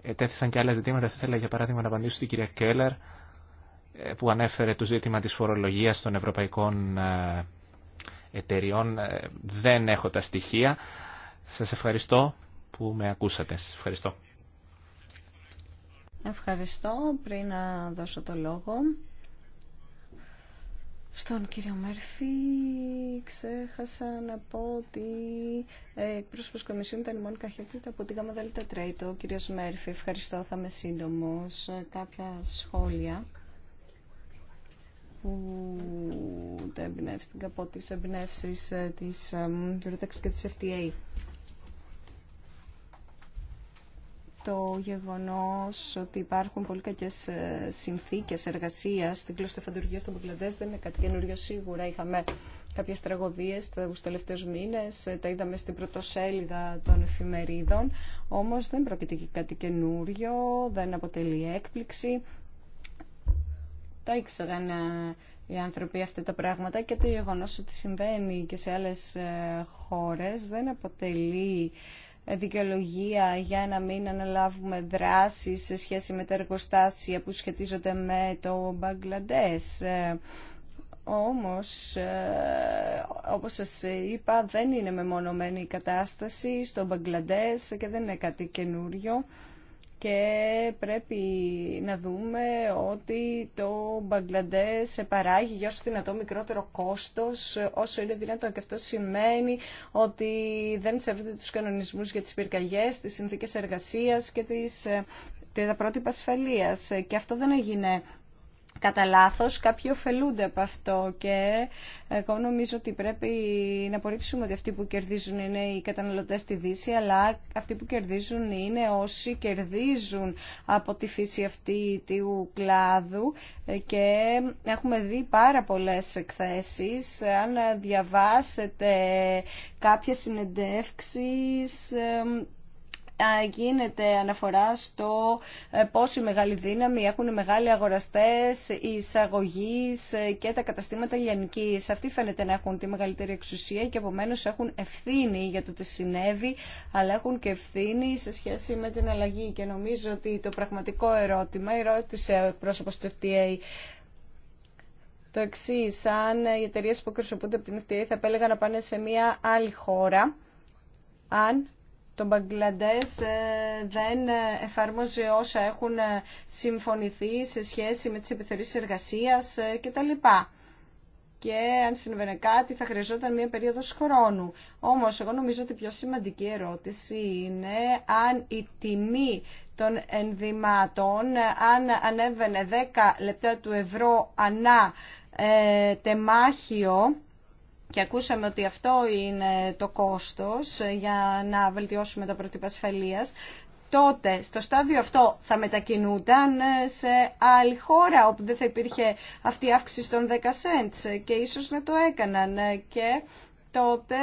ετέθησαν και άλλα ζητήματα. Θα ήθελα για παράδειγμα να απαντήσω στην κυρία Κέλλερ ε, που ανέφερε το ζήτημα της φορολογίας των ευρωπαϊκών ε, εταιριών. Ε, δεν έχω τα στοιχεία. Σας ευχαριστώ που με ακούσατε. Σας ευχαριστώ. Ευχαριστώ. Πριν να δώσω το λόγο στον κύριο Μέρφυ ξέχασα να πω ότι ε, εκπρόσωπος Κομισιόν ήταν η Μόνικα Χέτζετ από την ΓΑΜΑ ΔΕΛΤΑ ΤΡΕΙΤΟ. Ο κύριος Μέρφυ, ευχαριστώ, θα είμαι σύντομος. Ε, κάποια σχόλια που τα εμπνεύστηκα από τις εμπνεύσεις ε, της Eurotex και της FTA. το γεγονός ότι υπάρχουν πολύ κακές ε, συνθήκες εργασίας στην κλωστοφαντουργία στον Παγκλαντές δεν είναι κάτι καινούριο σίγουρα. Είχαμε κάποιες τραγωδίες τους τελευταίους μήνες, ε, τα είδαμε στην πρωτοσέλιδα των εφημερίδων, όμως δεν πρόκειται και κάτι καινούριο, δεν αποτελεί έκπληξη. Τα ήξεραν ε, οι άνθρωποι αυτά τα πράγματα και το γεγονός ότι συμβαίνει και σε άλλες χώρες δεν αποτελεί δικαιολογία για να μην αναλάβουμε δράσεις σε σχέση με τα εργοστάσια που σχετίζονται με το Μπαγκλαντές. Ε, όμως, ε, όπως σας είπα, δεν είναι μεμονωμένη η κατάσταση στο Μπαγκλαντές και δεν είναι κάτι καινούριο και πρέπει να δούμε ότι το Μπαγκλαντές παράγει για όσο δυνατό μικρότερο κόστος όσο είναι δυνατόν και αυτό σημαίνει ότι δεν σέβεται τους κανονισμούς για τις πυρκαγιές, τις συνθήκες εργασίας και τις ε, τα πρότυπα ασφαλεία. Και αυτό δεν έγινε κατά λάθο κάποιοι ωφελούνται από αυτό και εγώ νομίζω ότι πρέπει να απορρίψουμε ότι αυτοί που κερδίζουν είναι οι καταναλωτέ στη Δύση αλλά αυτοί που κερδίζουν είναι όσοι κερδίζουν από τη φύση αυτή του κλάδου και έχουμε δει πάρα πολλές εκθέσεις αν διαβάσετε κάποιε συνεντέύξει γίνεται αναφορά στο ε, πόση μεγάλη δύναμη έχουν μεγάλοι αγοραστές εισαγωγείς ε, και τα καταστήματα λιανικής. Αυτοί φαίνεται να έχουν τη μεγαλύτερη εξουσία και επομένω έχουν ευθύνη για το τι συνέβη, αλλά έχουν και ευθύνη σε σχέση με την αλλαγή. Και νομίζω ότι το πραγματικό ερώτημα, ερώτησε ο πρόσωπος του FTA, το εξή, αν οι εταιρείε που εκπροσωπούνται από την FTA θα επέλεγαν να πάνε σε μια άλλη χώρα, αν το Μπαγκλαντές ε, δεν εφαρμόζει όσα έχουν ε, συμφωνηθεί σε σχέση με τις επιθερήσεις εργασίας ε, κτλ. Και αν συμβαίνει κάτι θα χρειαζόταν μια περίοδος χρόνου. Όμως εγώ νομίζω ότι η πιο σημαντική ερώτηση είναι αν η τιμή των ενδυμάτων, αν ανέβαινε 10 λεπτά του ευρώ ανά τεμάχιο, και ακούσαμε ότι αυτό είναι το κόστος για να βελτιώσουμε τα πρότυπα ασφαλείας, τότε στο στάδιο αυτό θα μετακινούνταν σε άλλη χώρα όπου δεν θα υπήρχε αυτή η αύξηση των 10 cents και ίσως να το έκαναν και τότε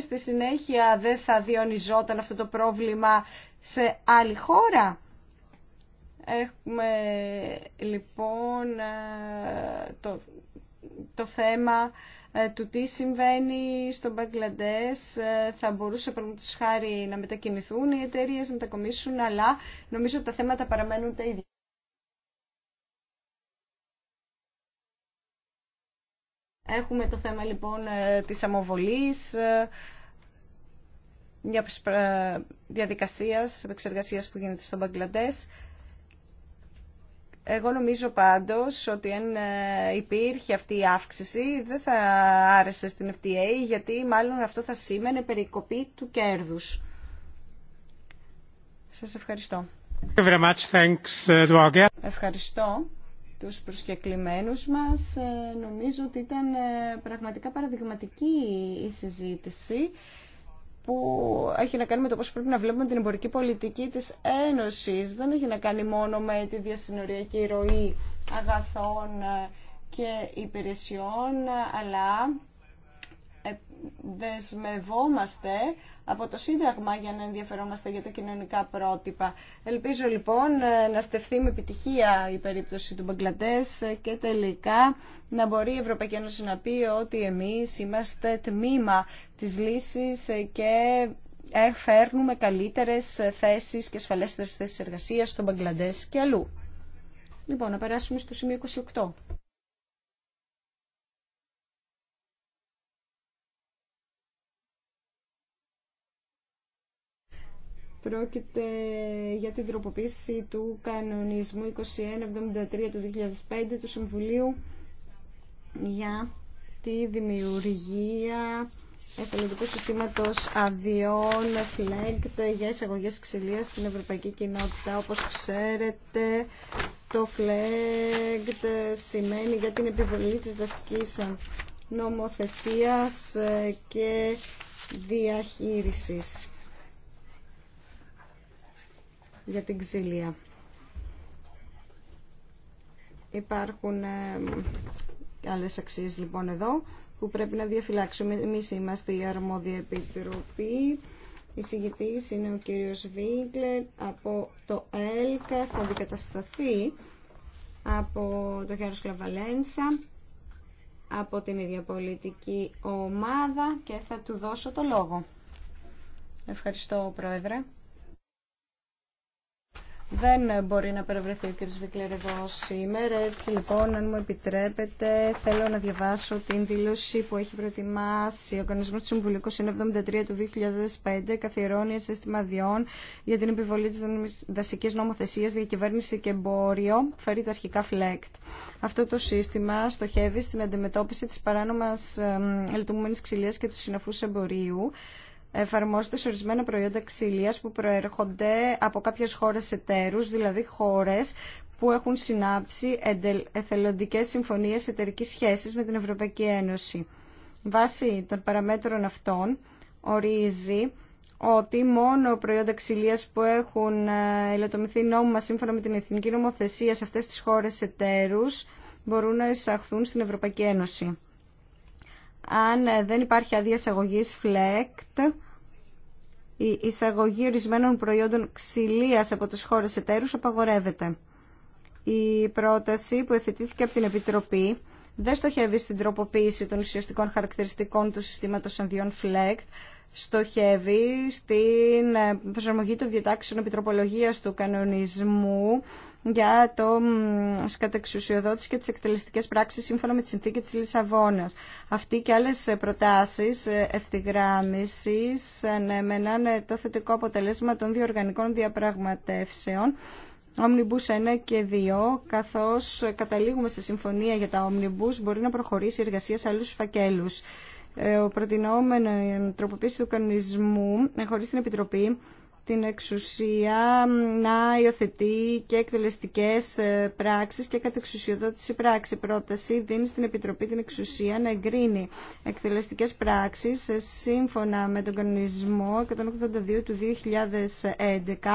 στη συνέχεια δεν θα διονυζόταν αυτό το πρόβλημα σε άλλη χώρα. Έχουμε λοιπόν ε, το, το θέμα ε, του τι συμβαίνει στον Μπαγκλαντές ε, θα μπορούσε πραγματικά χάρη να μετακινηθούν οι εταιρείε να μετακομίσουν αλλά νομίζω ότι τα θέματα παραμένουν τα ίδια. Έχουμε το θέμα λοιπόν ε, της αμοβολής, μια διαδικασία επεξεργασίας που γίνεται στον Μπαγκλαντές εγώ νομίζω πάντως ότι αν ε, υπήρχε αυτή η αύξηση δεν θα άρεσε στην FTA γιατί μάλλον αυτό θα σήμαινε περικοπή του κέρδους. Σας ευχαριστώ. Ε, ευχαριστώ τους προσκεκλημένους μας. Ε, νομίζω ότι ήταν πραγματικά παραδειγματική η συζήτηση που έχει να κάνει με το πώς πρέπει να βλέπουμε την εμπορική πολιτική της Ένωσης. Δεν έχει να κάνει μόνο με τη διασυνοριακή ροή αγαθών και υπηρεσιών, αλλά δεσμευόμαστε από το Σύνταγμα για να ενδιαφερόμαστε για τα κοινωνικά πρότυπα. Ελπίζω λοιπόν να στεφθεί με επιτυχία η περίπτωση του Μπαγκλαντές και τελικά να μπορεί η Ευρωπαϊκή Ένωση να πει ότι εμείς είμαστε τμήμα της λύσης και φέρνουμε καλύτερες θέσεις και ασφαλέστερες θέσεις εργασίας στον Μπαγκλαντές και αλλού. Λοιπόν, να περάσουμε στο σημείο 28. Πρόκειται για την τροποποίηση του κανονισμού 2173 του 2005 του Συμβουλίου για τη δημιουργία εθελοντικού συστήματος αδειών FLEGT για εισαγωγές ξυλίας στην Ευρωπαϊκή Κοινότητα. Όπως ξέρετε, το FLEGT σημαίνει για την επιβολή της δασικής νομοθεσίας και διαχείρισης για την ξύλια. Υπάρχουν ε, άλλες αξίες λοιπόν εδώ που πρέπει να διαφυλάξουμε. Εμεί είμαστε η αρμόδια επιτροπή. Η είναι ο κύριος Βίγκλερ από το ΕΛΚΑ. Θα αντικατασταθεί από το Χέρος Κλαβαλένσα από την ίδια πολιτική ομάδα και θα του δώσω το λόγο. Ευχαριστώ, Πρόεδρε. Δεν μπορεί να παρευρεθεί ο κ. Βικλέρ σήμερα. Έτσι λοιπόν, αν μου επιτρέπετε, θέλω να διαβάσω την δήλωση που έχει προετοιμάσει ο Οργανισμό του Συμβουλίου 73 του 2005, καθιερώνει σύστημα αδειών για την επιβολή τη δασική νομοθεσία, διακυβέρνηση και εμπόριο, φέρει τα αρχικά φλεκτ. Αυτό το σύστημα στοχεύει στην αντιμετώπιση τη παράνομα λειτουργούμενη ξυλία και του συναφού εμπορίου εφαρμόζεται σε ορισμένα προϊόντα ξυλίας που προέρχονται από κάποιες χώρες εταίρους, δηλαδή χώρες που έχουν συνάψει εθελοντικές συμφωνίες εταιρικής σχέσης με την Ευρωπαϊκή Ένωση. Βάσει των παραμέτρων αυτών ορίζει ότι μόνο προϊόντα ξυλίας που έχουν ε, υλοτομηθεί νόμιμα σύμφωνα με την εθνική νομοθεσία σε αυτές τις χώρες εταίρους μπορούν να εισαχθούν στην Ευρωπαϊκή Ένωση αν ε, δεν υπάρχει άδεια εισαγωγή FLECT, η εισαγωγή ορισμένων προϊόντων ξυλίας από τις χώρες εταίρους απαγορεύεται. Η πρόταση που εθετήθηκε από την Επιτροπή δεν στοχεύει στην τροποποίηση των ουσιαστικών χαρακτηριστικών του συστήματος ενδιών ΦΛΕΚΤ στοχεύει στην ε, προσαρμογή των διατάξεων επιτροπολογίας του κανονισμού για το σκατεξουσιοδότηση και τις εκτελεστικές πράξεις σύμφωνα με τη συνθήκη της Λισαβόνας. Αυτή και άλλες προτάσεις ε, ευθυγράμμισης ανέμεναν ε, το θετικό αποτελέσμα των διοργανικών διαπραγματεύσεων Omnibus 1 και 2, καθώς καταλήγουμε στη συμφωνία για τα Omnibus, μπορεί να προχωρήσει η εργασία σε άλλους φακέλους. Ε, ο προτινόμενο τροποποίηση του κανονισμού ε, χωρί την Επιτροπή την εξουσία να υιοθετεί και εκτελεστικέ ε, πράξεις και κατεξουσιοδότηση πράξη. Πρόταση δίνει στην Επιτροπή την εξουσία να εγκρίνει εκτελεστικέ πράξεις σύμφωνα με τον κανονισμό 182 του 2011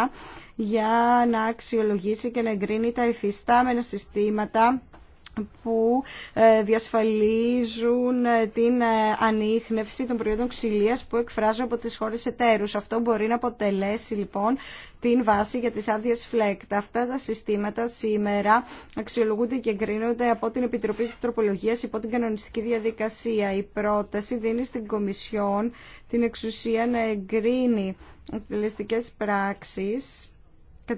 για να αξιολογήσει και να εγκρίνει τα εφιστάμενα συστήματα που ε, διασφαλίζουν ε, την ε, ανείχνευση των προϊόντων ξυλίας που εκφράζουν από τις χώρες εταίρους. Αυτό μπορεί να αποτελέσει λοιπόν την βάση για τις άδειες φλέκτα. Αυτά τα συστήματα σήμερα αξιολογούνται και εγκρίνονται από την Επιτροπή Τροπολογίας υπό την κανονιστική διαδικασία. Η πρόταση δίνει στην Κομισιόν την εξουσία να εγκρίνει εκτελεστικές πράξεις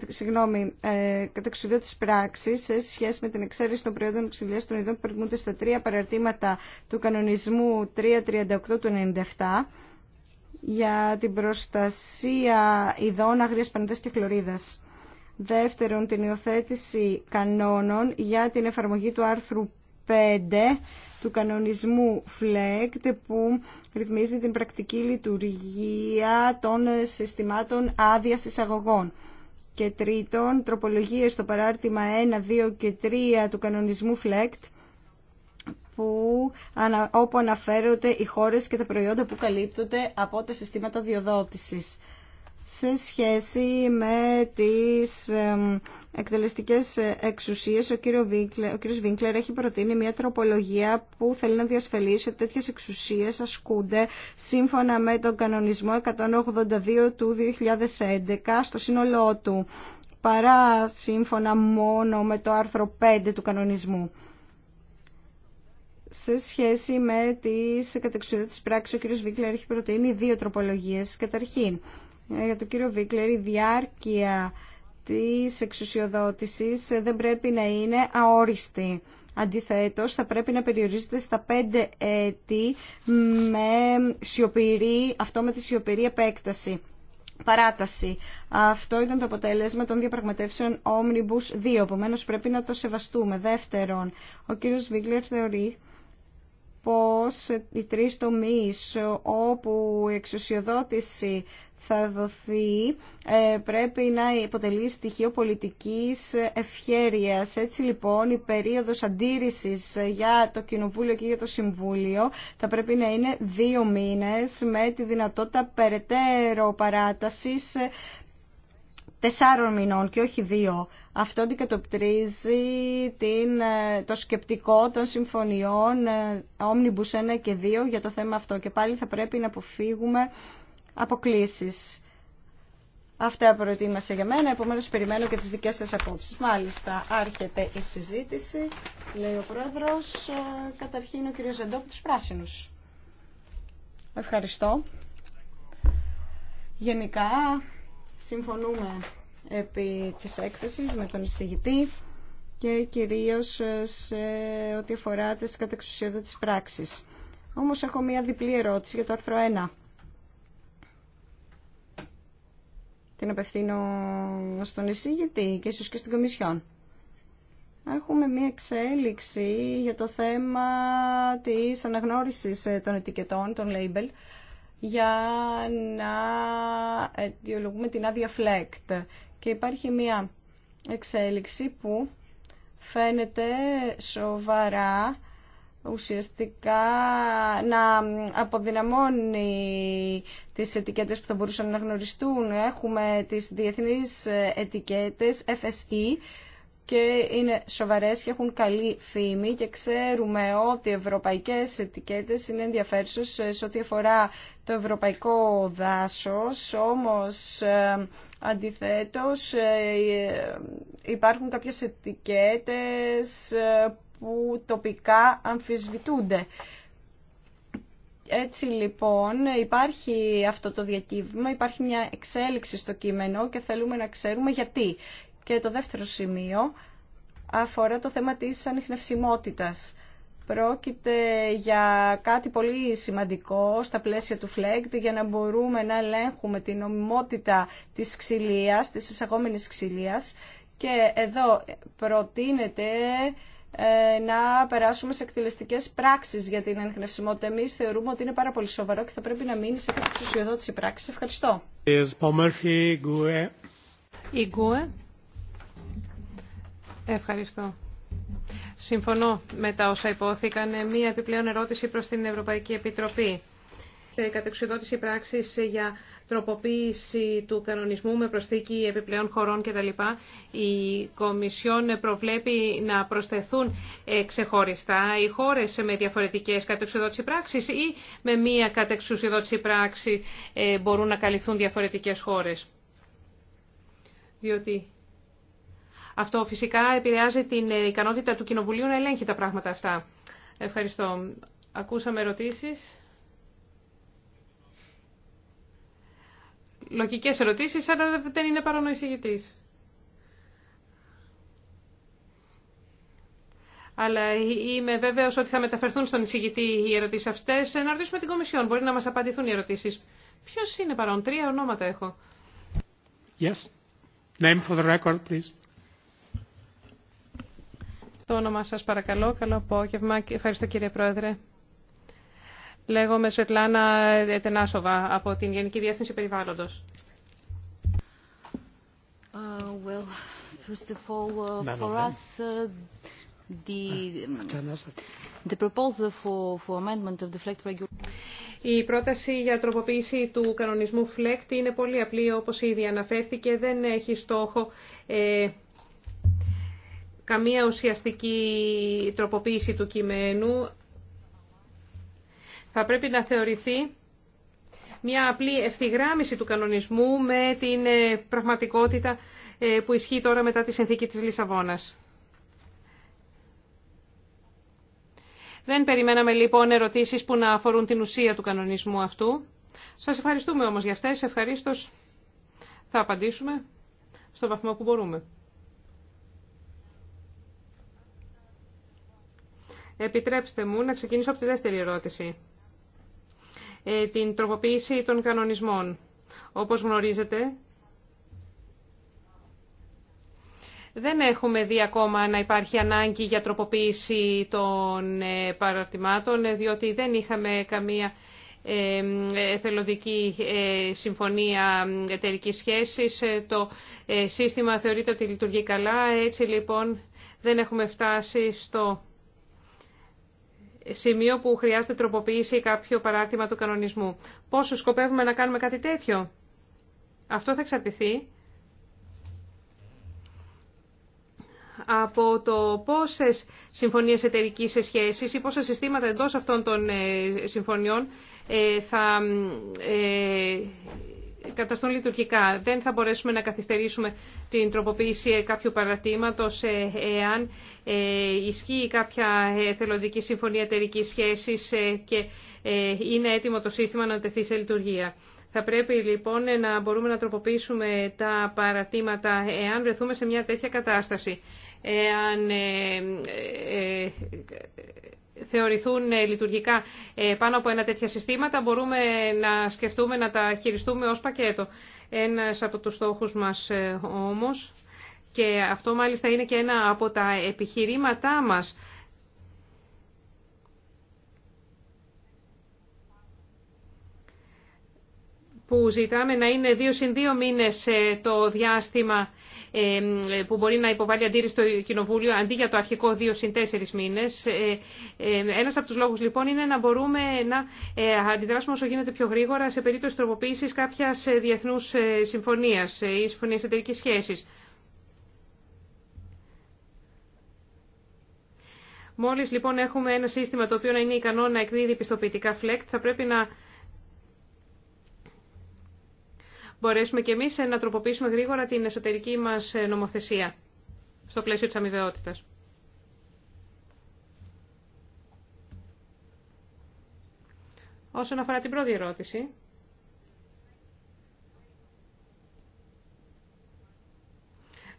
συγγνώμη, ε, της πράξης σε σχέση με την εξαίρεση των προϊόντων ξυλίας των ειδών που προηγούνται στα τρία παραρτήματα του κανονισμού 338 του 97 για την προστασία ειδών άγρια πανδέ και χλωρίδα. Δεύτερον, την υιοθέτηση κανόνων για την εφαρμογή του άρθρου 5 του κανονισμού FLECT που ρυθμίζει την πρακτική λειτουργία των συστημάτων άδεια εισαγωγών και τρίτον τροπολογίες στο παράρτημα 1, 2 και 3 του κανονισμού FLECT που, όπου αναφέρονται οι χώρες και τα προϊόντα που καλύπτονται από τα συστήματα διοδότησης σε σχέση με τις εκτελεστικές εξουσίες. Ο κύριος, Βίνκλερ, έχει προτείνει μια τροπολογία που θέλει να διασφαλίσει ότι τέτοιες εξουσίες ασκούνται σύμφωνα με τον κανονισμό 182 του 2011 στο σύνολό του, παρά σύμφωνα μόνο με το άρθρο 5 του κανονισμού σε σχέση με τις κατεξουσίες της πράξης, ο κ. Βίγκλερ έχει προτείνει δύο τροπολογίες. Καταρχήν, ε, για τον κύριο Βίκλερ, η διάρκεια της εξουσιοδότησης ε, δεν πρέπει να είναι αόριστη. Αντιθέτως, θα πρέπει να περιορίζεται στα πέντε έτη με σιωπηρή, αυτό με τη σιωπηρή επέκταση. Παράταση. Αυτό ήταν το αποτέλεσμα των διαπραγματεύσεων Omnibus 2, επομένως πρέπει να το σεβαστούμε. Δεύτερον, ο κύριος Βίγκλερ θεωρεί πως οι τρεις τομείς όπου η εξουσιοδότηση θα δοθεί ε, πρέπει να υποτελεί στοιχείο πολιτικής ευχέρειας. Έτσι λοιπόν η περίοδος αντίρρησης για το Κοινοβούλιο και για το Συμβούλιο θα πρέπει να είναι δύο μήνες με τη δυνατότητα περαιτέρω παράτασης τεσσάρων μηνών και όχι δύο. Αυτό αντικατοπτρίζει την, ε, το σκεπτικό των συμφωνιών ε, Omnibus 1 και 2 για το θέμα αυτό. Και πάλι θα πρέπει να αποφύγουμε αποκλήσεις. Αυτά προετοίμασε για μένα, Επομένω περιμένω και τι δικέ σα απόψει. Μάλιστα, άρχεται η συζήτηση, λέει ο πρόεδρο. Ε, καταρχήν ο κ. Ζεντό από πράσινου. Πράσινους. Ευχαριστώ. Γενικά, συμφωνούμε επί της έκθεσης με τον εισηγητή και κυρίως σε ό,τι αφορά τις της πράξης. Όμως έχω μία διπλή ερώτηση για το άρθρο 1 την απευθύνω στον εισηγητή και ίσως και στην Κομισιόν. Έχουμε μία εξέλιξη για το θέμα της αναγνώρισης ε, των ετικετών, των label, για να αιτιολογούμε την άδεια FLECT. Και υπάρχει μία εξέλιξη που φαίνεται σοβαρά ουσιαστικά να αποδυναμώνει τις ετικέτες που θα μπορούσαν να γνωριστούν. Έχουμε τις διεθνείς ετικέτες FSE και είναι σοβαρές και έχουν καλή φήμη και ξέρουμε ότι οι ευρωπαϊκές ετικέτες είναι ενδιαφέρουσες σε ό,τι αφορά το ευρωπαϊκό δάσος, όμως ε, αντιθέτως ε, ε, υπάρχουν κάποιες ετικέτες που τοπικά αμφισβητούνται. Έτσι λοιπόν υπάρχει αυτό το διακύβημα, υπάρχει μια εξέλιξη στο κείμενο και θέλουμε να ξέρουμε γιατί. Και το δεύτερο σημείο αφορά το θέμα της ανιχνευσιμότητας. Πρόκειται για κάτι πολύ σημαντικό στα πλαίσια του ΦΛΕΚΤ για να μπορούμε να ελέγχουμε την νομιμότητα της ξυλίας, της εισαγόμενης ξυλίας. Και εδώ προτείνεται ε, να περάσουμε σε εκτελεστικές πράξει για την ανιχνευσιμότητα. Εμεί θεωρούμε ότι είναι πάρα πολύ σοβαρό και θα πρέπει να μείνει σε κατεξουσιοδότηση πράξη. Ευχαριστώ. Ευχαριστώ. Συμφωνώ με τα όσα υπόθηκαν. Μία επιπλέον ερώτηση προς την Ευρωπαϊκή Επιτροπή. Ε, Κατεξουδότηση πράξης για τροποποίηση του κανονισμού με προσθήκη επιπλέον χωρών κτλ. Η Κομισιόν προβλέπει να προσθεθούν ε, ξεχωριστά οι χώρε με διαφορετικές κατεξουδότηση πράξεις ή με μία κατεξουσιοδότηση πράξη ε, μπορούν να καλυφθούν διαφορετικές χώρε. Διότι αυτό φυσικά επηρεάζει την ε, ικανότητα του Κοινοβουλίου να ελέγχει τα πράγματα αυτά. Ευχαριστώ. Ακούσαμε ερωτήσεις. Λογικέ ερωτήσει, αλλά δεν είναι εισηγητή. Αλλά είμαι βέβαιο ότι θα μεταφερθούν στον εισηγητή οι ερωτήσει αυτέ Να ρωτήσουμε την Κομισιόν. Μπορεί να μα απαντηθούν οι ερωτήσει. Ποιο είναι παρόν. Τρία ονόματα έχω. Yes. Name for the record, please. Το όνομά σας παρακαλώ. Καλό απόγευμα. Ευχαριστώ κύριε Πρόεδρε. Λέγομαι Σβετλάνα Ετενάσοβα από την Γενική Διεύθυνση Περιβάλλοντος. Η πρόταση για τροποποίηση του κανονισμού FLECT είναι πολύ απλή, όπως ήδη αναφέρθηκε. Δεν έχει στόχο ε, καμία ουσιαστική τροποποίηση του κειμένου θα πρέπει να θεωρηθεί μια απλή ευθυγράμμιση του κανονισμού με την ε, πραγματικότητα ε, που ισχύει τώρα μετά τη συνθήκη της Λισαβόνας. Δεν περιμέναμε λοιπόν ερωτήσεις που να αφορούν την ουσία του κανονισμού αυτού. Σας ευχαριστούμε όμως για αυτές. Ευχαριστώ. Θα απαντήσουμε στο βαθμό που μπορούμε. Επιτρέψτε μου να ξεκινήσω από τη δεύτερη ερώτηση. Ε, την τροποποίηση των κανονισμών. Όπως γνωρίζετε, δεν έχουμε δει ακόμα να υπάρχει ανάγκη για τροποποίηση των ε, παραρτημάτων, ε, διότι δεν είχαμε καμία εθελοντική συμφωνία εταιρική σχέσης. Το σύστημα θεωρείται ότι λειτουργεί καλά. Έτσι λοιπόν δεν έχουμε φτάσει στο σημείο που χρειάζεται τροποποίηση κάποιο παράρτημα του κανονισμού. Πόσο σκοπεύουμε να κάνουμε κάτι τέτοιο. Αυτό θα εξαρτηθεί από το πόσες συμφωνίες εταιρικής σχέσης ή πόσα συστήματα εντός αυτών των ε, συμφωνιών ε, θα ε, καταστούν λειτουργικά. Δεν θα μπορέσουμε να καθυστερήσουμε την τροποποίηση κάποιου παρατήματος ε, εάν ε, ισχύει κάποια θελοντική συμφωνία εταιρική σχέσης ε, και είναι έτοιμο το σύστημα να τεθεί σε λειτουργία. Θα πρέπει λοιπόν να μπορούμε να τροποποιήσουμε τα παρατήματα εάν βρεθούμε σε μια τέτοια κατάσταση. Εάν θεωρηθούν ε, λειτουργικά ε, πάνω από ένα τέτοια συστήματα, μπορούμε να σκεφτούμε να τα χειριστούμε ως πακέτο. Ένας από τους στόχους μας ε, όμως, και αυτό μάλιστα είναι και ένα από τα επιχειρήματά μας, που ζητάμε να είναι δύο συν δύο μήνες το διάστημα ε, που μπορεί να υποβάλει αντίρρηση στο Κοινοβούλιο αντί για το αρχικό 2 συν 4 μήνες. Ε, ε, ένα από του λόγου λοιπόν είναι να μπορούμε να αντιδράσουμε όσο γίνεται πιο γρήγορα σε περίπτωση τροποποίησης κάποιας διεθνούς συμφωνίας ή συμφωνίας εταιρική σχέσης. Μόλις λοιπόν έχουμε ένα σύστημα το οποίο να είναι ικανό να εκδίδει πιστοποιητικά φλεκτ, θα πρέπει να μπορέσουμε και εμείς ε, να τροποποιήσουμε γρήγορα την εσωτερική μας ε, νομοθεσία στο πλαίσιο της αμοιβαιότητας. Όσον αφορά την πρώτη ερώτηση,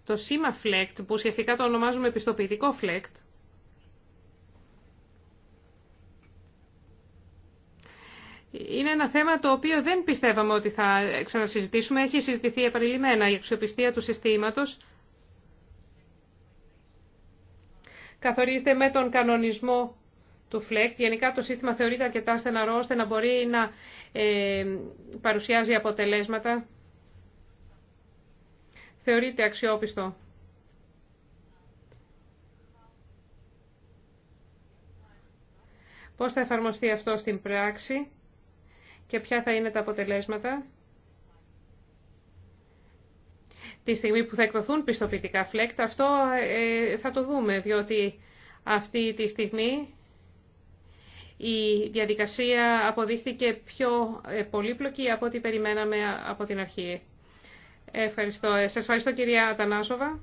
το σήμα ΦΛΕΚΤ, που ουσιαστικά το ονομάζουμε επιστοποιητικό ΦΛΕΚΤ, Είναι ένα θέμα το οποίο δεν πιστεύαμε ότι θα ξανασυζητήσουμε. Έχει συζητηθεί επανειλημμένα η αξιοπιστία του συστήματος. Καθορίζεται με τον κανονισμό του ΦΛΕΚ. Γενικά το σύστημα θεωρείται αρκετά στεναρό ώστε να μπορεί να ε, παρουσιάζει αποτελέσματα. Θεωρείται αξιόπιστο. Πώς θα εφαρμοστεί αυτό στην πράξη και ποια θα είναι τα αποτελέσματα τη στιγμή που θα εκδοθούν πιστοποιητικά φλέκτα. Αυτό ε, θα το δούμε, διότι αυτή τη στιγμή η διαδικασία αποδείχθηκε πιο ε, πολύπλοκη από ό,τι περιμέναμε από την αρχή. Ευχαριστώ. Ε, σας ευχαριστώ κυρία Τανάσοβα.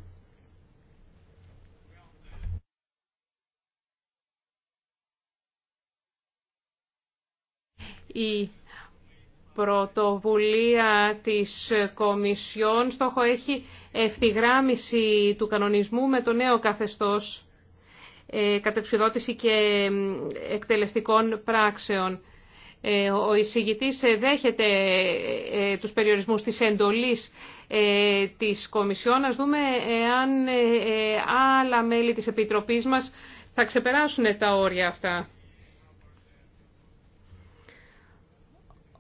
Η πρωτοβουλία της Κομισιόν στόχο έχει ευθυγράμμιση του κανονισμού με το νέο καθεστώς ε, και εκτελεστικών πράξεων. Ε, ο εισηγητής δέχεται ε, ε, τους περιορισμούς της εντολής της Κομισιόν. Ας δούμε αν άλλα μέλη της Επιτροπής μας θα ξεπεράσουν τα όρια αυτά.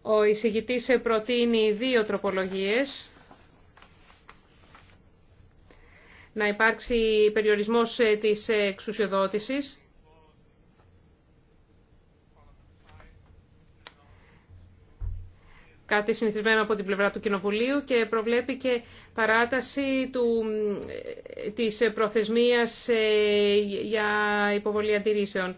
Ο εισηγητής προτείνει δύο τροπολογίες. Να υπάρξει περιορισμός ε, της εξουσιοδότησης. κάτι συνηθισμένο από την πλευρά του Κοινοβουλίου και προβλέπει και παράταση του, ε, της προθεσμίας ε, για υποβολή αντιρρήσεων.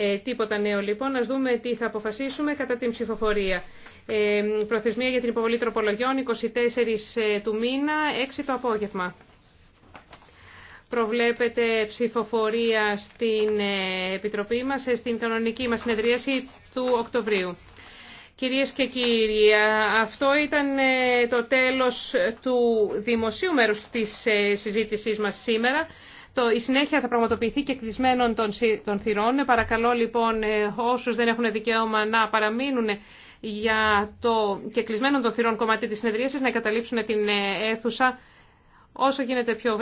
Ε, τίποτα νέο λοιπόν. Ας δούμε τι θα αποφασίσουμε κατά την ψηφοφορία. Ε, προθεσμία για την υποβολή τροπολογιών 24 ε, του μήνα, 6 το απόγευμα. Προβλέπεται ψηφοφορία στην ε, Επιτροπή μας, στην κανονική μας συνεδρίαση του Οκτωβρίου. Κυρίες και κύριοι, αυτό ήταν το τέλος του δημοσίου μέρους της συζήτησής μας σήμερα. Το, η συνέχεια θα πραγματοποιηθεί και κλεισμένων των, των θυρών. Παρακαλώ λοιπόν ε, όσους δεν έχουν δικαίωμα να παραμείνουν για το και κλεισμένων των θυρών κομμάτι της συνεδρίασης να εγκαταλείψουν την ε, αίθουσα όσο γίνεται πιο